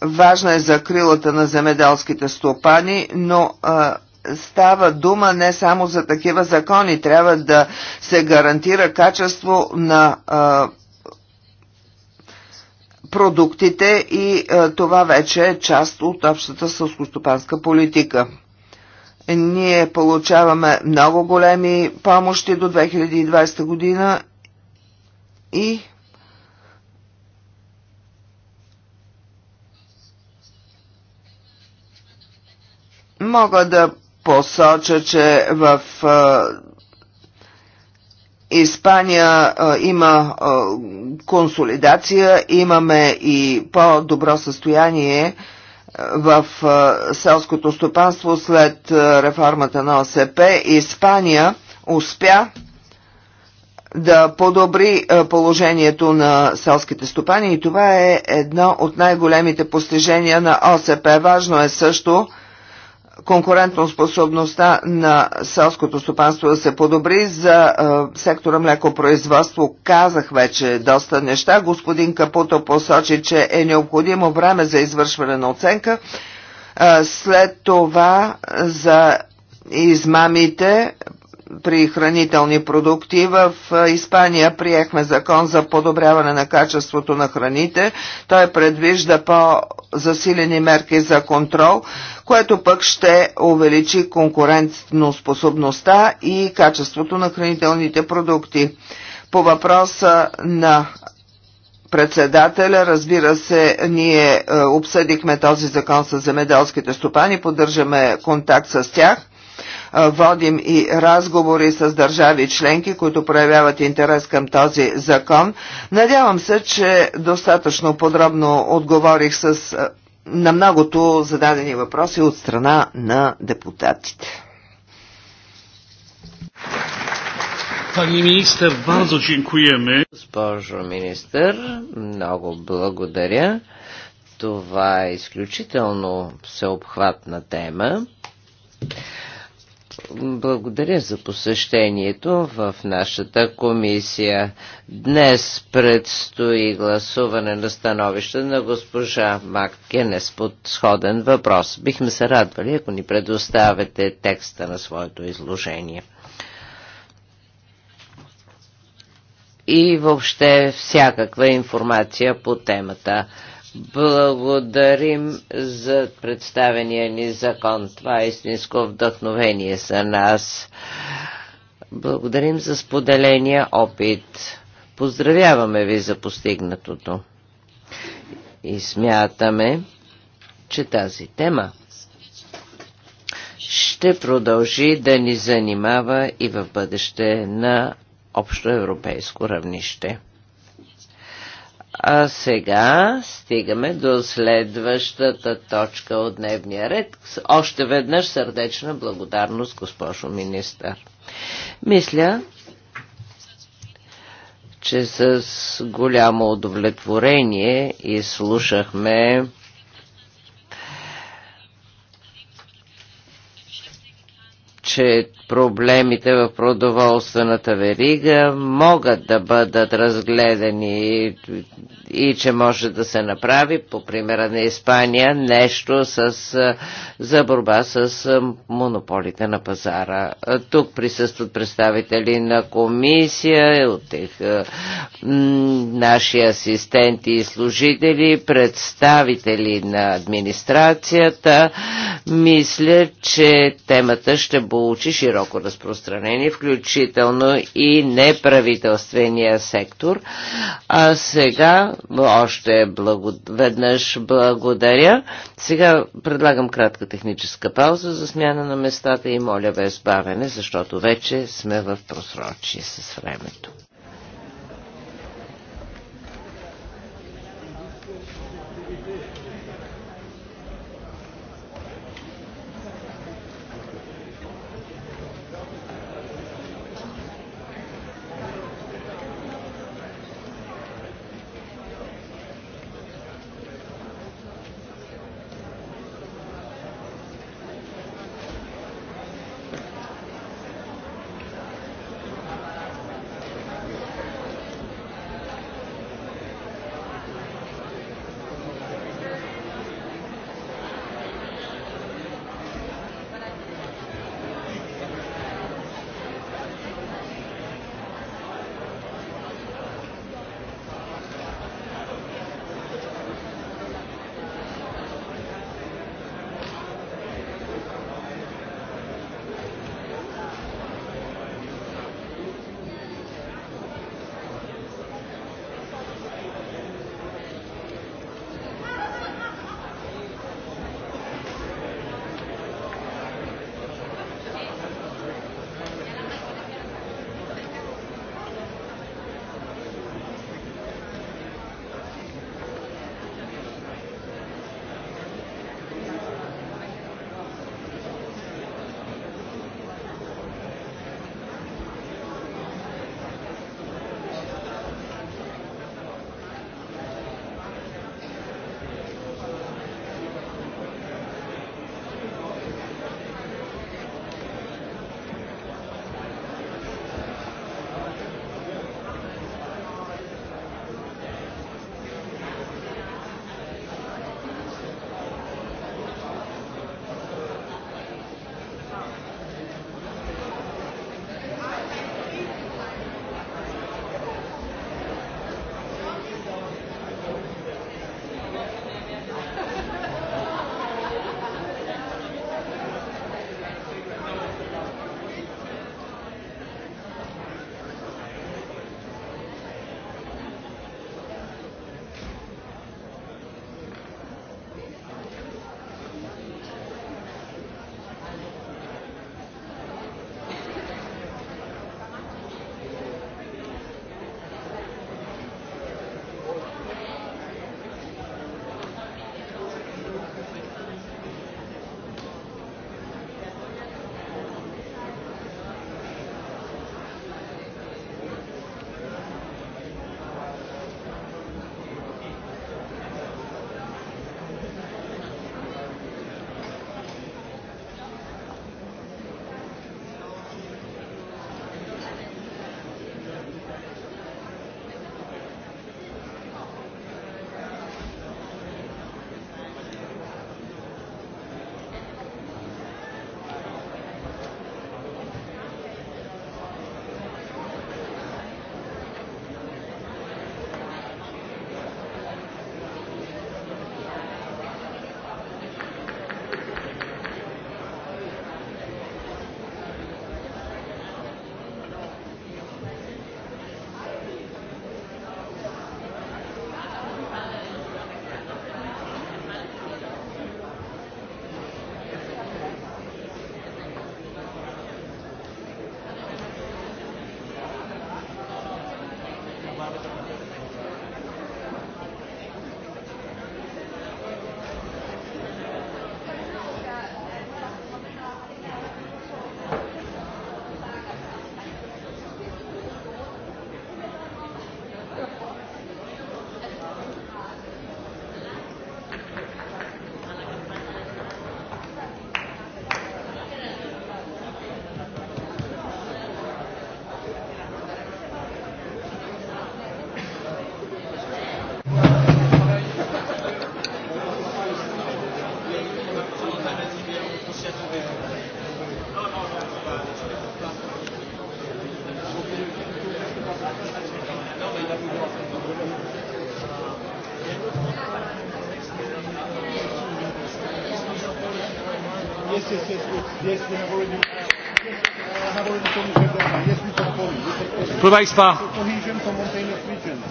Важна е закрилата на земеделските стопани, но а, става дума не само за такива закони. Трябва да се гарантира качество на а, продуктите и а, това вече е част от общата сълскостопанска политика. Ние получаваме много големи помощи до 2020 година и Мога да посоча, че в Испания а, има а, консолидация, имаме и по-добро състояние в а, селското стопанство след а, реформата на ОСП. Испания успя да подобри положението на селските стопани и това е едно от най-големите постижения на ОСП. Важно е също, конкурентоспособността на селското стопанство да се подобри. За е, сектора млекопроизводство казах вече доста неща. Господин Капуто посочи, че е необходимо време за извършване на оценка. Е, след това за измамите при хранителни продукти. В Испания приехме закон за подобряване на качеството на храните. Той предвижда по-засилени мерки за контрол, което пък ще увеличи конкурентно способността и качеството на хранителните продукти. По въпроса на председателя. Разбира се, ние е, обсъдихме този закон с земеделските стопани, поддържаме контакт с тях водим и разговори с държави членки, които проявяват интерес към този закон. Надявам се, че достатъчно подробно отговорих с, на многото зададени въпроси от страна на депутатите. Пани министър, бързо dziękujemy. Госпожо министър, много благодаря. Това е изключително всеобхватна тема. Благодаря за посещението в нашата комисия. Днес предстои гласуване на становище на госпожа Маккенес под сходен въпрос. Бихме се радвали, ако ни предоставите текста на своето изложение. И въобще всякаква информация по темата. Благодарим за представения ни закон. Това е истинско вдъхновение за нас. Благодарим за споделения опит. Поздравяваме ви за постигнатото. И смятаме, че тази тема ще продължи да ни занимава и в бъдеще на общо европейско равнище. А сега стигаме до следващата точка от дневния ред. Още веднъж сърдечна благодарност, госпожо министър. Мисля, че с голямо удовлетворение изслушахме че проблемите в продоволствената верига могат да бъдат разгледани и, и че може да се направи, по примера на Испания, нещо с, за борба с монополите на пазара. Тук присъстват представители на комисия, от тих, е, наши асистенти и служители, представители на администрацията. Мисля, че темата ще бъде получи широко разпространение, включително и неправителствения сектор. А сега още благо... веднъж благодаря. Сега предлагам кратка техническа пауза за смяна на местата и моля без бавене, защото вече сме в просрочие с времето. Proszę Państwa,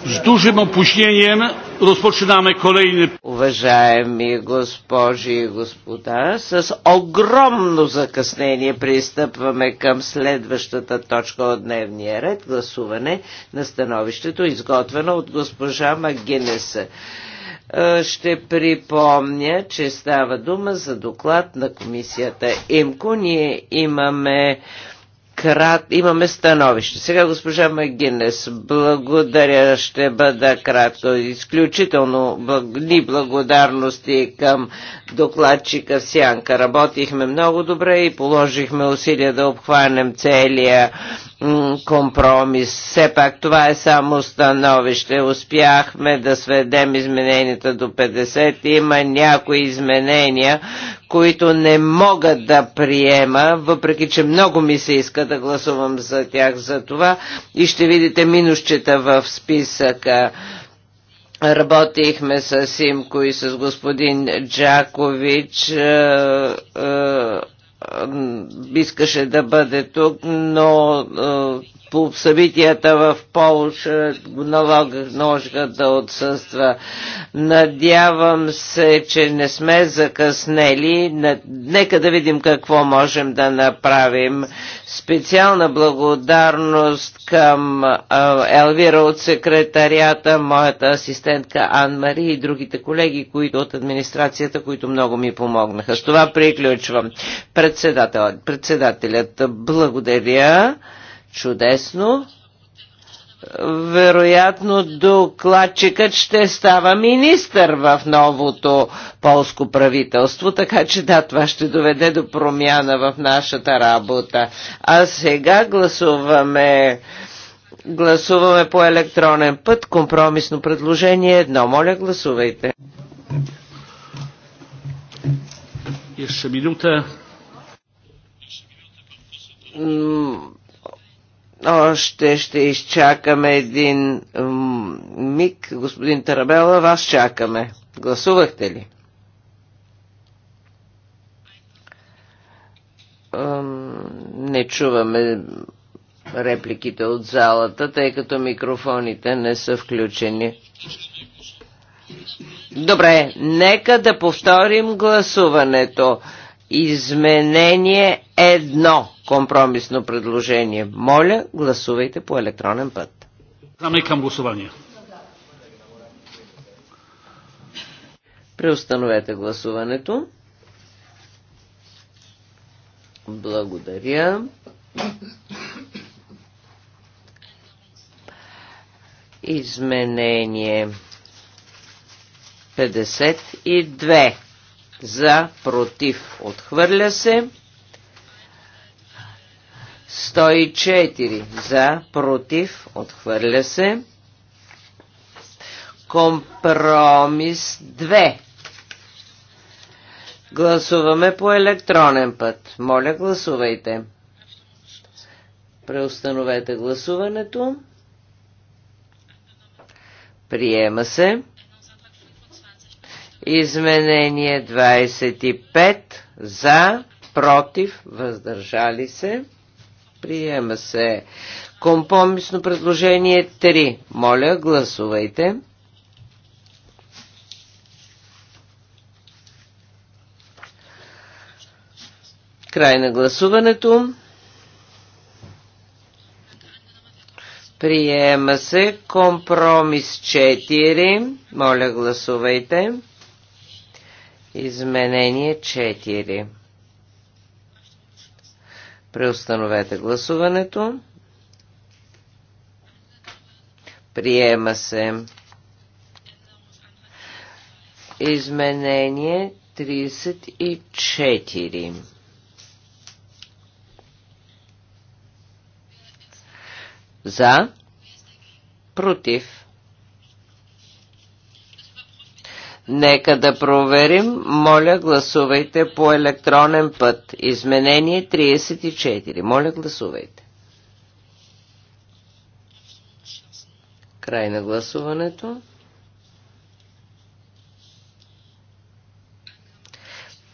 z dużym opóźnieniem rozpoczynamy kolejny. Уважаеми госпожи и господа, с огромно закъснение пристъпваме към следващата точка от дневния ред гласуване на становището, изготвено от госпожа Магинеса. Е, ще припомня, че става дума за доклад на комисията ИМКО. Ние имаме крат, имаме становище. Сега госпожа Магинес, благодаря, ще бъда кратко. Изключително ни благодарности към докладчика Сянка. Работихме много добре и положихме усилия да обхванем целия компромис. Все пак това е само становище. Успяхме да сведем измененията до 50. Има някои изменения, които не мога да приема, въпреки че много ми се иска да гласувам за тях за това. И ще видите минусчета в списъка. Работихме с Симко и с господин Джакович. Е, е, искаше да бъде тук, но по събитията в Полша ножка да отсъства. Надявам се, че не сме закъснели. Нека да видим какво можем да направим. Специална благодарност към Елвира от секретарията, моята асистентка Ан-Мари и другите колеги които от администрацията, които много ми помогнаха. С това приключвам. Председател, председателят, благодаря. Чудесно. Вероятно докладчикът ще става министър в новото полско правителство, така че да, това ще доведе до промяна в нашата работа. А сега гласуваме гласуваме по електронен път компромисно предложение едно. Моля, гласувайте. Еще минута. Още ще изчакаме един миг. Господин Тарабела, вас чакаме. Гласувахте ли? Не чуваме репликите от залата, тъй като микрофоните не са включени. Добре, нека да повторим гласуването. Изменение едно компромисно предложение. Моля, гласувайте по електронен път. Знаме към гласуване. Преустановете гласуването. Благодаря. Изменение 52 за против отхвърля се. 104 за, против, отхвърля се. Компромис 2. Гласуваме по електронен път. Моля, гласувайте. Преустановете гласуването. Приема се. Изменение 25 за, против, въздържали се. Приема се. Компромисно предложение 3. Моля, гласувайте. Край на гласуването. Приема се компромис 4. Моля, гласувайте. Изменение 4. Преустановете гласуването. Приема се. Изменение 34. За. Против. Нека да проверим. Моля, гласувайте по електронен път. Изменение 34. Моля, гласувайте. Край на гласуването.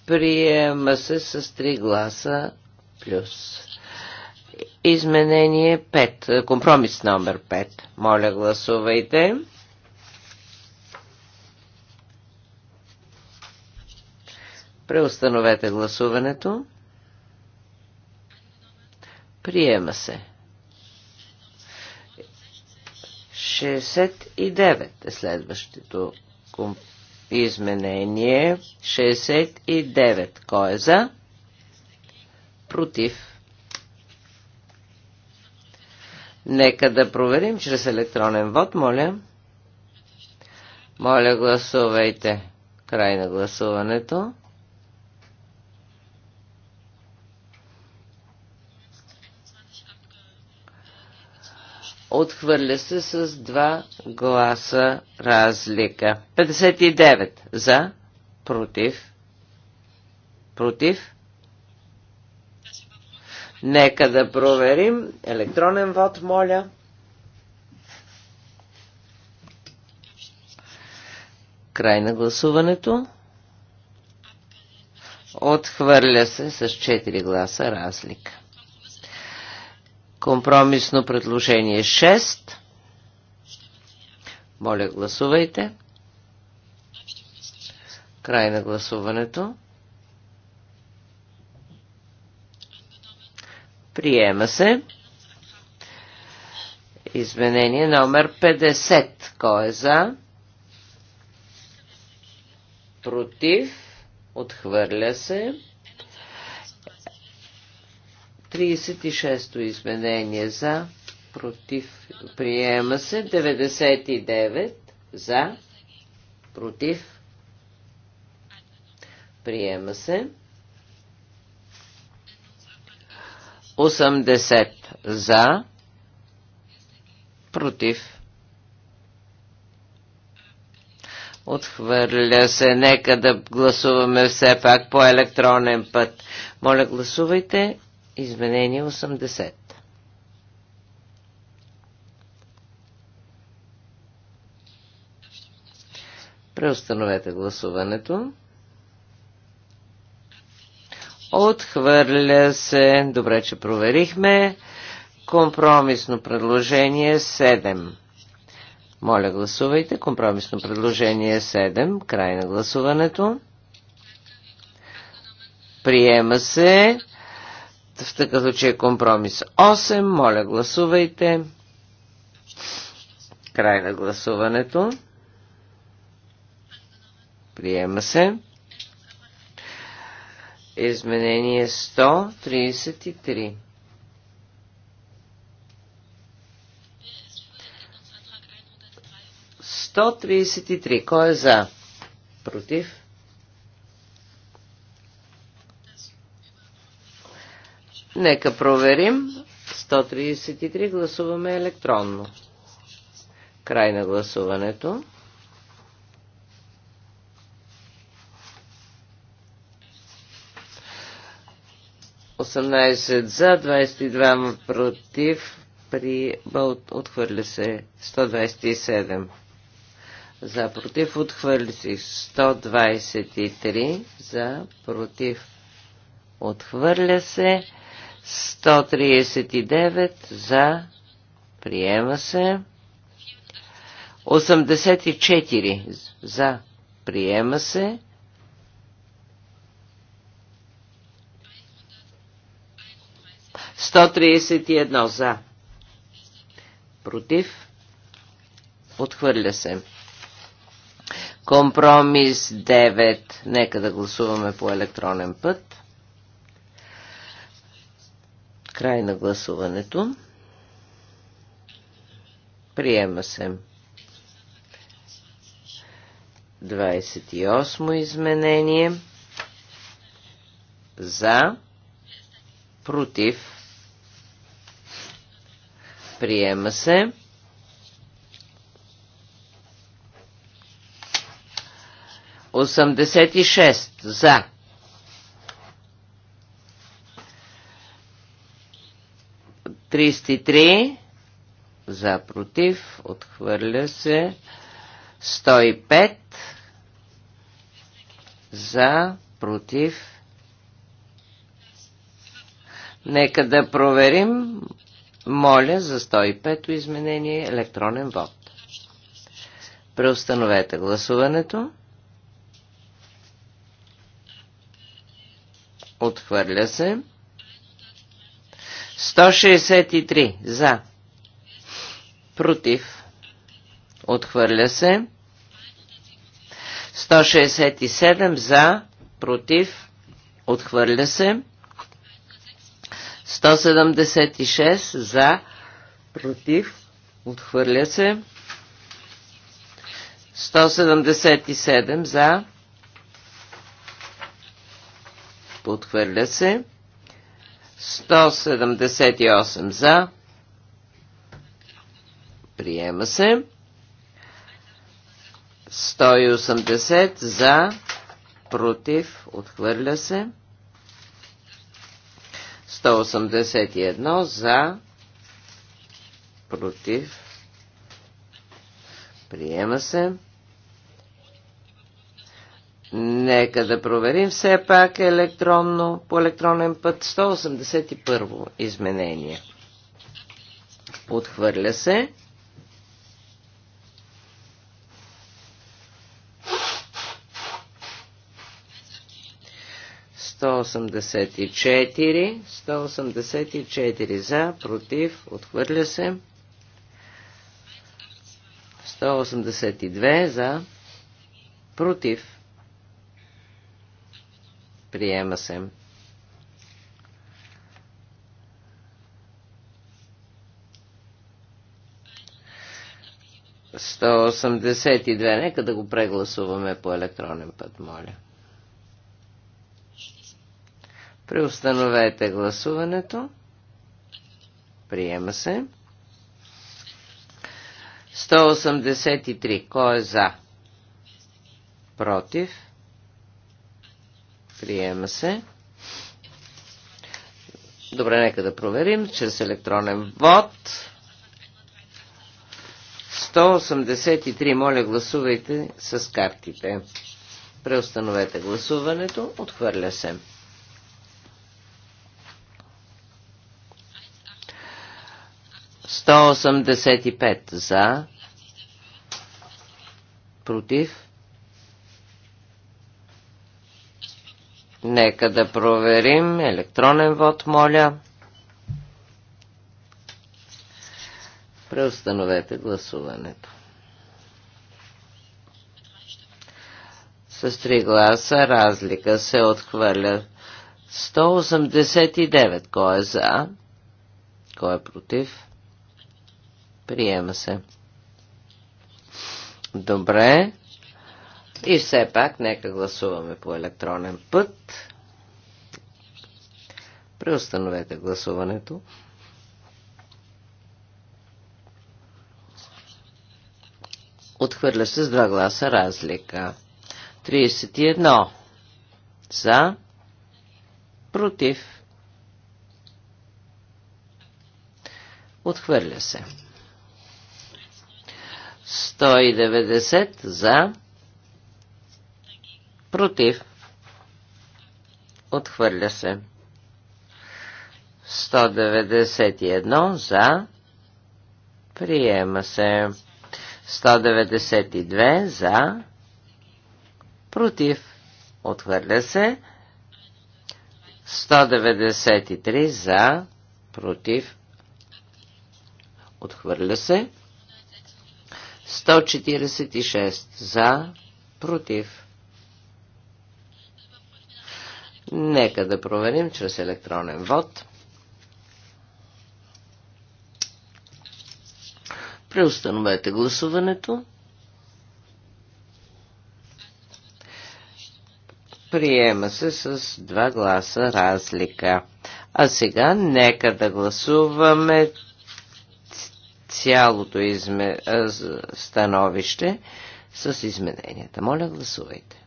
Приема се с 3 гласа плюс. Изменение 5. Компромис номер 5. Моля, гласувайте. Преустановете гласуването. Приема се. 69 е следващото изменение. 69. Кой е за? Против. Нека да проверим чрез електронен вод, моля. Моля, гласувайте. Край на гласуването. Отхвърля се с два гласа разлика. 59 за, против, против. Нека да проверим. Електронен вод, моля. Край на гласуването. Отхвърля се с 4 гласа разлика. Компромисно предложение 6. Моля, гласувайте. Край на гласуването. Приема се. Изменение номер 50. Кой е за? Против. Отхвърля се. 36-то изменение за, против, приема се. 99 за, против, приема се. 80 за, против. Отхвърля се. Нека да гласуваме все пак по електронен път. Моля, гласувайте. Изменение 80. Преустановете гласуването. Отхвърля се. Добре, че проверихме. Компромисно предложение 7. Моля, гласувайте. Компромисно предложение 7. Край на гласуването. Приема се в такъв случай е компромис 8. Моля, гласувайте. Край на гласуването. Приема се. Изменение 133. Сто три. Кой е за? Против? Нека проверим. 133 гласуваме електронно. Край на гласуването. за, 22 против, при отхвърля се 127. За против отхвърли се 123. За против отхвърля се 139 за. Приема се. 84 за. Приема се. 131 за. Против. Отхвърля се. Компромис 9. Нека да гласуваме по електронен път. Край на гласуването. Приема се. 28 изменение. За. Против. Приема се. Осемдесет и шест за. 303 за против, отхвърля се 105 за против. Нека да проверим. Моля за 105-то изменение електронен вод. Преустановете гласуването. Отхвърля се. 163 за. Против. Отхвърля се. 167 за. Против. Отхвърля се. 176 за. Против. Отхвърля се. 177 за. Отхвърля се. 178 за. Приема се. 180 за. Против. Отхвърля се. 181 за. Против. Приема се. Нека да проверим все пак електронно, по електронен път 181 изменение. Отхвърля се. Сто 184 184 за, против, отхвърля се. 182 за, против, Приема се. Сто осемдесет и две. Нека да го прегласуваме по електронен път, моля. Преустановете гласуването. Приема се. 183. Кой е за? Против? Приема се. Добре, нека да проверим чрез електронен вод. 183, моля гласувайте с картите. Преустановете гласуването. Отхвърля се. 185 за, против, Нека да проверим. Електронен вод, моля. Преустановете гласуването. С три гласа разлика се отхвърля. 189. Кой е за? Кой е против? Приема се. Добре. И все пак, нека гласуваме по електронен път. Преустановете гласуването. Отхвърля се с два гласа разлика. 31. За. Против. Отхвърля се. 190 за Против. Отхвърля се. 191 за. Приема се. 192 за. Против. Отхвърля се. 193 за. Против. Отхвърля се. 146 за. Против. Нека да проверим чрез електронен вод. Преустановете гласуването. Приема се с два гласа разлика. А сега нека да гласуваме цялото изме... становище с измененията. Моля, гласувайте.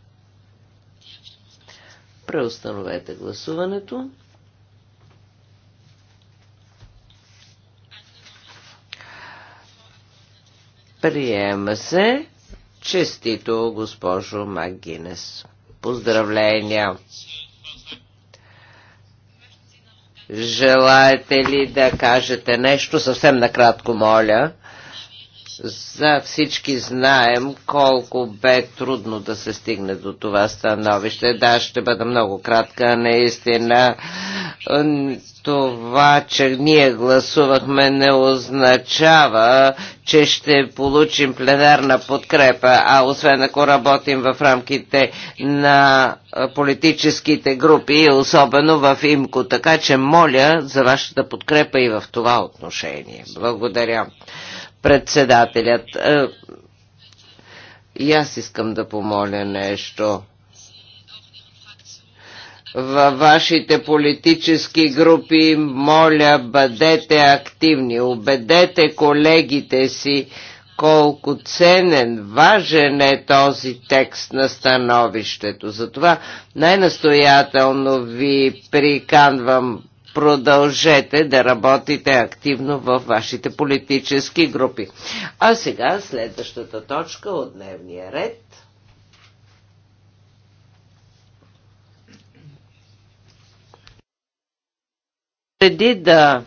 Преустановете гласуването. Приема се. Честито, госпожо Магинес. Поздравления! Желаете ли да кажете нещо? Съвсем накратко, моля. За всички знаем колко бе трудно да се стигне до това становище. Да, ще бъда много кратка, наистина. Това, че ние гласувахме, не означава, че ще получим пленарна подкрепа, а освен ако работим в рамките на политическите групи, особено в ИМКО. Така че моля за вашата подкрепа и в това отношение. Благодаря. Председателят. Е, и аз искам да помоля нещо във вашите политически групи, моля, бъдете активни, убедете колегите си колко ценен, важен е този текст на становището. Затова най-настоятелно ви приканвам Продължете да работите активно в вашите политически групи. А сега следващата точка от дневния ред. Преди да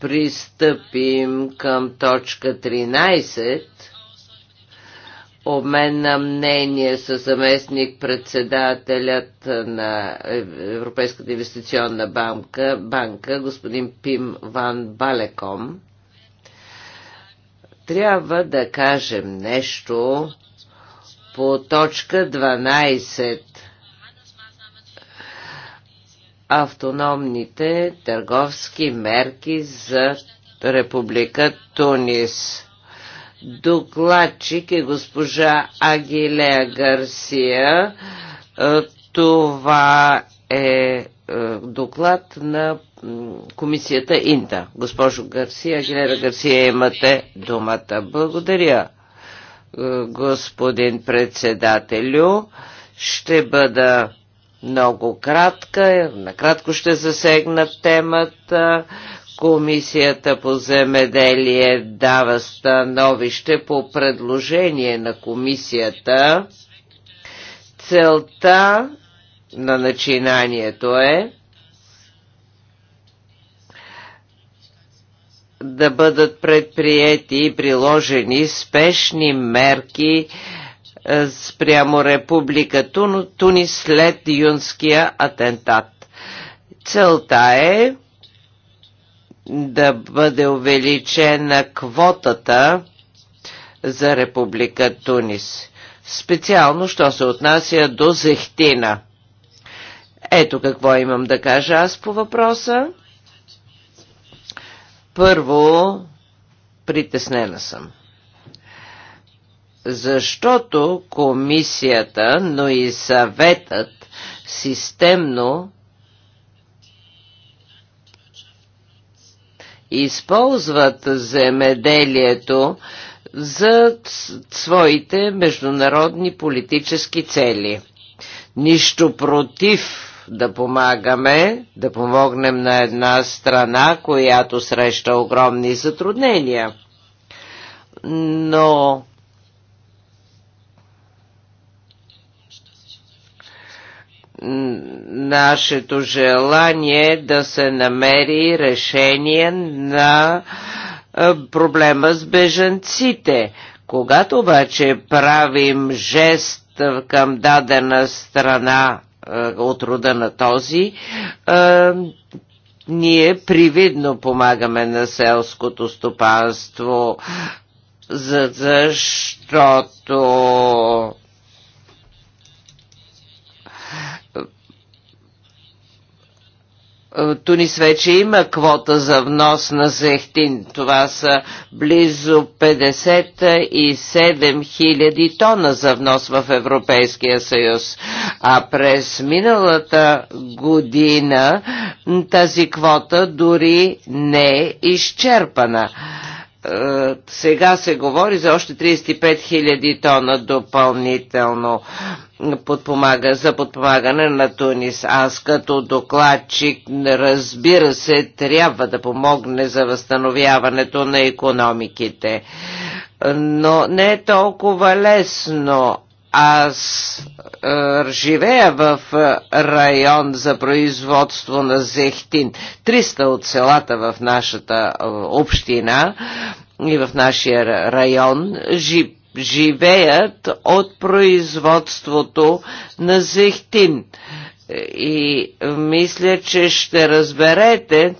пристъпим към точка 13, обмен на мнение с заместник председателят на Европейската инвестиционна банка, банка господин Пим Ван Балеком, трябва да кажем нещо по точка 12 автономните търговски мерки за Република Тунис. Докладчик е госпожа Агилея Гарсия. Е, това е, е доклад на комисията Инта. Госпожо Гарсия, Агилера Гарсия, имате думата. Благодаря, е, господин председателю. Ще бъда много кратка, накратко ще засегна темата. Комисията по земеделие дава становище по предложение на комисията. Целта на начинанието е да бъдат предприети и приложени спешни мерки е, спрямо Република Тунис след юнския атентат. Целта е да бъде увеличена квотата за Република Тунис. Специално, що се отнася до зехтина. Ето какво имам да кажа аз по въпроса. Първо, притеснена съм. Защото комисията, но и съветът системно използват земеделието за своите международни политически цели. Нищо против да помагаме, да помогнем на една страна, която среща огромни затруднения. Но нашето желание да се намери решение на е, проблема с бежанците. Когато обаче правим жест е, към дадена страна е, от рода на този, ние привидно помагаме на селското стопанство, защото Тунис вече има квота за внос на зехтин. Това са близо 57 хиляди тона за внос в Европейския съюз. А през миналата година тази квота дори не е изчерпана. Е, сега се говори за още 35 000 тона допълнително подпомага, за подпомагане на Тунис. Аз като докладчик, разбира се, трябва да помогне за възстановяването на економиките. Е, но не е толкова лесно. Аз е, живея в е, район за производство на зехтин. 300 от селата в нашата е, община и в нашия район жи, живеят от производството на зехтин. Е, и мисля, че ще разберете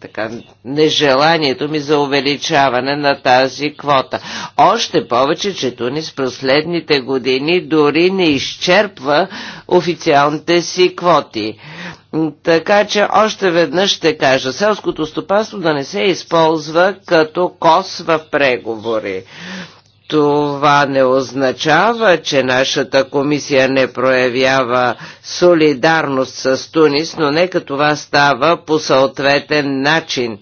така, нежеланието ми за увеличаване на тази квота. Още повече, че Тунис последните години дори не изчерпва официалните си квоти. Така че още веднъж ще кажа, селското стопанство да не се използва като кос в преговори. Това не означава, че нашата комисия не проявява солидарност с Тунис, но нека това става по съответен начин.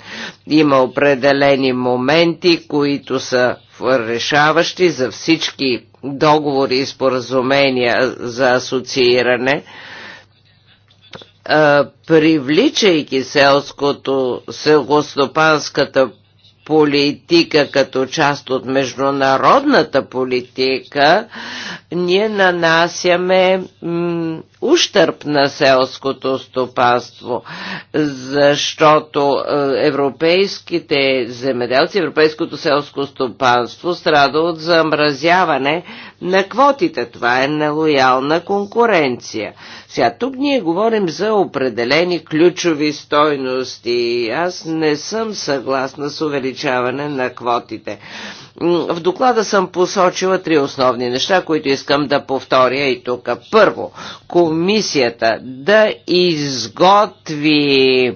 Има определени моменти, които са решаващи за всички договори и споразумения за асоцииране привличайки селското, селгостопанската политика като част от международната политика, ние нанасяме ущърп на селското стопанство, защото е, европейските земеделци, европейското селско стопанство страда от замразяване на квотите. Това е нелоялна конкуренция. Сега тук ние говорим за определени ключови стойности. Аз не съм съгласна с увеличаване на квотите. В доклада съм посочила три основни неща, които искам да повторя и тук. Първо, комисията да изготви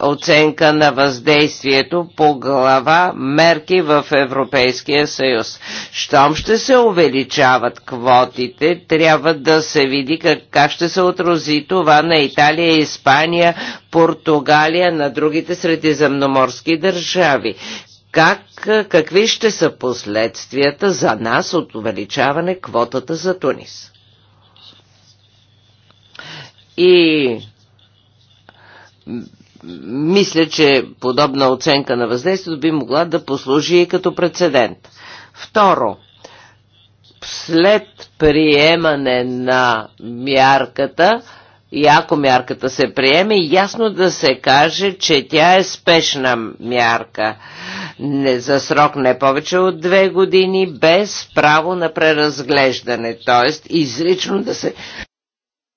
оценка на въздействието по глава мерки в Европейския съюз. Щом ще се увеличават квотите, трябва да се види как, как ще се отрази това на Италия, Испания, Португалия, на другите средиземноморски държави. Как, какви ще са последствията за нас от увеличаване квотата за Тунис? И мисля, че подобна оценка на въздействието би могла да послужи и като прецедент. Второ, след приемане на мярката, и ако мярката се приеме, ясно да се каже, че тя е спешна мярка. Не за срок не повече от две години, без право на преразглеждане, т.е. изрично да се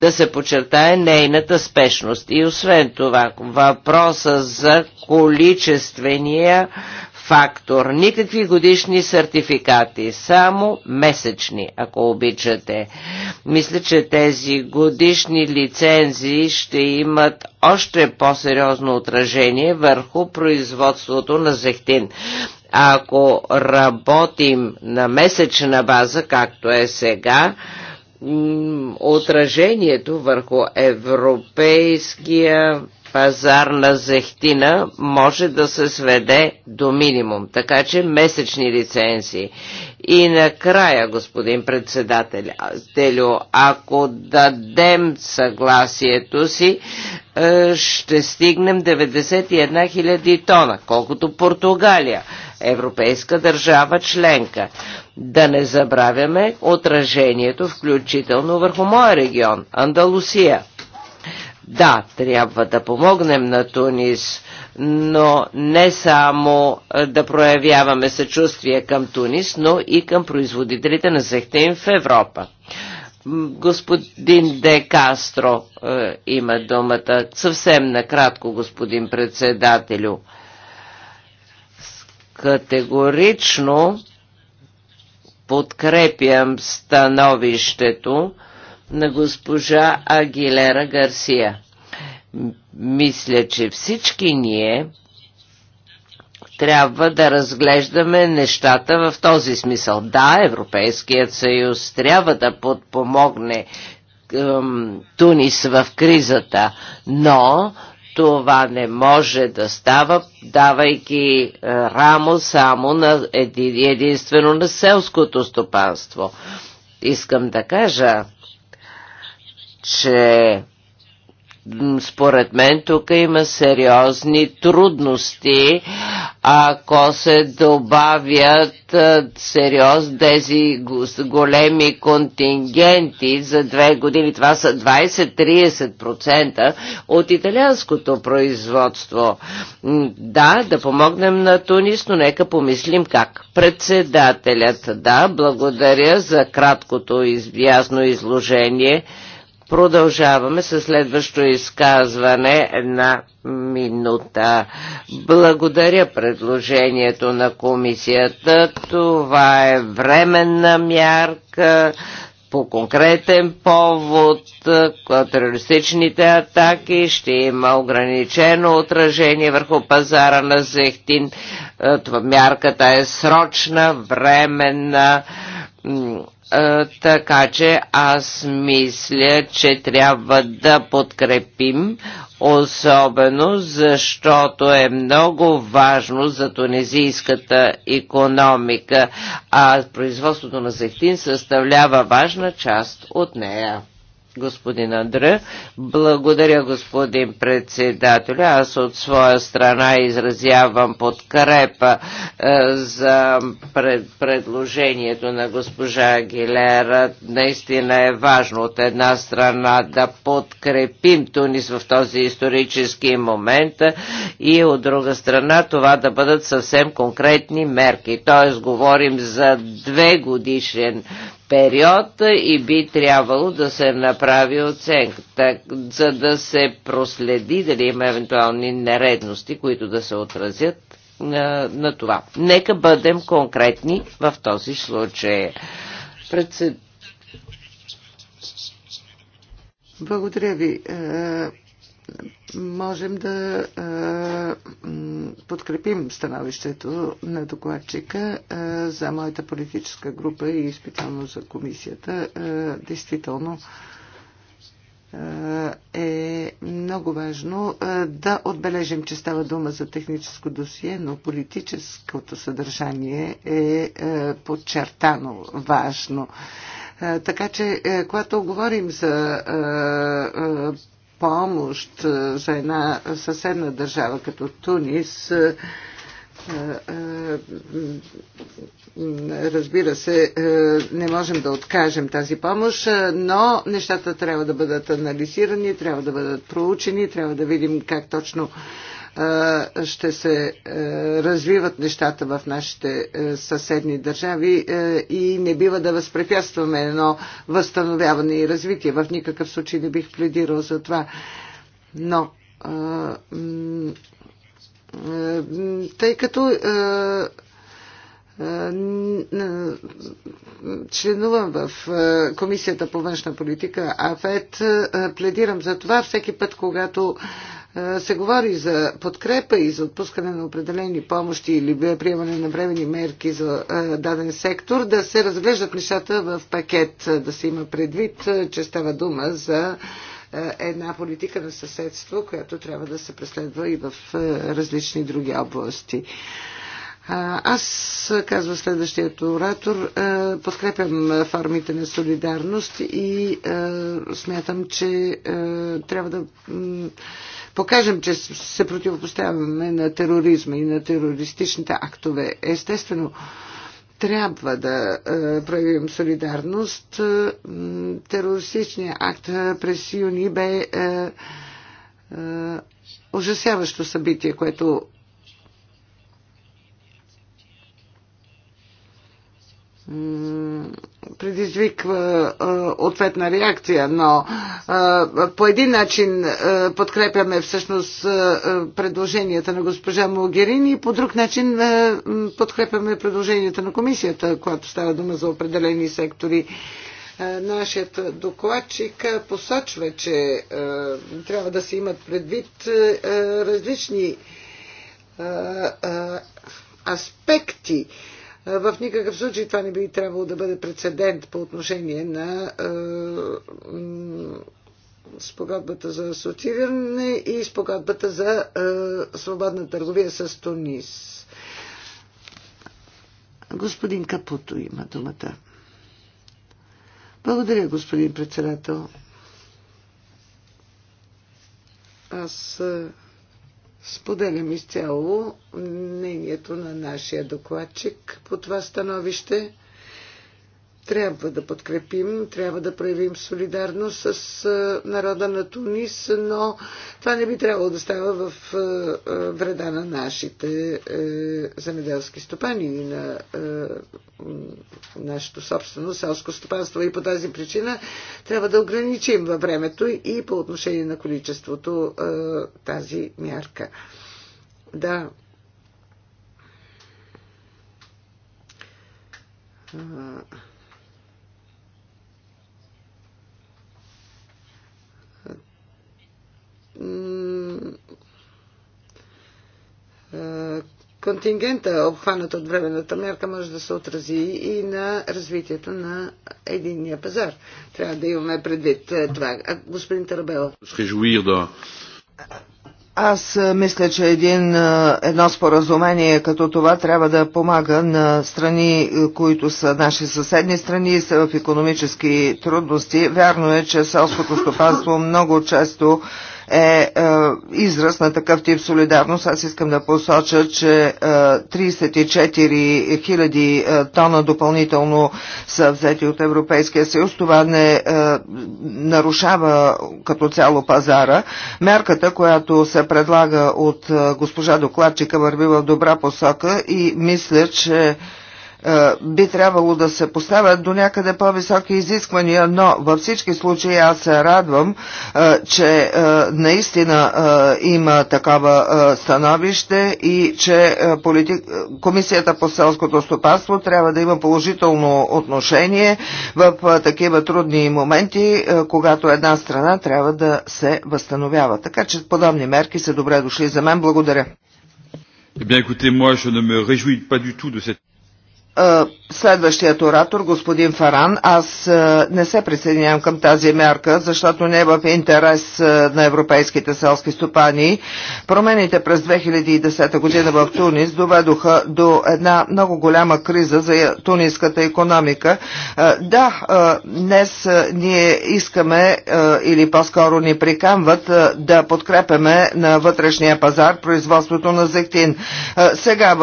да се почертае нейната спешност. И освен това, въпроса за количествения фактор. Никакви годишни сертификати, само месечни, ако обичате. Мисля, че тези годишни лицензии ще имат още по-сериозно отражение върху производството на зехтин. Ако работим на месечна база, както е сега, отражението върху европейския Пазарна зехтина може да се сведе до минимум, така че месечни лицензии. И накрая, господин председател, ако дадем съгласието си, е, ще стигнем 91 000 тона, колкото Португалия, европейска държава членка. Да не забравяме отражението, включително върху моя регион, Андалусия – да, трябва да помогнем на Тунис, но не само е, да проявяваме съчувствие към Тунис, но и към производителите на зехтин в Европа. Господин Де Кастро е, има думата. Съвсем накратко, господин председателю. Категорично подкрепям становището, на госпожа Агилера Гарсия. Мисля, че всички ние трябва да разглеждаме нещата в този смисъл. Да, Европейският съюз трябва да подпомогне ем, Тунис в кризата, но това не може да става, давайки е, рамо само на еди, единствено на селското стопанство. Искам да кажа, че според мен тук има сериозни трудности, ако се добавят сериоз тези големи контингенти за две години. Това са 20-30% от италианското производство. Да, да помогнем на Тунис, но нека помислим как. Председателят, да, благодаря за краткото ясно изложение. Продължаваме със следващо изказване на минута. Благодаря предложението на комисията. Това е временна мярка по конкретен повод терористичните атаки ще има ограничено отражение върху пазара на зехтин. Е, това мярката е срочна, временна е, така че аз мисля, че трябва да подкрепим, особено защото е много важно за тунезийската економика, а производството на зехтин съставлява важна част от нея господин Андре. Благодаря, господин председателя. Аз от своя страна изразявам подкрепа е, за пред, предложението на госпожа Агилера. Наистина е важно от една страна да подкрепим Тунис в този исторически момент и от друга страна това да бъдат съвсем конкретни мерки. Тоест говорим за две годишен период и би трябвало да се направи оценка, так, за да се проследи дали има евентуални нередности, които да се отразят на, на това. Нека бъдем конкретни в този случай. Председ... Благодаря ви. Е, можем да подкрепим становището на докладчика за моята политическа група и специално за комисията. действително е много важно да отбележим, че става дума за техническо досие, но политическото съдържание е подчертано важно. Така че, когато говорим за помощ е, за една съседна държава като Тунис, е, е, разбира се, не можем да откажем тази помощ, но нещата трябва да бъдат анализирани, трябва да бъдат проучени, трябва да видим как точно ще се развиват нещата в нашите съседни държави и не бива да възпрепятстваме едно възстановяване и развитие. В никакъв случай не бих пледирал за това. Но тъй като членувам в Комисията по външна политика, а ФЕД пледирам за това всеки път, когато е, се говори за подкрепа и за отпускане на определени помощи или приемане на времени мерки за е, даден сектор, да се разглеждат нещата в пакет, е, да се има предвид, че става дума за една политика на съседство, която трябва да се преследва и в различни други области. Аз, казва следващият оратор, подкрепям формите на солидарност и смятам, че трябва да покажем, че се противопоставяме на тероризма и на терористичните актове. Естествено, трябва да е, проявим солидарност. Е, терористичният акт през юни бе е, е, ужасяващо събитие, което предизвиква ответна реакция, но по един начин подкрепяме всъщност предложенията на госпожа Могерини и по друг начин подкрепяме предложенията на комисията, която става дума за определени сектори. Нашият докладчик посочва, че трябва да се имат предвид различни аспекти в никакъв случай това не би трябвало да бъде прецедент по отношение на спогадбата за асоцииране и спогадбата за свободна търговия с Тунис. Господин Капуто има думата. Благодаря, господин председател. Аз Споделям изцяло мнението на нашия докладчик по това становище трябва да подкрепим, трябва да проявим солидарност с народа на Тунис, но това не би трябвало да става в вреда на нашите земеделски стопани и на нашето собствено селско стопанство. И по тази причина трябва да ограничим във времето и по отношение на количеството тази мярка. Да, Uh... контингента, обхванат от временната мерка може да се отрази и на развитието на единния пазар. Трябва да имаме предвид е, това. А, господин Тарабела. Аз е, мисля, че един, е, едно споразумение като това трябва да помага на страни, които са наши съседни страни и са в економически трудности. Вярно е, че селското стопанство много често е, е израз на такъв тип солидарност. Аз искам да посоча, че е, 34 хиляди е, тона допълнително са взети от Европейския съюз. Това не е, нарушава като цяло пазара. Мерката, която се предлага от е, госпожа докладчика, върви в добра посока и мисля, че е, би трябвало да се поставят до някъде по-високи изисквания, но във всички случаи аз се радвам, е, че е, наистина има такова становище и че политик... Комисията по селското стопанство трябва да има положително отношение в такива трудни моменти, когато една страна трябва да се възстановява. Така че подобни мерки са добре дошли за мен. Благодаря. Eh bien, écoutez, moi, je ne me réjouis pas du tout de cette... Следващият оратор, господин Фаран, аз не се присъединявам към тази мярка, защото не е в интерес на европейските селски стопани. Промените през 2010 година в Тунис доведоха до една много голяма криза за туниската економика. Да, днес ние искаме или по-скоро ни прикамват да подкрепяме на вътрешния пазар производството на зектин. Сега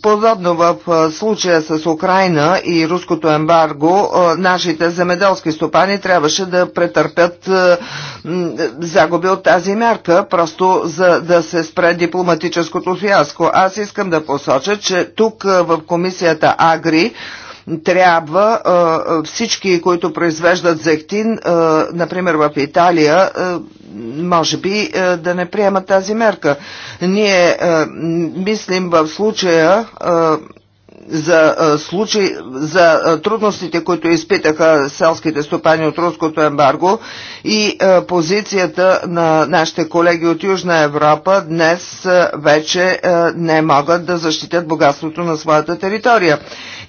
Подобно в случая с Украина и руското ембарго, нашите земеделски стопани трябваше да претърпят загуби от тази мярка, просто за да се спре дипломатическото фиаско. Аз искам да посоча, че тук в комисията Агри трябва всички, които произвеждат зехтин, например в Италия, може би да не приемат тази мерка. Ние мислим в случая за, случай, за трудностите, които изпитаха селските стопани от руското ембарго и позицията на нашите колеги от Южна Европа днес вече не могат да защитят богатството на своята територия.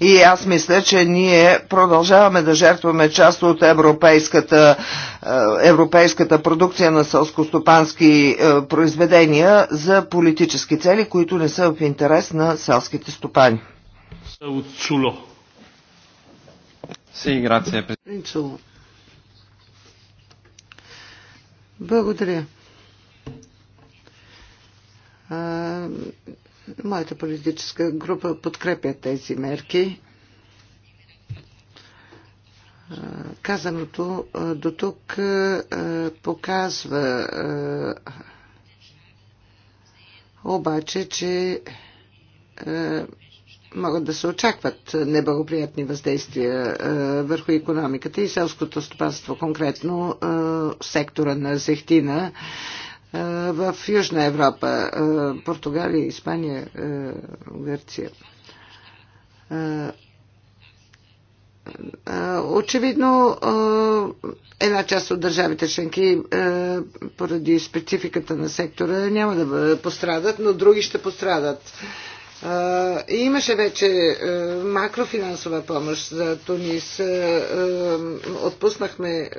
И аз мисля, че ние продължаваме да жертваме част от европейската, европейската продукция на селскостопански произведения за политически цели, които не са в интерес на селските стопани. Ами, Благодаря. А, моята политическа група подкрепя тези мерки. Казаното до тук показва обаче, че могат да се очакват неблагоприятни въздействия е, върху економиката и селското стопанство, конкретно е, сектора на зехтина е, в Южна Европа, Португалия, Испания, Гърция. Очевидно, една част от държавите членки поради спецификата на сектора няма да пострадат, но други ще пострадат и имаше вече макрофинансова помощ за Тунис. Отпуснахме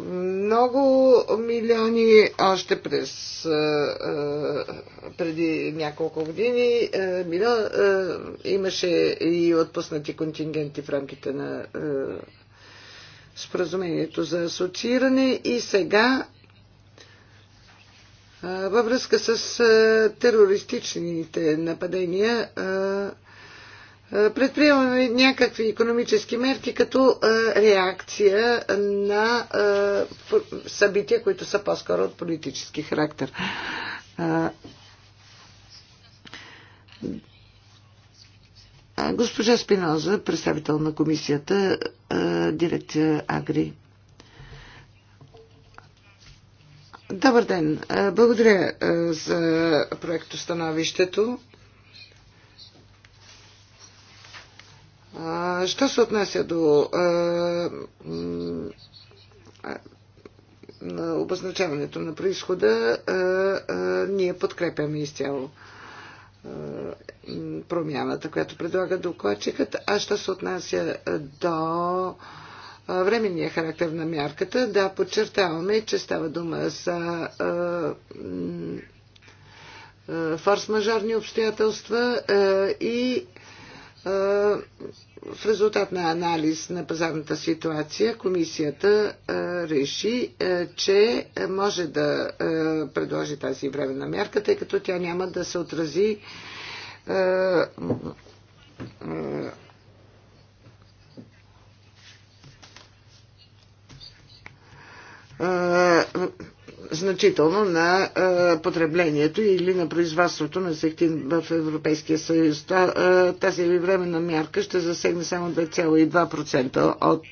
много милиони още през преди няколко години. имаше и отпуснати контингенти в рамките на споразумението за асоцииране и сега във връзка с терористичните нападения предприемаме някакви економически мерки като реакция на събития, които са по-скоро от политически характер. Госпожа Спиноза, представител на комисията, дирекция Агри. Добър ден. Е, благодаря е, за проектостановището. Е, що се отнася до на обозначаването на происхода, ние подкрепяме изцяло промяната, която предлага докладчикът. А що се отнася до временния характер на мярката. Да, подчертаваме, че става дума за форс-мажорни обстоятелства и в резултат на анализ на пазарната ситуация, комисията реши, че може да предложи тази временна мярка, тъй като тя няма да се отрази значително на потреблението или на производството на сектин в Европейския съюз. Тази временна мярка ще засегне само 2,2% от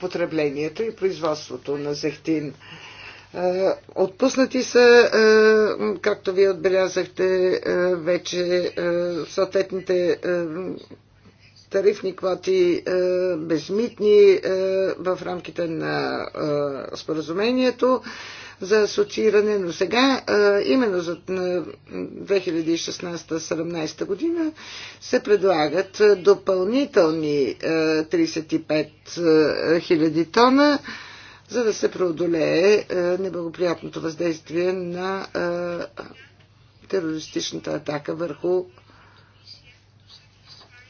потреблението и производството на сехтин. Отпуснати са, както вие отбелязахте, вече съответните тарифни квоти, е, безмитни е, в рамките на е, споразумението за асоцииране, но сега, именно за 2016-17 година, се предлагат допълнителни 35 000 тона, за да се преодолее неблагоприятното въздействие на терористичната атака върху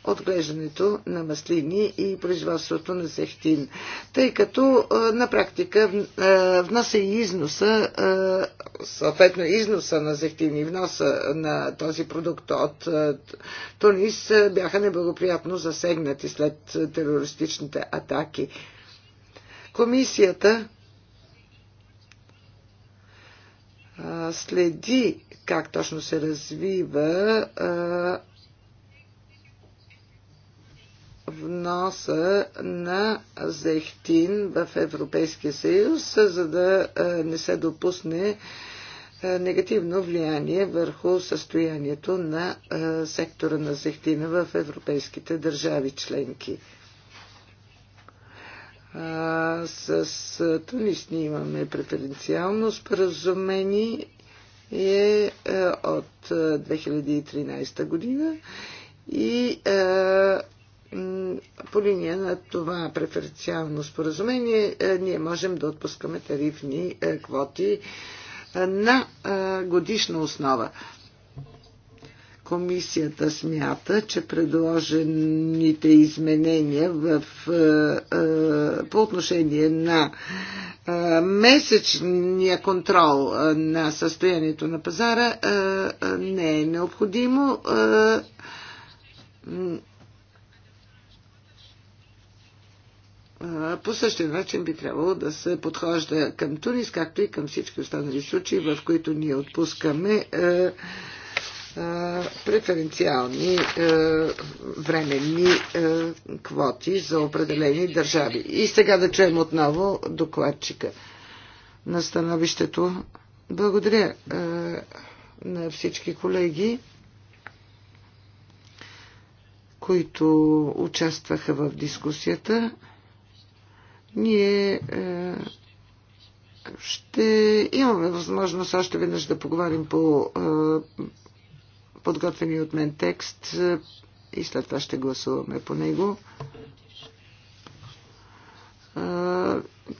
отглеждането на маслини и производството на зехтин. Тъй като на практика вноса и износа, съответно износа на зехтин и вноса на този продукт от Тунис бяха неблагоприятно засегнати след терористичните атаки. Комисията следи как точно се развива вноса на зехтин в Европейския съюз, за да е, не се допусне е, негативно влияние върху състоянието на е, сектора на зехтина в европейските държави членки. С Тунис ние имаме преференциално споразумение е от 2013 година и по линия на това преференциално споразумение е, ние можем да отпускаме тарифни е, квоти е, на годишна основа. Комисията смята, че предложените изменения в, по отношение на месечния контрол на състоянието на пазара не е необходимо по същия начин би трябвало да се подхожда към Тунис, както и към всички останали случаи, в които ние отпускаме преференциални временни квоти за определени държави. И сега да чуем отново докладчика на становището. Благодаря на всички колеги, които участваха в дискусията. Ние е, ще имаме възможност още веднъж да поговорим по е, подготвени от мен текст е, и след това ще гласуваме по него.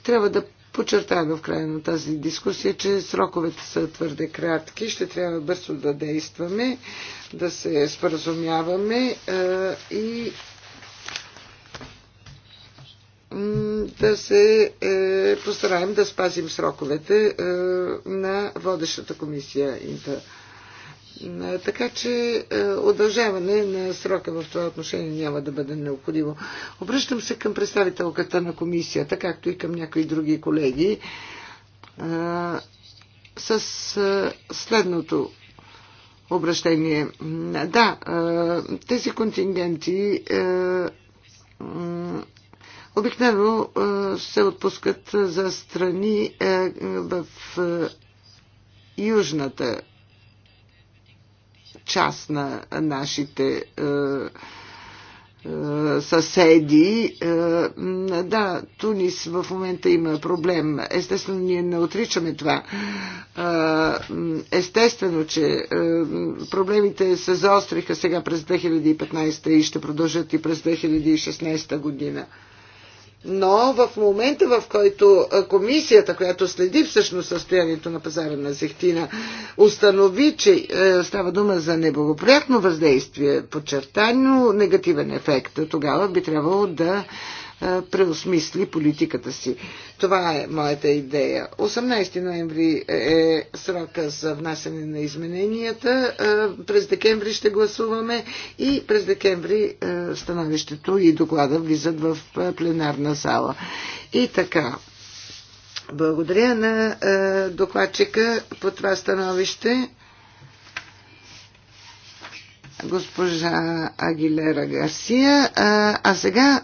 Трябва да подчертаем в края на тази дискусия, че сроковете са твърде кратки, ще трябва бързо да действаме, да се споразумяваме и да се е, постараем да спазим сроковете е, на водещата комисия Инта. Е, така че е, удължаване на срока в това отношение няма да бъде необходимо. Обръщам се към представителката на комисията, както и към някои други колеги, е, с е, следното обращение. Да, е, тези контингенти. Е, обикновено се отпускат за страни в южната част на нашите съседи. Да, Тунис в момента има проблем. Естествено, ние не отричаме това. Естествено, че проблемите се заостриха сега през 2015 и ще продължат и през 2016 година. Но в момента, в който комисията, която следи всъщност състоянието на пазара на зехтина, установи, че е, става дума за неблагоприятно въздействие, подчертано негативен ефект, тогава би трябвало да преосмисли политиката си. Това е моята идея. 18 ноември е срока за внасяне на измененията. През декември ще гласуваме и през декември становището и доклада влизат в пленарна зала. И така. Благодаря на докладчика по това становище госпожа Агилера Гарсия. А, а сега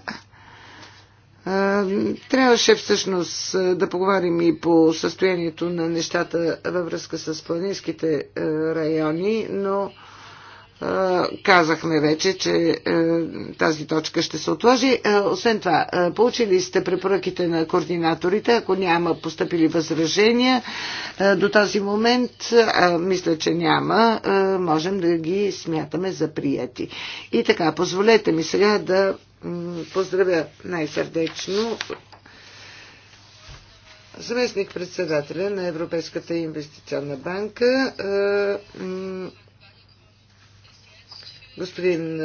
Трябваше всъщност да поговорим и по състоянието на нещата във връзка с планинските райони, но Казахме вече, че е, тази точка ще се отложи. Освен това, е, получили сте препоръките на координаторите, ако няма поступили възражения е, до този момент, мисля, че няма, можем да ги смятаме за прияти. И така, позволете ми сега да поздравя най-сърдечно заместник председателя на Европейската инвестиционна банка господин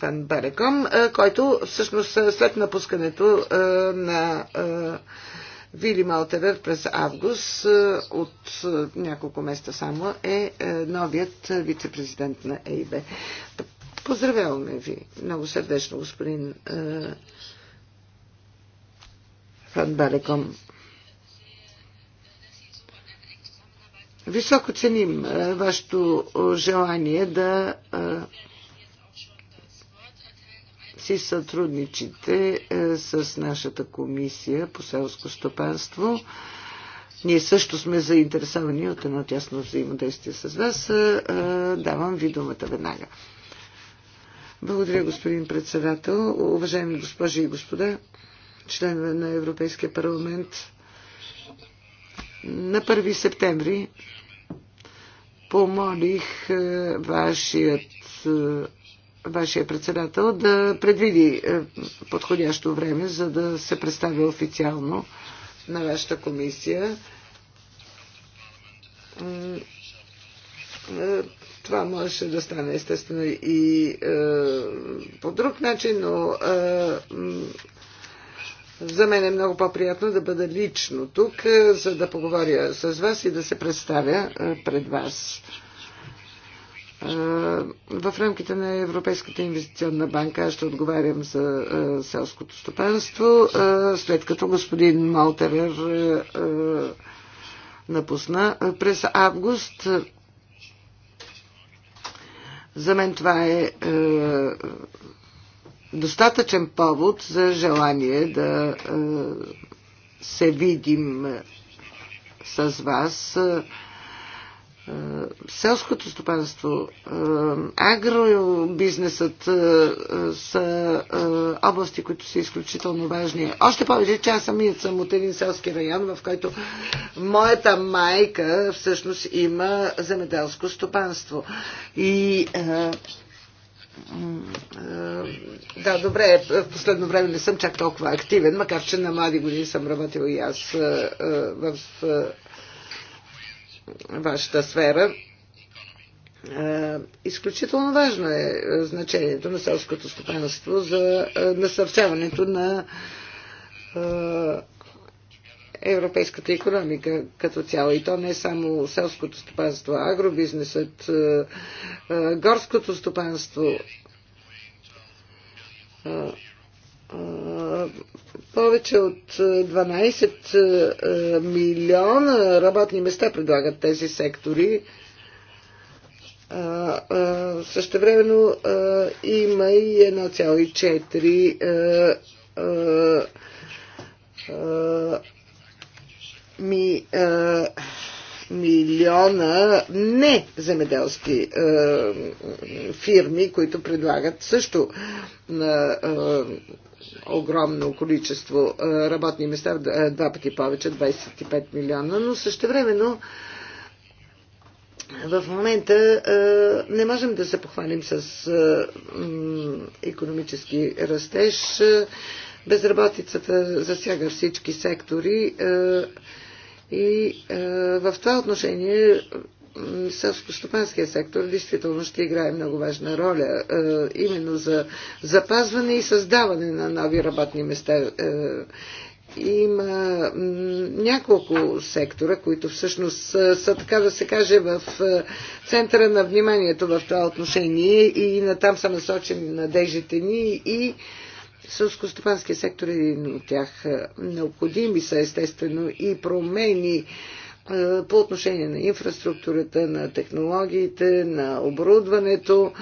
Ван Бареком, който всъщност след напускането на Вили Малтевер през август от няколко места само е новият вице-президент на ЕИБ. Поздравяваме ви много сърдечно, господин Ван Бареком. Високо ценим е, вашето е, желание да е, си сътрудничите с нашата комисия по селско стопанство. Ние също сме заинтересовани от едно тясно взаимодействие с вас. Давам ви думата веднага. Благодаря, господин председател. Уважаеми госпожи и господа, членове на Европейския парламент, на 1 септември помолих е, вашият, е, вашия председател да предвиди е, подходящо време, за да се представи официално на вашата комисия. Това можеше да стане естествено и по друг начин, но за мен е много по-приятно да бъда лично тук, е, за да поговоря с вас и да се представя е, пред вас. Е, в рамките на Европейската инвестиционна банка аз ще отговарям за селското стопанство, след като господин Малтерер напусна през август. За мен това е достатъчен повод за желание да е, се видим с вас. Е, селското стопанство, е, агробизнесът са области, които са изключително важни. Още повече, че аз самият съм от един селски район, в който моята майка всъщност има земеделско стопанство. И е, да, добре, е, в последно време не съм чак толкова активен, макар че на млади години съм работил и аз е, в вашата сфера. Изключително важно е значението на селското стопанство за насърчаването на европейската економика като цяло. И то не само селското стопанство, агробизнесът, е, е, горското стопанство. Е, повече от 12 милиона работни места предлагат тези сектори. Също времено има и 1,4 ми, а, е, милиона не земеделски а, е, фирми, които предлагат също а, е, а, огромно количество а, работни места, два пъти повече, 25 милиона, но също времено в момента а, не можем да се похвалим с а, м, економически растеж. Безработицата засяга всички сектори. А, и е, в това отношение селско-стопанския сектор действително ще играе много важна роля е, именно за запазване и създаване на нови работни места. Е, има няколко сектора, които всъщност са, са, така да се каже, в е, центъра на вниманието в това отношение и на там са насочени надеждите ни и Сълскостопанския сектор е един от тях. Необходими са естествено и промени е, по отношение на инфраструктурата, на технологиите, на оборудването.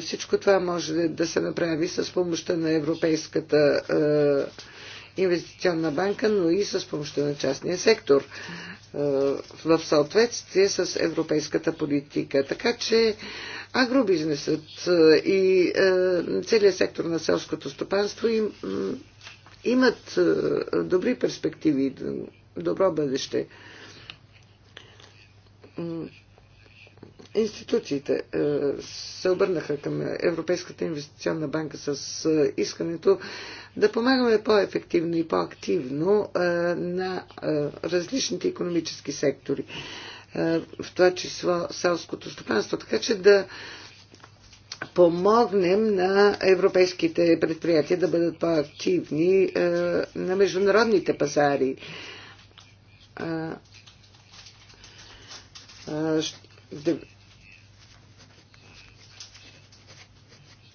Всичко това може да се направи с помощта на Европейската е, инвестиционна банка, но и с помощта на частния сектор е, в съответствие с европейската политика. Така че агробизнесът е, и е, целият сектор на селското стопанство им, имат е, добри перспективи, добро бъдеще. Институциите се обърнаха към Европейската инвестиционна банка с искането да помагаме по-ефективно и по-активно на различните економически сектори в това число селското стопанство, така че да помогнем на европейските предприятия да бъдат по-активни на международните пазари.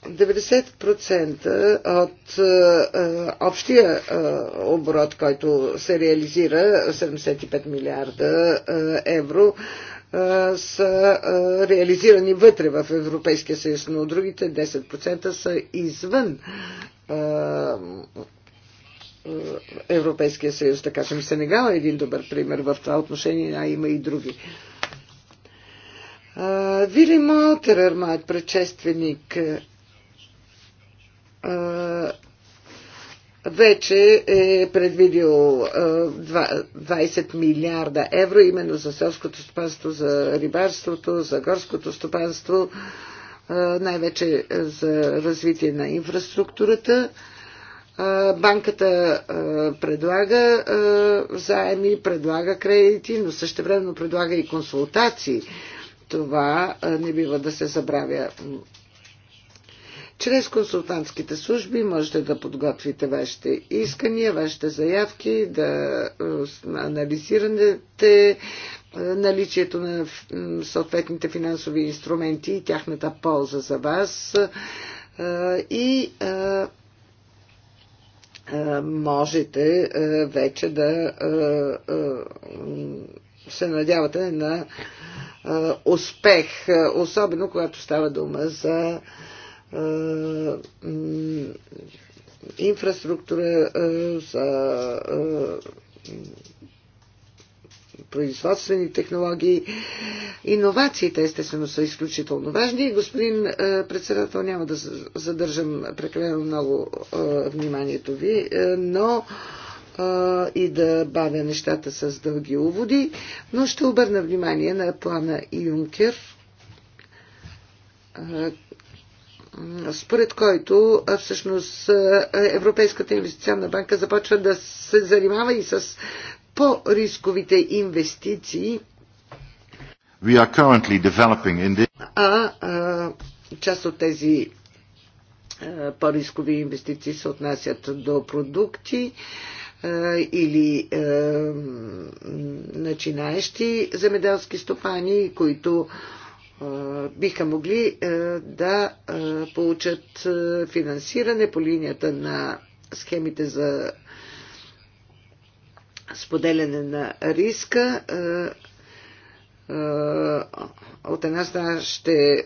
90% от а, е, е, общия а, е, оборот, който се реализира, 75 милиарда а, евро, а, са а, реализирани вътре в Европейския съюз, но другите 10% са извън а, Европейския съюз, да кажем. Сенегал е един добър пример в това отношение, а има и други. Вилимо Терер, моят предшественик, вече е предвидил 20 милиарда евро именно за селското стопанство, за рибарството, за горското стопанство, най-вече за развитие на инфраструктурата. Банката предлага заеми, предлага кредити, но същевременно предлага и консултации. Това не бива да се забравя. Чрез консултантските служби можете да подготвите вашите искания, вашите заявки, да е, анализирате е, наличието на съответните финансови инструменти и тяхната полза за вас. Е, и можете вече да се надявате на успех, особено когато става дума за е, инфраструктура, за е, е, производствени технологии. Иновациите, естествено, са изключително важни. Господин председател, няма да задържам прекалено много вниманието ви, но и да бавя нещата с дълги уводи, но ще обърна внимание на плана Юнкер, според който всъщност Европейската инвестиционна банка започва да се занимава и с по-рисковите инвестиции. We are currently developing in the... а, а част от тези по-рискови инвестиции се отнасят до продукти а, или а, начинаещи земеделски стопани, които а, биха могли да получат финансиране по линията на схемите за споделяне на риска. От една страна ще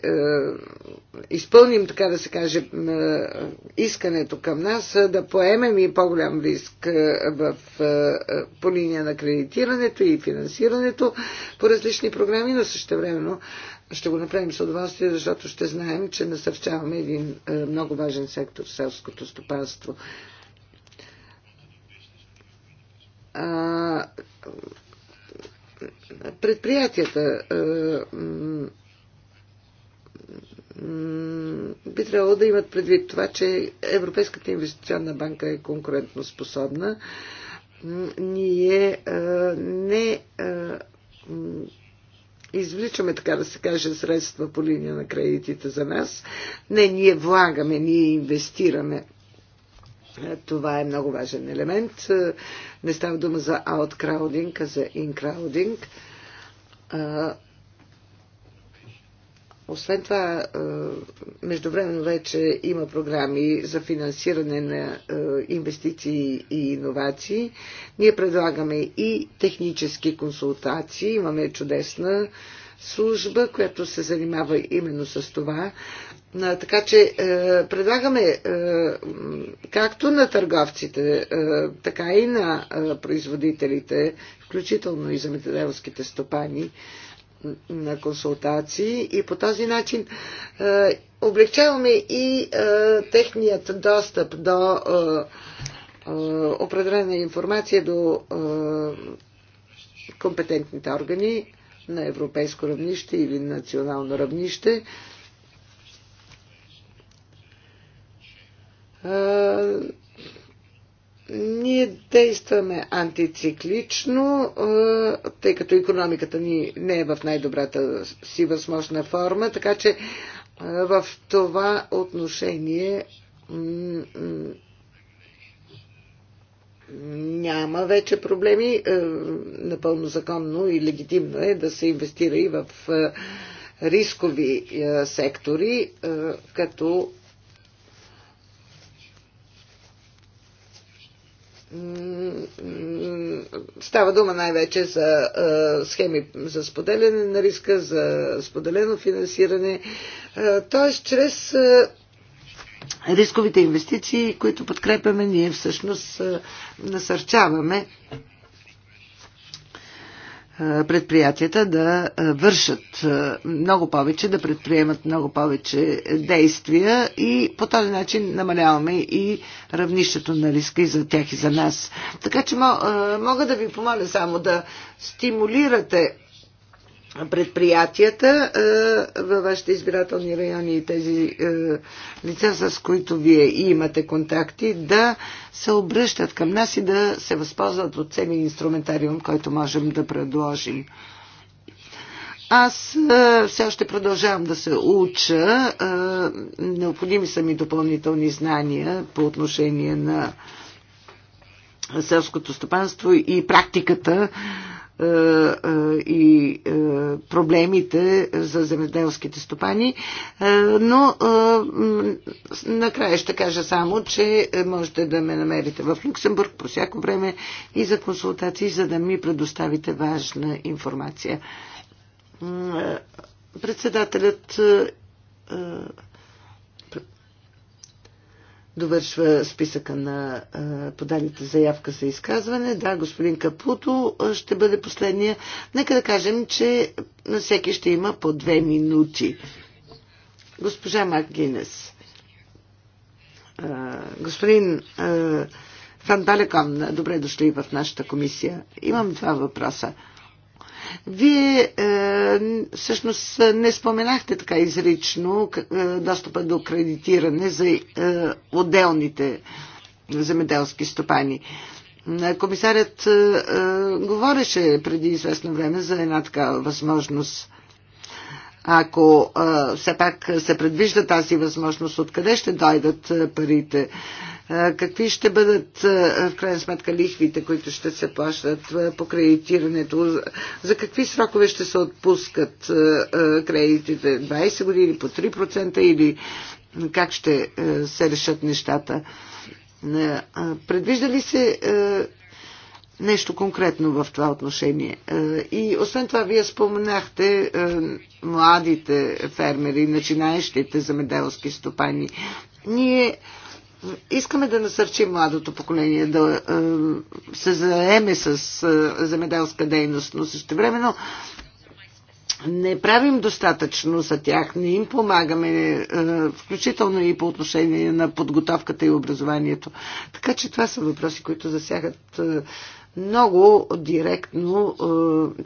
изпълним, така да се каже, искането към нас да поемем и по-голям риск в, по линия на кредитирането и финансирането по различни програми, но също времено ще го направим с удоволствие, защото ще знаем, че насърчаваме един е, много важен сектор селското стопанство. Предприятията е, би трябвало да имат предвид това, че Европейската инвестиционна банка е конкурентно способна. Ние е, не извличаме, така да се каже, средства по линия на кредитите за нас. Не, ние влагаме, ние инвестираме. Е, това е много важен елемент. Е, не става дума за ауткрафтинг, а за инкраудинг. Освен това, е, междувременно вече има програми за финансиране на е, инвестиции и иновации. Ние предлагаме и технически консултации. Имаме чудесна служба, която се занимава именно с това. Така че е, предлагаме както на търговците, така и на производителите, включително и земеделските стопани, на консултации и по този начин е, облегчаваме и е, техният достъп до е, е, определена информация до е, компетентните органи на европейско равнище или национално равнище. Е, ние действаме антициклично, тъй като економиката ни не е в най-добрата си възможна форма, така че в това отношение няма вече проблеми. Напълно законно и легитимно е да се инвестира и в рискови сектори, като Става дума най-вече за схеми за споделяне на риска, за споделено финансиране. Т.е. чрез рисковите инвестиции, които подкрепяме, ние всъщност насърчаваме предприятията да вършат много повече, да предприемат много повече действия и по този начин намаляваме и равнището на риска и за тях и за нас. Така че мога да ви помоля само да стимулирате предприятията във вашите избирателни райони и тези лица, с които вие имате контакти, да се обръщат към нас и да се възползват от целият инструментариум, който можем да предложим. Аз все още продължавам да се уча. необходими са ми допълнителни знания по отношение на селското стопанство и практиката е, е, и е, проблемите за земеделските стопани, но накрая ще кажа само, че можете да ме намерите в Люксембург по всяко време и за консултации, за да ми предоставите важна информация. Председателят довършва списъка на а, подалите заявка за изказване. Да, господин Капуто ще бъде последния. Нека да кажем, че на всеки ще има по две минути. Госпожа Макгинес. А, господин а, Фан Далекон, добре дошли в нашата комисия. Имам два въпроса. А, вие е, всъщност не споменахте така изрично е, достъпа до кредитиране за е, отделните земеделски стопани. Комисарят говореше преди известно време за една такава възможност. Ако все пак се предвижда тази възможност, откъде ще дойдат парите? Какви ще бъдат в крайна сметка лихвите, които ще се плащат по кредитирането? За какви срокове ще се отпускат кредитите? 20 години по 3% или как ще се решат нещата? Предвижда ли се нещо конкретно в това отношение. И освен това, вие споменахте младите фермери, начинаещите замеделски стопани. Ние Искаме да насърчим младото поколение да е, се заеме с е, земеделска дейност, но също времено не правим достатъчно за тях, не им помагаме, е, включително и по отношение на подготовката и образованието. Така че това са въпроси, които засягат много директно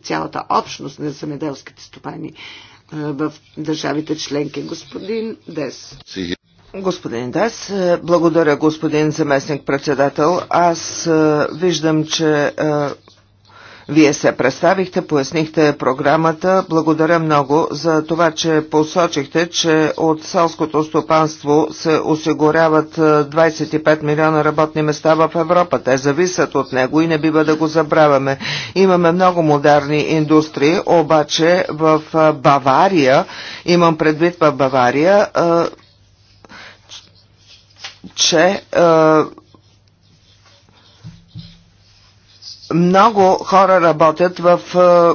цялата общност на земеделските стопани в държавите членки. Господин Дес. Господин Дас, е, благодаря господин заместник председател. Аз е, виждам, че е, вие се представихте, пояснихте програмата. Благодаря много за това, че посочихте, че от селското стопанство се осигуряват 25 милиона работни места в Европа. Те зависят от него и не бива да го забравяме. Имаме много модерни индустрии, обаче в Бавария, имам предвид в Бавария, че е, Много хора работят в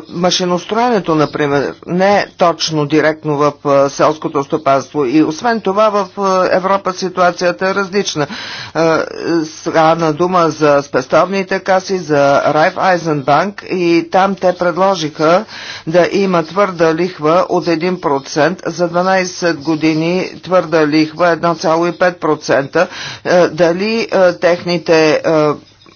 е, машиностроенето, например, не точно директно в е, селското стопанство. И освен това в е, Европа ситуацията е различна. Сега на дума за спестовните каси, за Райф Айзенбанк и там те предложиха да има твърда лихва от 1%, за 12 години твърда лихва 1,5%. Дали техните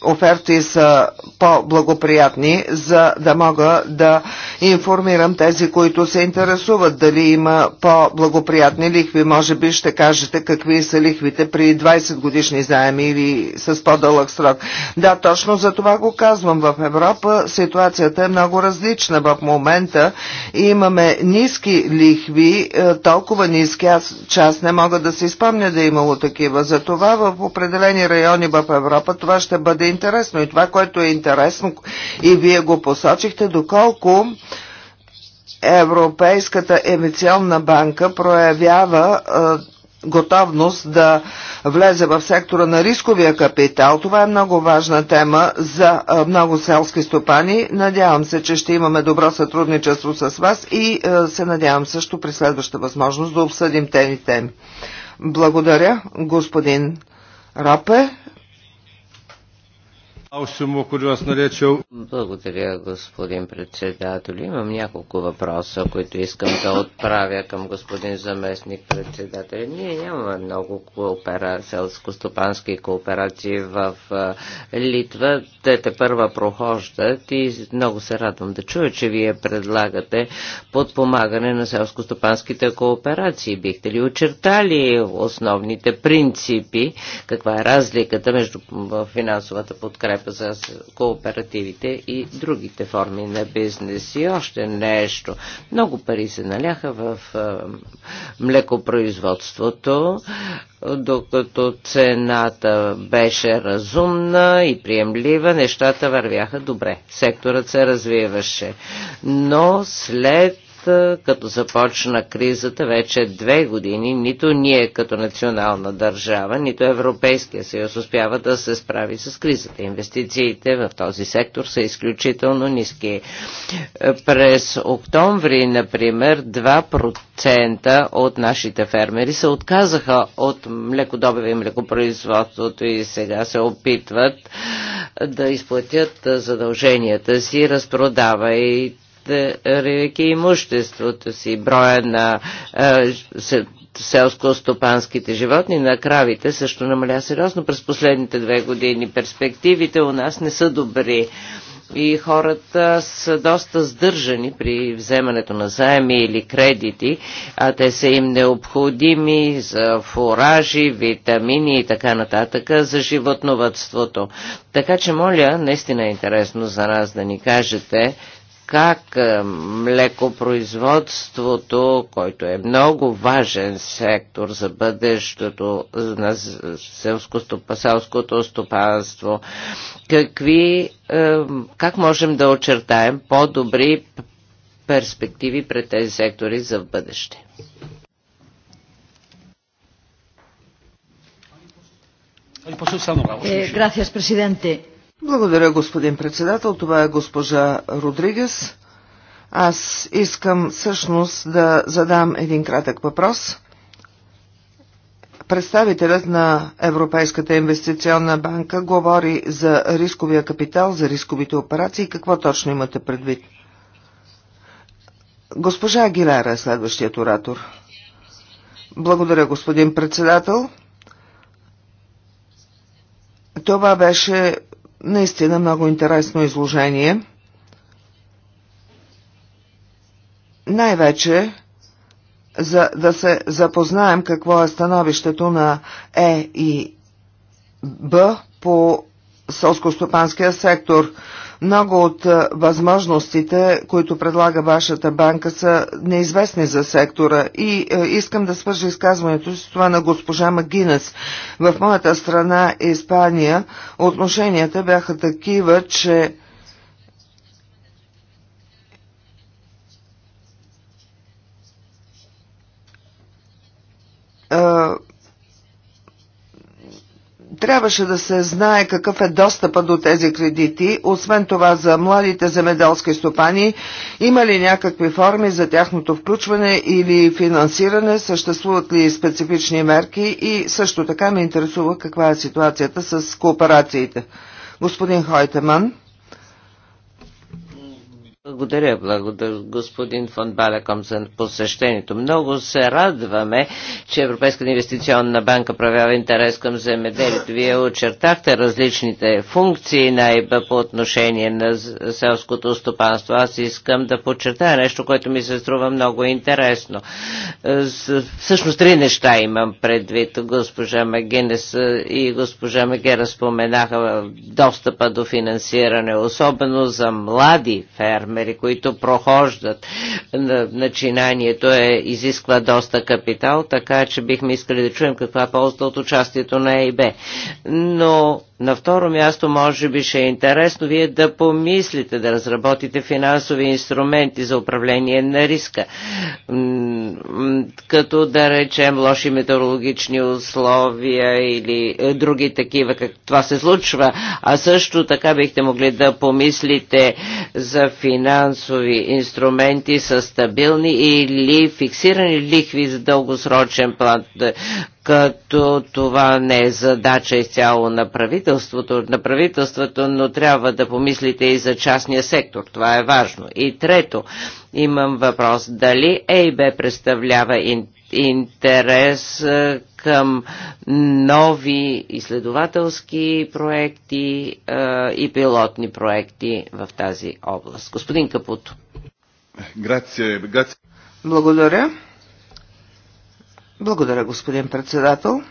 оферти са по-благоприятни, за да мога да информирам тези, които се интересуват дали има по-благоприятни лихви. Може би ще кажете какви са лихвите при 20 годишни заеми или с по-дълъг срок. Да, точно за това го казвам. В Европа ситуацията е много различна. В момента имаме ниски лихви, е, толкова ниски, аз част не мога да си спомня да е имало такива. Затова в определени райони в Европа това ще бъде е интересно. И това, което е интересно, и вие го посочихте, доколко Европейската емиционна банка проявява готовност да влезе в сектора на рисковия капитал. Това е много важна тема за много селски стопани. Надявам се, че ще имаме добро сътрудничество с вас и се надявам също при следваща възможност да обсъдим тези теми. Благодаря, господин Рапе. Благодаря, господин председател. Имам няколко въпроса, които искам да отправя към господин заместник председател. Ние нямаме много коопера... селско-стопански кооперации в Литва. Те те първа прохождат и много се радвам да чуя, че вие предлагате подпомагане на селско-стопанските кооперации. Бихте ли очертали основните принципи? Каква е разликата между финансовата подкрепа подкрепа за кооперативите и другите форми на бизнес. И още нещо. Много пари се наляха в млекопроизводството, докато цената беше разумна и приемлива, нещата вървяха добре. Секторът се развиваше. Но след като започна кризата вече две години, нито ние като национална държава, нито Европейския съюз успява да се справи с кризата. Инвестициите в този сектор са изключително ниски. През октомври, например, 2% от нашите фермери се отказаха от млекодобива и млекопроизводството и сега се опитват да изплатят задълженията си, разпродавайки декларирайки имуществото си, броя на селско-стопанските животни, на кравите също намаля сериозно през последните две години. Перспективите у нас не са добри и хората са доста сдържани при вземането на заеми или кредити, а те са им необходими за фуражи, витамини и така нататък за животновътството. Така че моля, наистина е интересно за нас да ни кажете как е, млекопроизводството, който е много важен сектор за бъдещето на селското стопанство, какви, е, как можем да очертаем по-добри перспективи пред тези сектори за бъдеще? Gracias, presidente. Благодаря, господин председател. Това е госпожа Родригес. Аз искам всъщност да задам един кратък въпрос. Представителят на Европейската инвестиционна банка говори за рисковия капитал, за рисковите операции. Какво точно имате предвид? Госпожа Агилера е следващият оратор. Благодаря, господин председател. Това беше Наистина много интересно изложение. Най-вече за да се запознаем какво е становището на Е и Б по сълско-стопанския сектор. Много от е, възможностите, които предлага вашата банка, са неизвестни за сектора и е, искам да свържа изказването с това на госпожа Магинес. В моята страна Испания отношенията бяха такива, че uh... Трябваше да се знае какъв е достъпа до тези кредити, освен това за младите земеделски стопани, има ли някакви форми за тяхното включване или финансиране, съществуват ли специфични мерки и също така ме интересува каква е ситуацията с кооперациите. Господин Хойтеман. Благодаря, благодаря господин фон Балеком за посещението. Много се радваме, че Европейската инвестиционна банка проявява интерес към земеделието. Вие очертахте различните функции на ЕБ по отношение на селското стопанство. Аз искам да подчертая нещо, което ми се струва много интересно. Всъщност три неща имам предвид. Госпожа Магенес и госпожа Мегера споменаха достъпа до финансиране, особено за млади ферми камери, които прохождат. Начинанието е, изисква доста капитал, така че бихме искали да чуем каква е полза от участието на ЕИБ. Но на второ място, може би ще е интересно вие да помислите, да разработите финансови инструменти за управление на риска, като да речем лоши метеорологични условия или е, други такива, как това се случва, а също така бихте могли да помислите за финансови финансови инструменти са стабилни или фиксирани лихви за дългосрочен план, като това не е задача изцяло на правителството, на правителството, но трябва да помислите и за частния сектор. Това е важно. И трето, имам въпрос. Дали ЕИБ представлява интерес интерес към нови изследователски проекти и пилотни проекти в тази област. Господин Капуто. Благодаря. Благодаря, господин председател.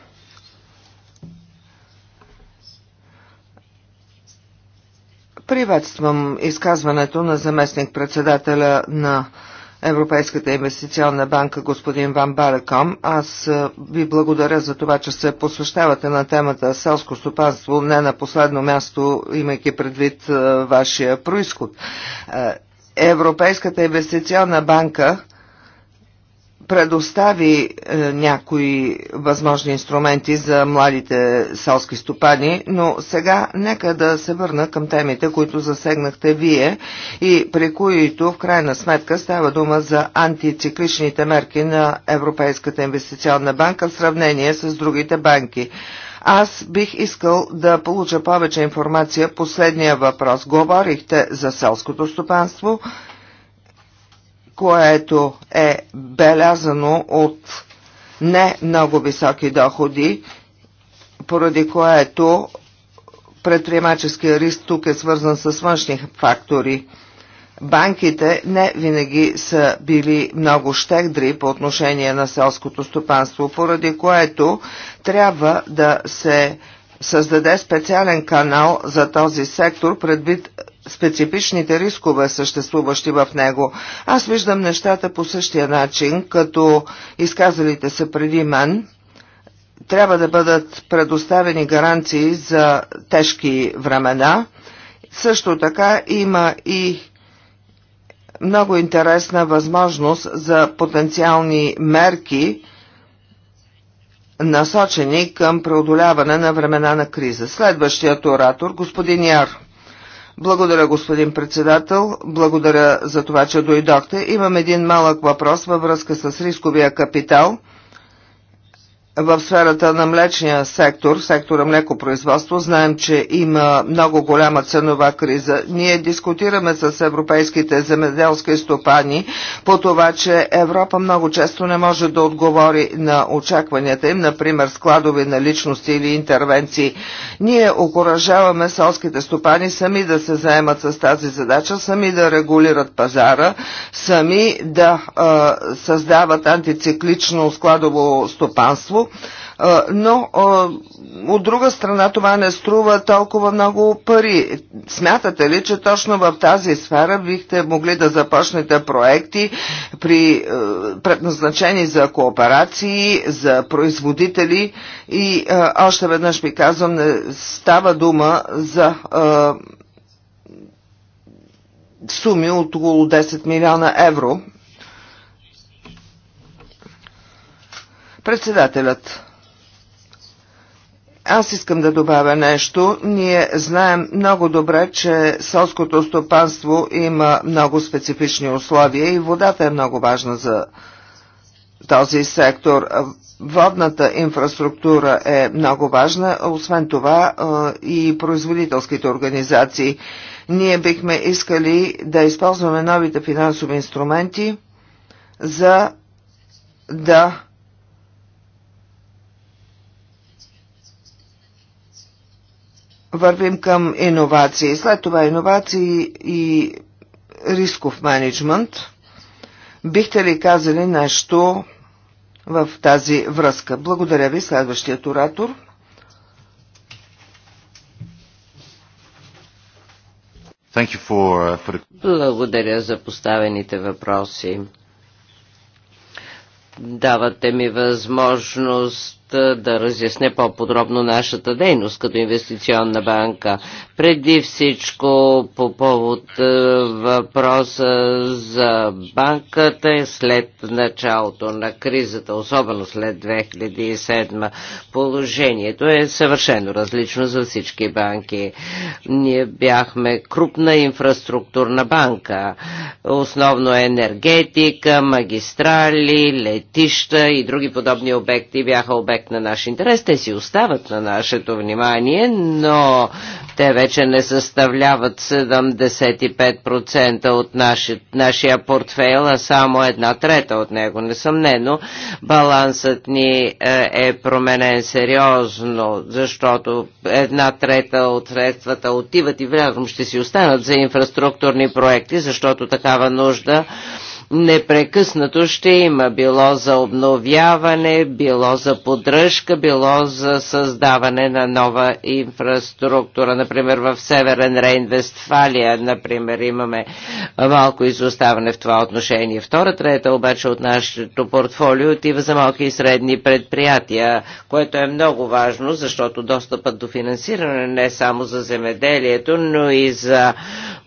Приветствам изказването на заместник-председателя на Европейската инвестиционна банка господин Ван Бараком. Аз е, ви благодаря за това, че се посвещавате на темата селско стопанство, не на последно място, имайки предвид е, вашия происход. Е, Европейската инвестиционна банка предостави е, някои възможни инструменти за младите селски стопани, но сега нека да се върна към темите, които засегнахте вие и при които в крайна сметка става дума за антицикличните мерки на Европейската инвестиционна банка в сравнение с другите банки. Аз бих искал да получа повече информация последния въпрос. Говорихте за селското стопанство – което е белязано от не много високи доходи, поради което предприемаческия риск тук е свързан с външни фактори. Банките не винаги са били много щегдри по отношение на селското стопанство, поради което трябва да се създаде специален канал за този сектор предвид специфичните рискове, съществуващи в него. Аз виждам нещата по същия начин, като изказалите се преди мен. Трябва да бъдат предоставени гаранции за тежки времена. Също така има и много интересна възможност за потенциални мерки, насочени към преодоляване на времена на криза. Следващият оратор, господин Яр. Благодаря, господин председател. Благодаря за това, че дойдохте. Имам един малък въпрос във връзка с рисковия капитал в сферата на млечния сектор, сектора млекопроизводство, знаем, че има много голяма ценова криза. Ние дискутираме с европейските земеделски стопани по това, че Европа много често не може да отговори на очакванията им, например складови наличности или интервенции. Ние окоръжаваме селските стопани сами да се заемат с тази задача, сами да регулират пазара, сами да е, създават антициклично складово стопанство, но от друга страна това не струва толкова много пари. Смятате ли, че точно в тази сфера бихте могли да започнете проекти при предназначени за кооперации, за производители и още веднъж ви казвам, не става дума за суми от около 10 милиона евро. Председателят. Аз искам да добавя нещо. Ние знаем много добре, че селското стопанство има много специфични условия и водата е много важна за този сектор. Водната инфраструктура е много важна, освен това и производителските организации. Ние бихме искали да използваме новите финансови инструменти за да вървим към иновации. След това иновации и рисков менеджмент. Бихте ли казали нещо в тази връзка? Благодаря ви, следващият оратор. Uh, Благодаря за поставените въпроси. Давате ми възможност да разясне по-подробно нашата дейност като инвестиционна банка. Преди всичко по повод въпроса за банката след началото на кризата, особено след 2007, положението е съвършено различно за всички банки. Ние бяхме крупна инфраструктурна банка, основно енергетика, магистрали, летища и други подобни обекти бяха обекти обект на наш интерес. Те си остават на нашето внимание, но те вече не съставляват 75% от наши, нашия портфейл, а само една трета от него. Несъмнено, балансът ни е, е променен сериозно, защото една трета от средствата отиват и вероятно ще си останат за инфраструктурни проекти, защото такава нужда непрекъснато ще има, било за обновяване, било за поддръжка, било за създаване на нова инфраструктура. Например, в Северен Рейн-Вестфалия, например, имаме малко изоставане в това отношение. Втора трета обаче от нашето портфолио отива за малки и средни предприятия, което е много важно, защото достъпът до финансиране не е само за земеделието, но и за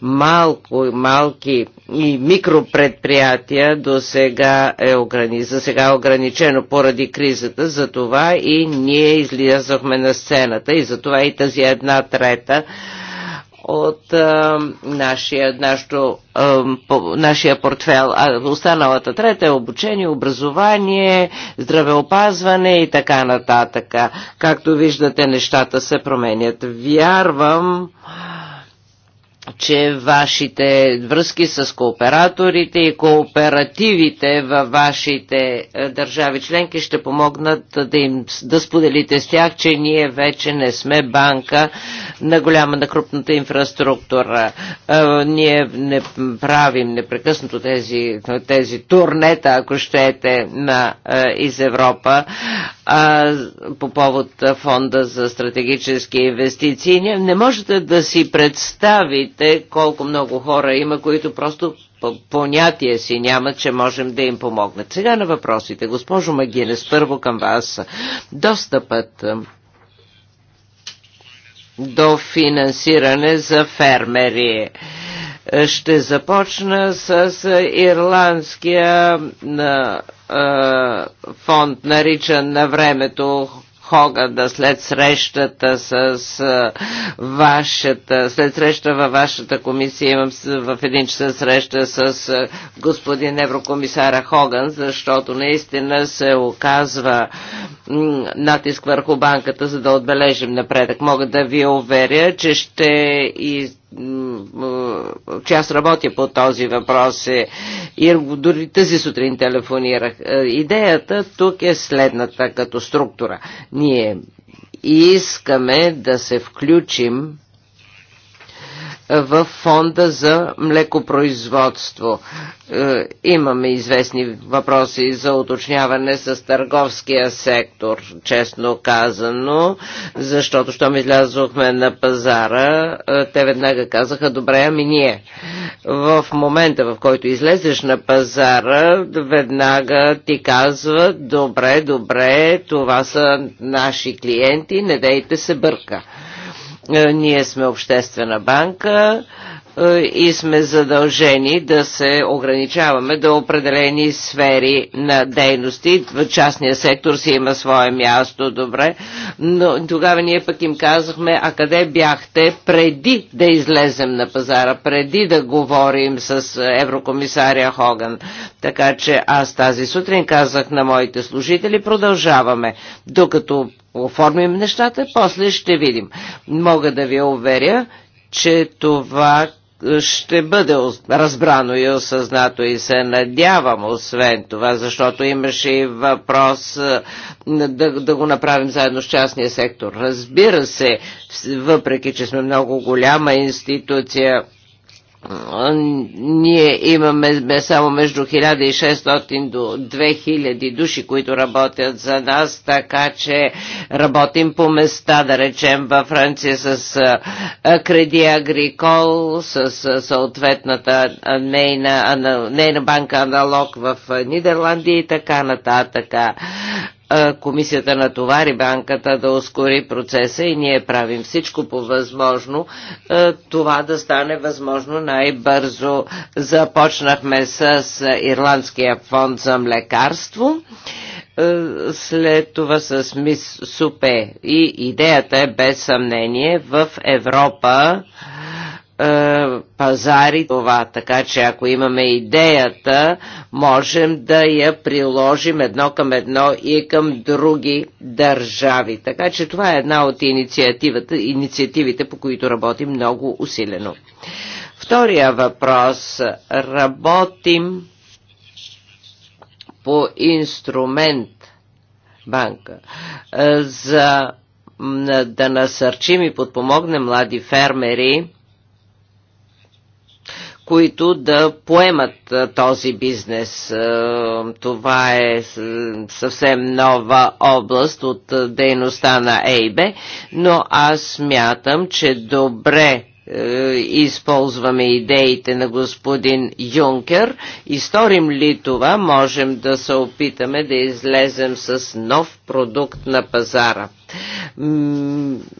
малко, малки и микропредприятия предприятия до сега е ограни... за сега е ограничено поради кризата, За това, и ние излизахме на сцената и затова и тази една трета от а, нашия, нашото, а, по, нашия портфел. А останалата трета е обучение, образование, здравеопазване и така нататък. Както виждате, нещата се променят. Вярвам, че вашите връзки с кооператорите и кооперативите във вашите е, държави членки ще помогнат да им да споделите с тях, че ние вече не сме банка на голяма на крупната инфраструктура. Е, ние не правим непрекъснато тези, тези турнета, ако щете, на, е, из Европа по повод фонда за стратегически инвестиции. Не можете да си представите колко много хора има, които просто понятие си нямат, че можем да им помогнат. Сега на въпросите. Госпожо Магинес, първо към вас. Достъпът до финансиране за фермери. Ще започна с ирландския фонд, наричан на времето Хогада след срещата с вашата, след среща във вашата комисия, имам в един час среща с господин еврокомисара Хоган, защото наистина се оказва натиск върху банката, за да отбележим напредък. Мога да ви уверя, че ще и че аз работя по този въпрос е, и дори тази сутрин телефонирах. Е, идеята тук е следната като структура. Ние искаме да се включим в фонда за млекопроизводство. Е, имаме известни въпроси за уточняване с търговския сектор, честно казано, защото щом излязохме на пазара, е, те веднага казаха, добре, ами ние. В момента, в който излезеш на пазара, веднага ти казва, добре, добре, това са наши клиенти, не дейте се бърка. Е, ние сме обществена банка, е, и сме задължени да се ограничаваме до определени сфери на дейности. В частния сектор си има свое място, добре, но тогава ние пък им казахме, а къде бяхте преди да излезем на пазара, преди да говорим с еврокомисаря Хоган. Така че аз тази сутрин казах на моите служители, продължаваме, докато оформим нещата, после ще видим. Мога да ви уверя, че това ще бъде разбрано и осъзнато и се надявам освен това, защото имаше и въпрос да, да го направим заедно с частния сектор. Разбира се, въпреки че сме много голяма институция, ние имаме само между 1600 до 2000 души, които работят за нас, така че работим по места, да речем във Франция с Креди Агрикол, с съответната нейна, нейна банка аналог в Нидерландия и така нататък комисията натовари банката да ускори процеса и ние правим всичко по възможно това да стане възможно най-бързо. Започнахме с Ирландския фонд за млекарство след това с мис Супе. И идеята е без съмнение в Европа е, пазари това, така че ако имаме идеята, можем да я приложим едно към едно и към други държави. Така че това е една от инициативите, по които работим много усилено. Втория въпрос. Работим по инструмент банка е, за да насърчим и подпомогнем млади фермери които да поемат този бизнес. Това е съвсем нова област от дейността на Ейбе, но аз смятам, че добре е, използваме идеите на господин Юнкер и сторим ли това, можем да се опитаме да излезем с нов продукт на пазара.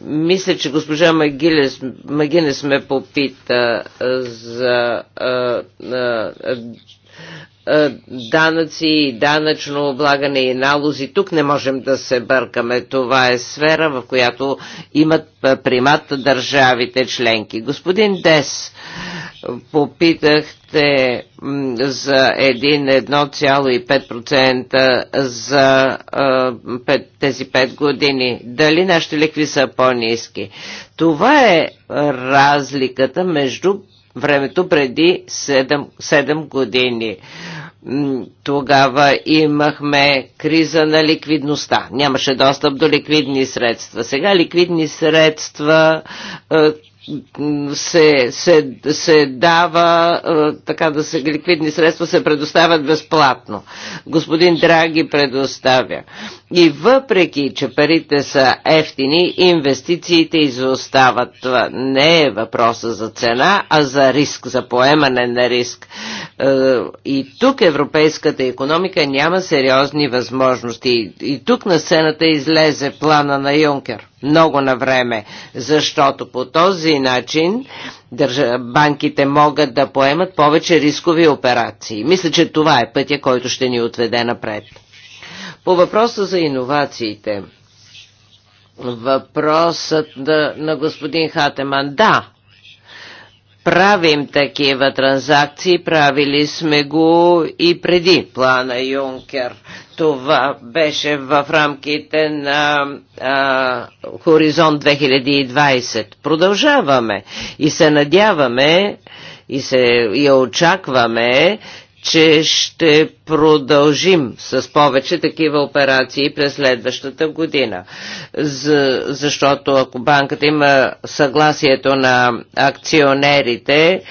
Мисля, че госпожа Магилес, Магинес ме попита за е, данъци и данъчно облагане и налози. Тук не можем да се бъркаме. Това е сфера, в която имат е, примат държавите членки. Господин Дес, попитахте за 1,5% за е, тези 5 години. Дали нашите ликви са по-низки? Това е разликата между времето преди 7, 7 години. Тогава имахме криза на ликвидността. Нямаше достъп до ликвидни средства. Сега ликвидни средства е, се, се, се дава, е, така да се, ликвидни средства се предоставят безплатно. Господин Драги предоставя. И въпреки, че парите са ефтини, инвестициите изостават. Това не е въпроса за цена, а за риск, за поемане на риск. Е, и тук европейската економика няма сериозни възможности. И тук на сцената излезе плана на Юнкер много на време, защото по този начин банките могат да поемат повече рискови операции. Мисля, че това е пътя, който ще ни отведе напред. По въпроса за иновациите. Въпросът на, на господин Хатеман. Да, правим такива транзакции, правили сме го и преди плана Юнкер. Това беше в рамките на а, Хоризонт 2020. Продължаваме и се надяваме и, се, и очакваме, че ще продължим с повече такива операции през следващата година. За, защото ако банката има съгласието на акционерите, е,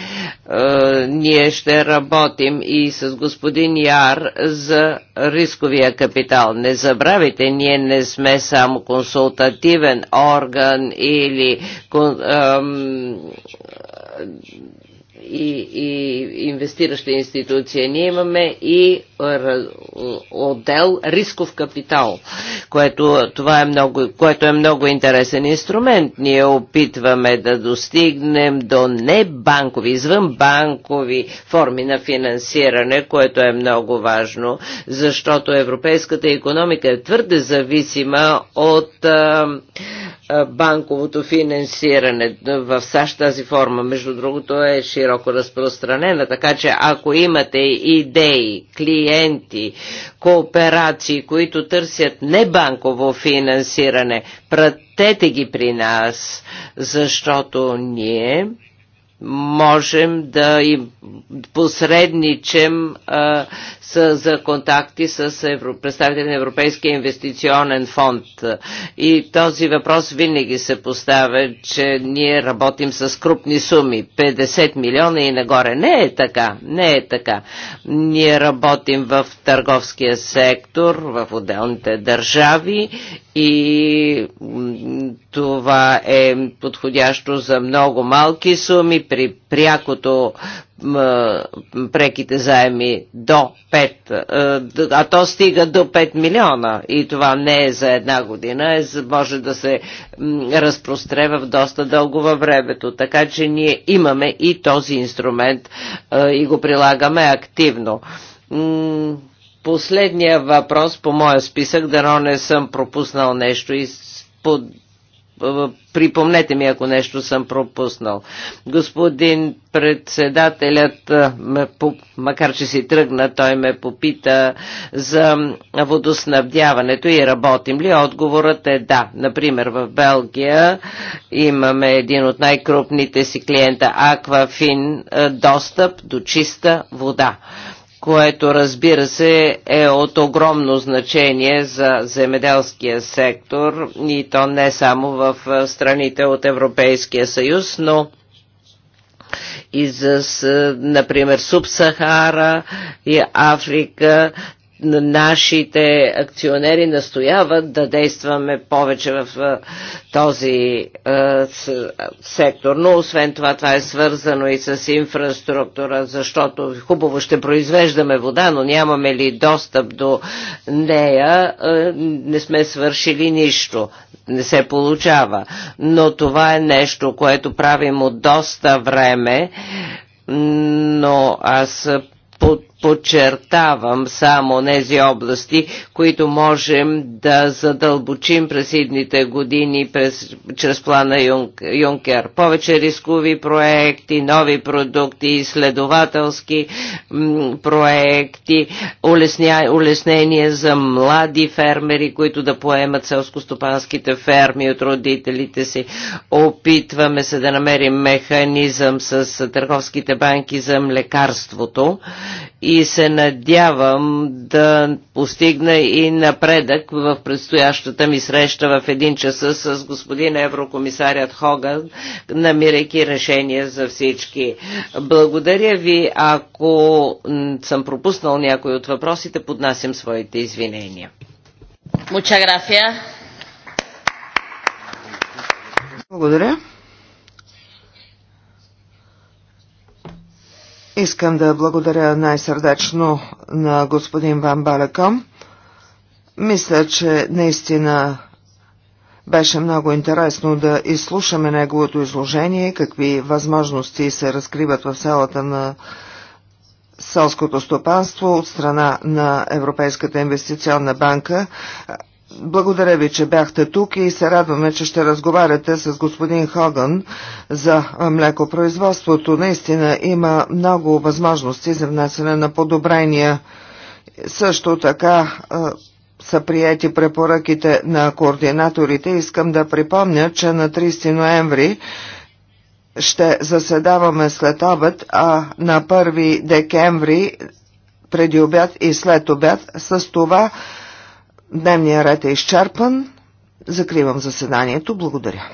ние ще работим и с господин Яр за рисковия капитал. Не забравяйте, ние не сме само консултативен орган или е, и, и инвестираща институция. Ние имаме и отдел рисков капитал, което, това е много, което е много интересен инструмент. Ние опитваме да достигнем до небанкови, извън банкови форми на финансиране, което е много важно, защото европейската економика е твърде зависима от а, банковото финансиране. В САЩ тази форма, между другото, е широко разпространена, така че ако имате идеи, клиенти, кооперации, които търсят не банково финансиране, пратете ги при нас, защото ние можем да им посредничем за контакти с представители на Европейския инвестиционен фонд. И този въпрос винаги се поставя, че ние работим с крупни суми, 50 милиона и нагоре. Не е така, не е така. Ние работим в търговския сектор, в отделните държави и това е подходящо за много малки суми при прякото преките заеми до 5, а то стига до 5 милиона и това не е за една година, е може да се разпростре в доста дълго във времето. Така че ние имаме и този инструмент и го прилагаме активно. Последния въпрос по моя списък, дано не съм пропуснал нещо и под припомнете ми, ако нещо съм пропуснал. Господин председателят, макар че си тръгна, той ме попита за водоснабдяването и работим ли. Отговорът е да. Например, в Белгия имаме един от най-крупните си клиента Аквафин достъп до чиста вода което разбира се е от огромно значение за земеделския сектор и то не само в страните от Европейския съюз, но и за, например, Субсахара и Африка нашите акционери настояват да действаме повече в този сектор. Но освен това, това е свързано и с инфраструктура, защото хубаво ще произвеждаме вода, но нямаме ли достъп до нея, не сме свършили нищо. Не се получава. Но това е нещо, което правим от доста време, но аз под подчертавам само тези области, които можем да задълбочим през идните години през, чрез плана Юнкер. Повече рискови проекти, нови продукти, изследователски проекти, улесня, улеснение за млади фермери, които да поемат селскостопанските ферми от родителите си. Опитваме се да намерим механизъм с търговските банки за лекарството и и се надявам да постигна и напредък в предстоящата ми среща в един час с господин еврокомисарят Хоган, намирайки решение за всички. Благодаря ви, ако съм пропуснал някой от въпросите, поднасям своите извинения. Благодаря. Искам да благодаря най-сърдечно на господин Ван Балеком. Мисля, че наистина беше много интересно да изслушаме неговото изложение, какви възможности се разкриват в селата на селското стопанство от страна на Европейската инвестиционна банка. Благодаря ви, че бяхте тук и се радваме, че ще разговаряте с господин Хоган за млекопроизводството. Наистина има много възможности за внасяне на подобрения. Също така са приети препоръките на координаторите. Искам да припомня, че на 30 ноември ще заседаваме след обед, а на 1 декември преди обяд и след обяд. С това Дневният ред е изчерпан. Закривам заседанието. Благодаря.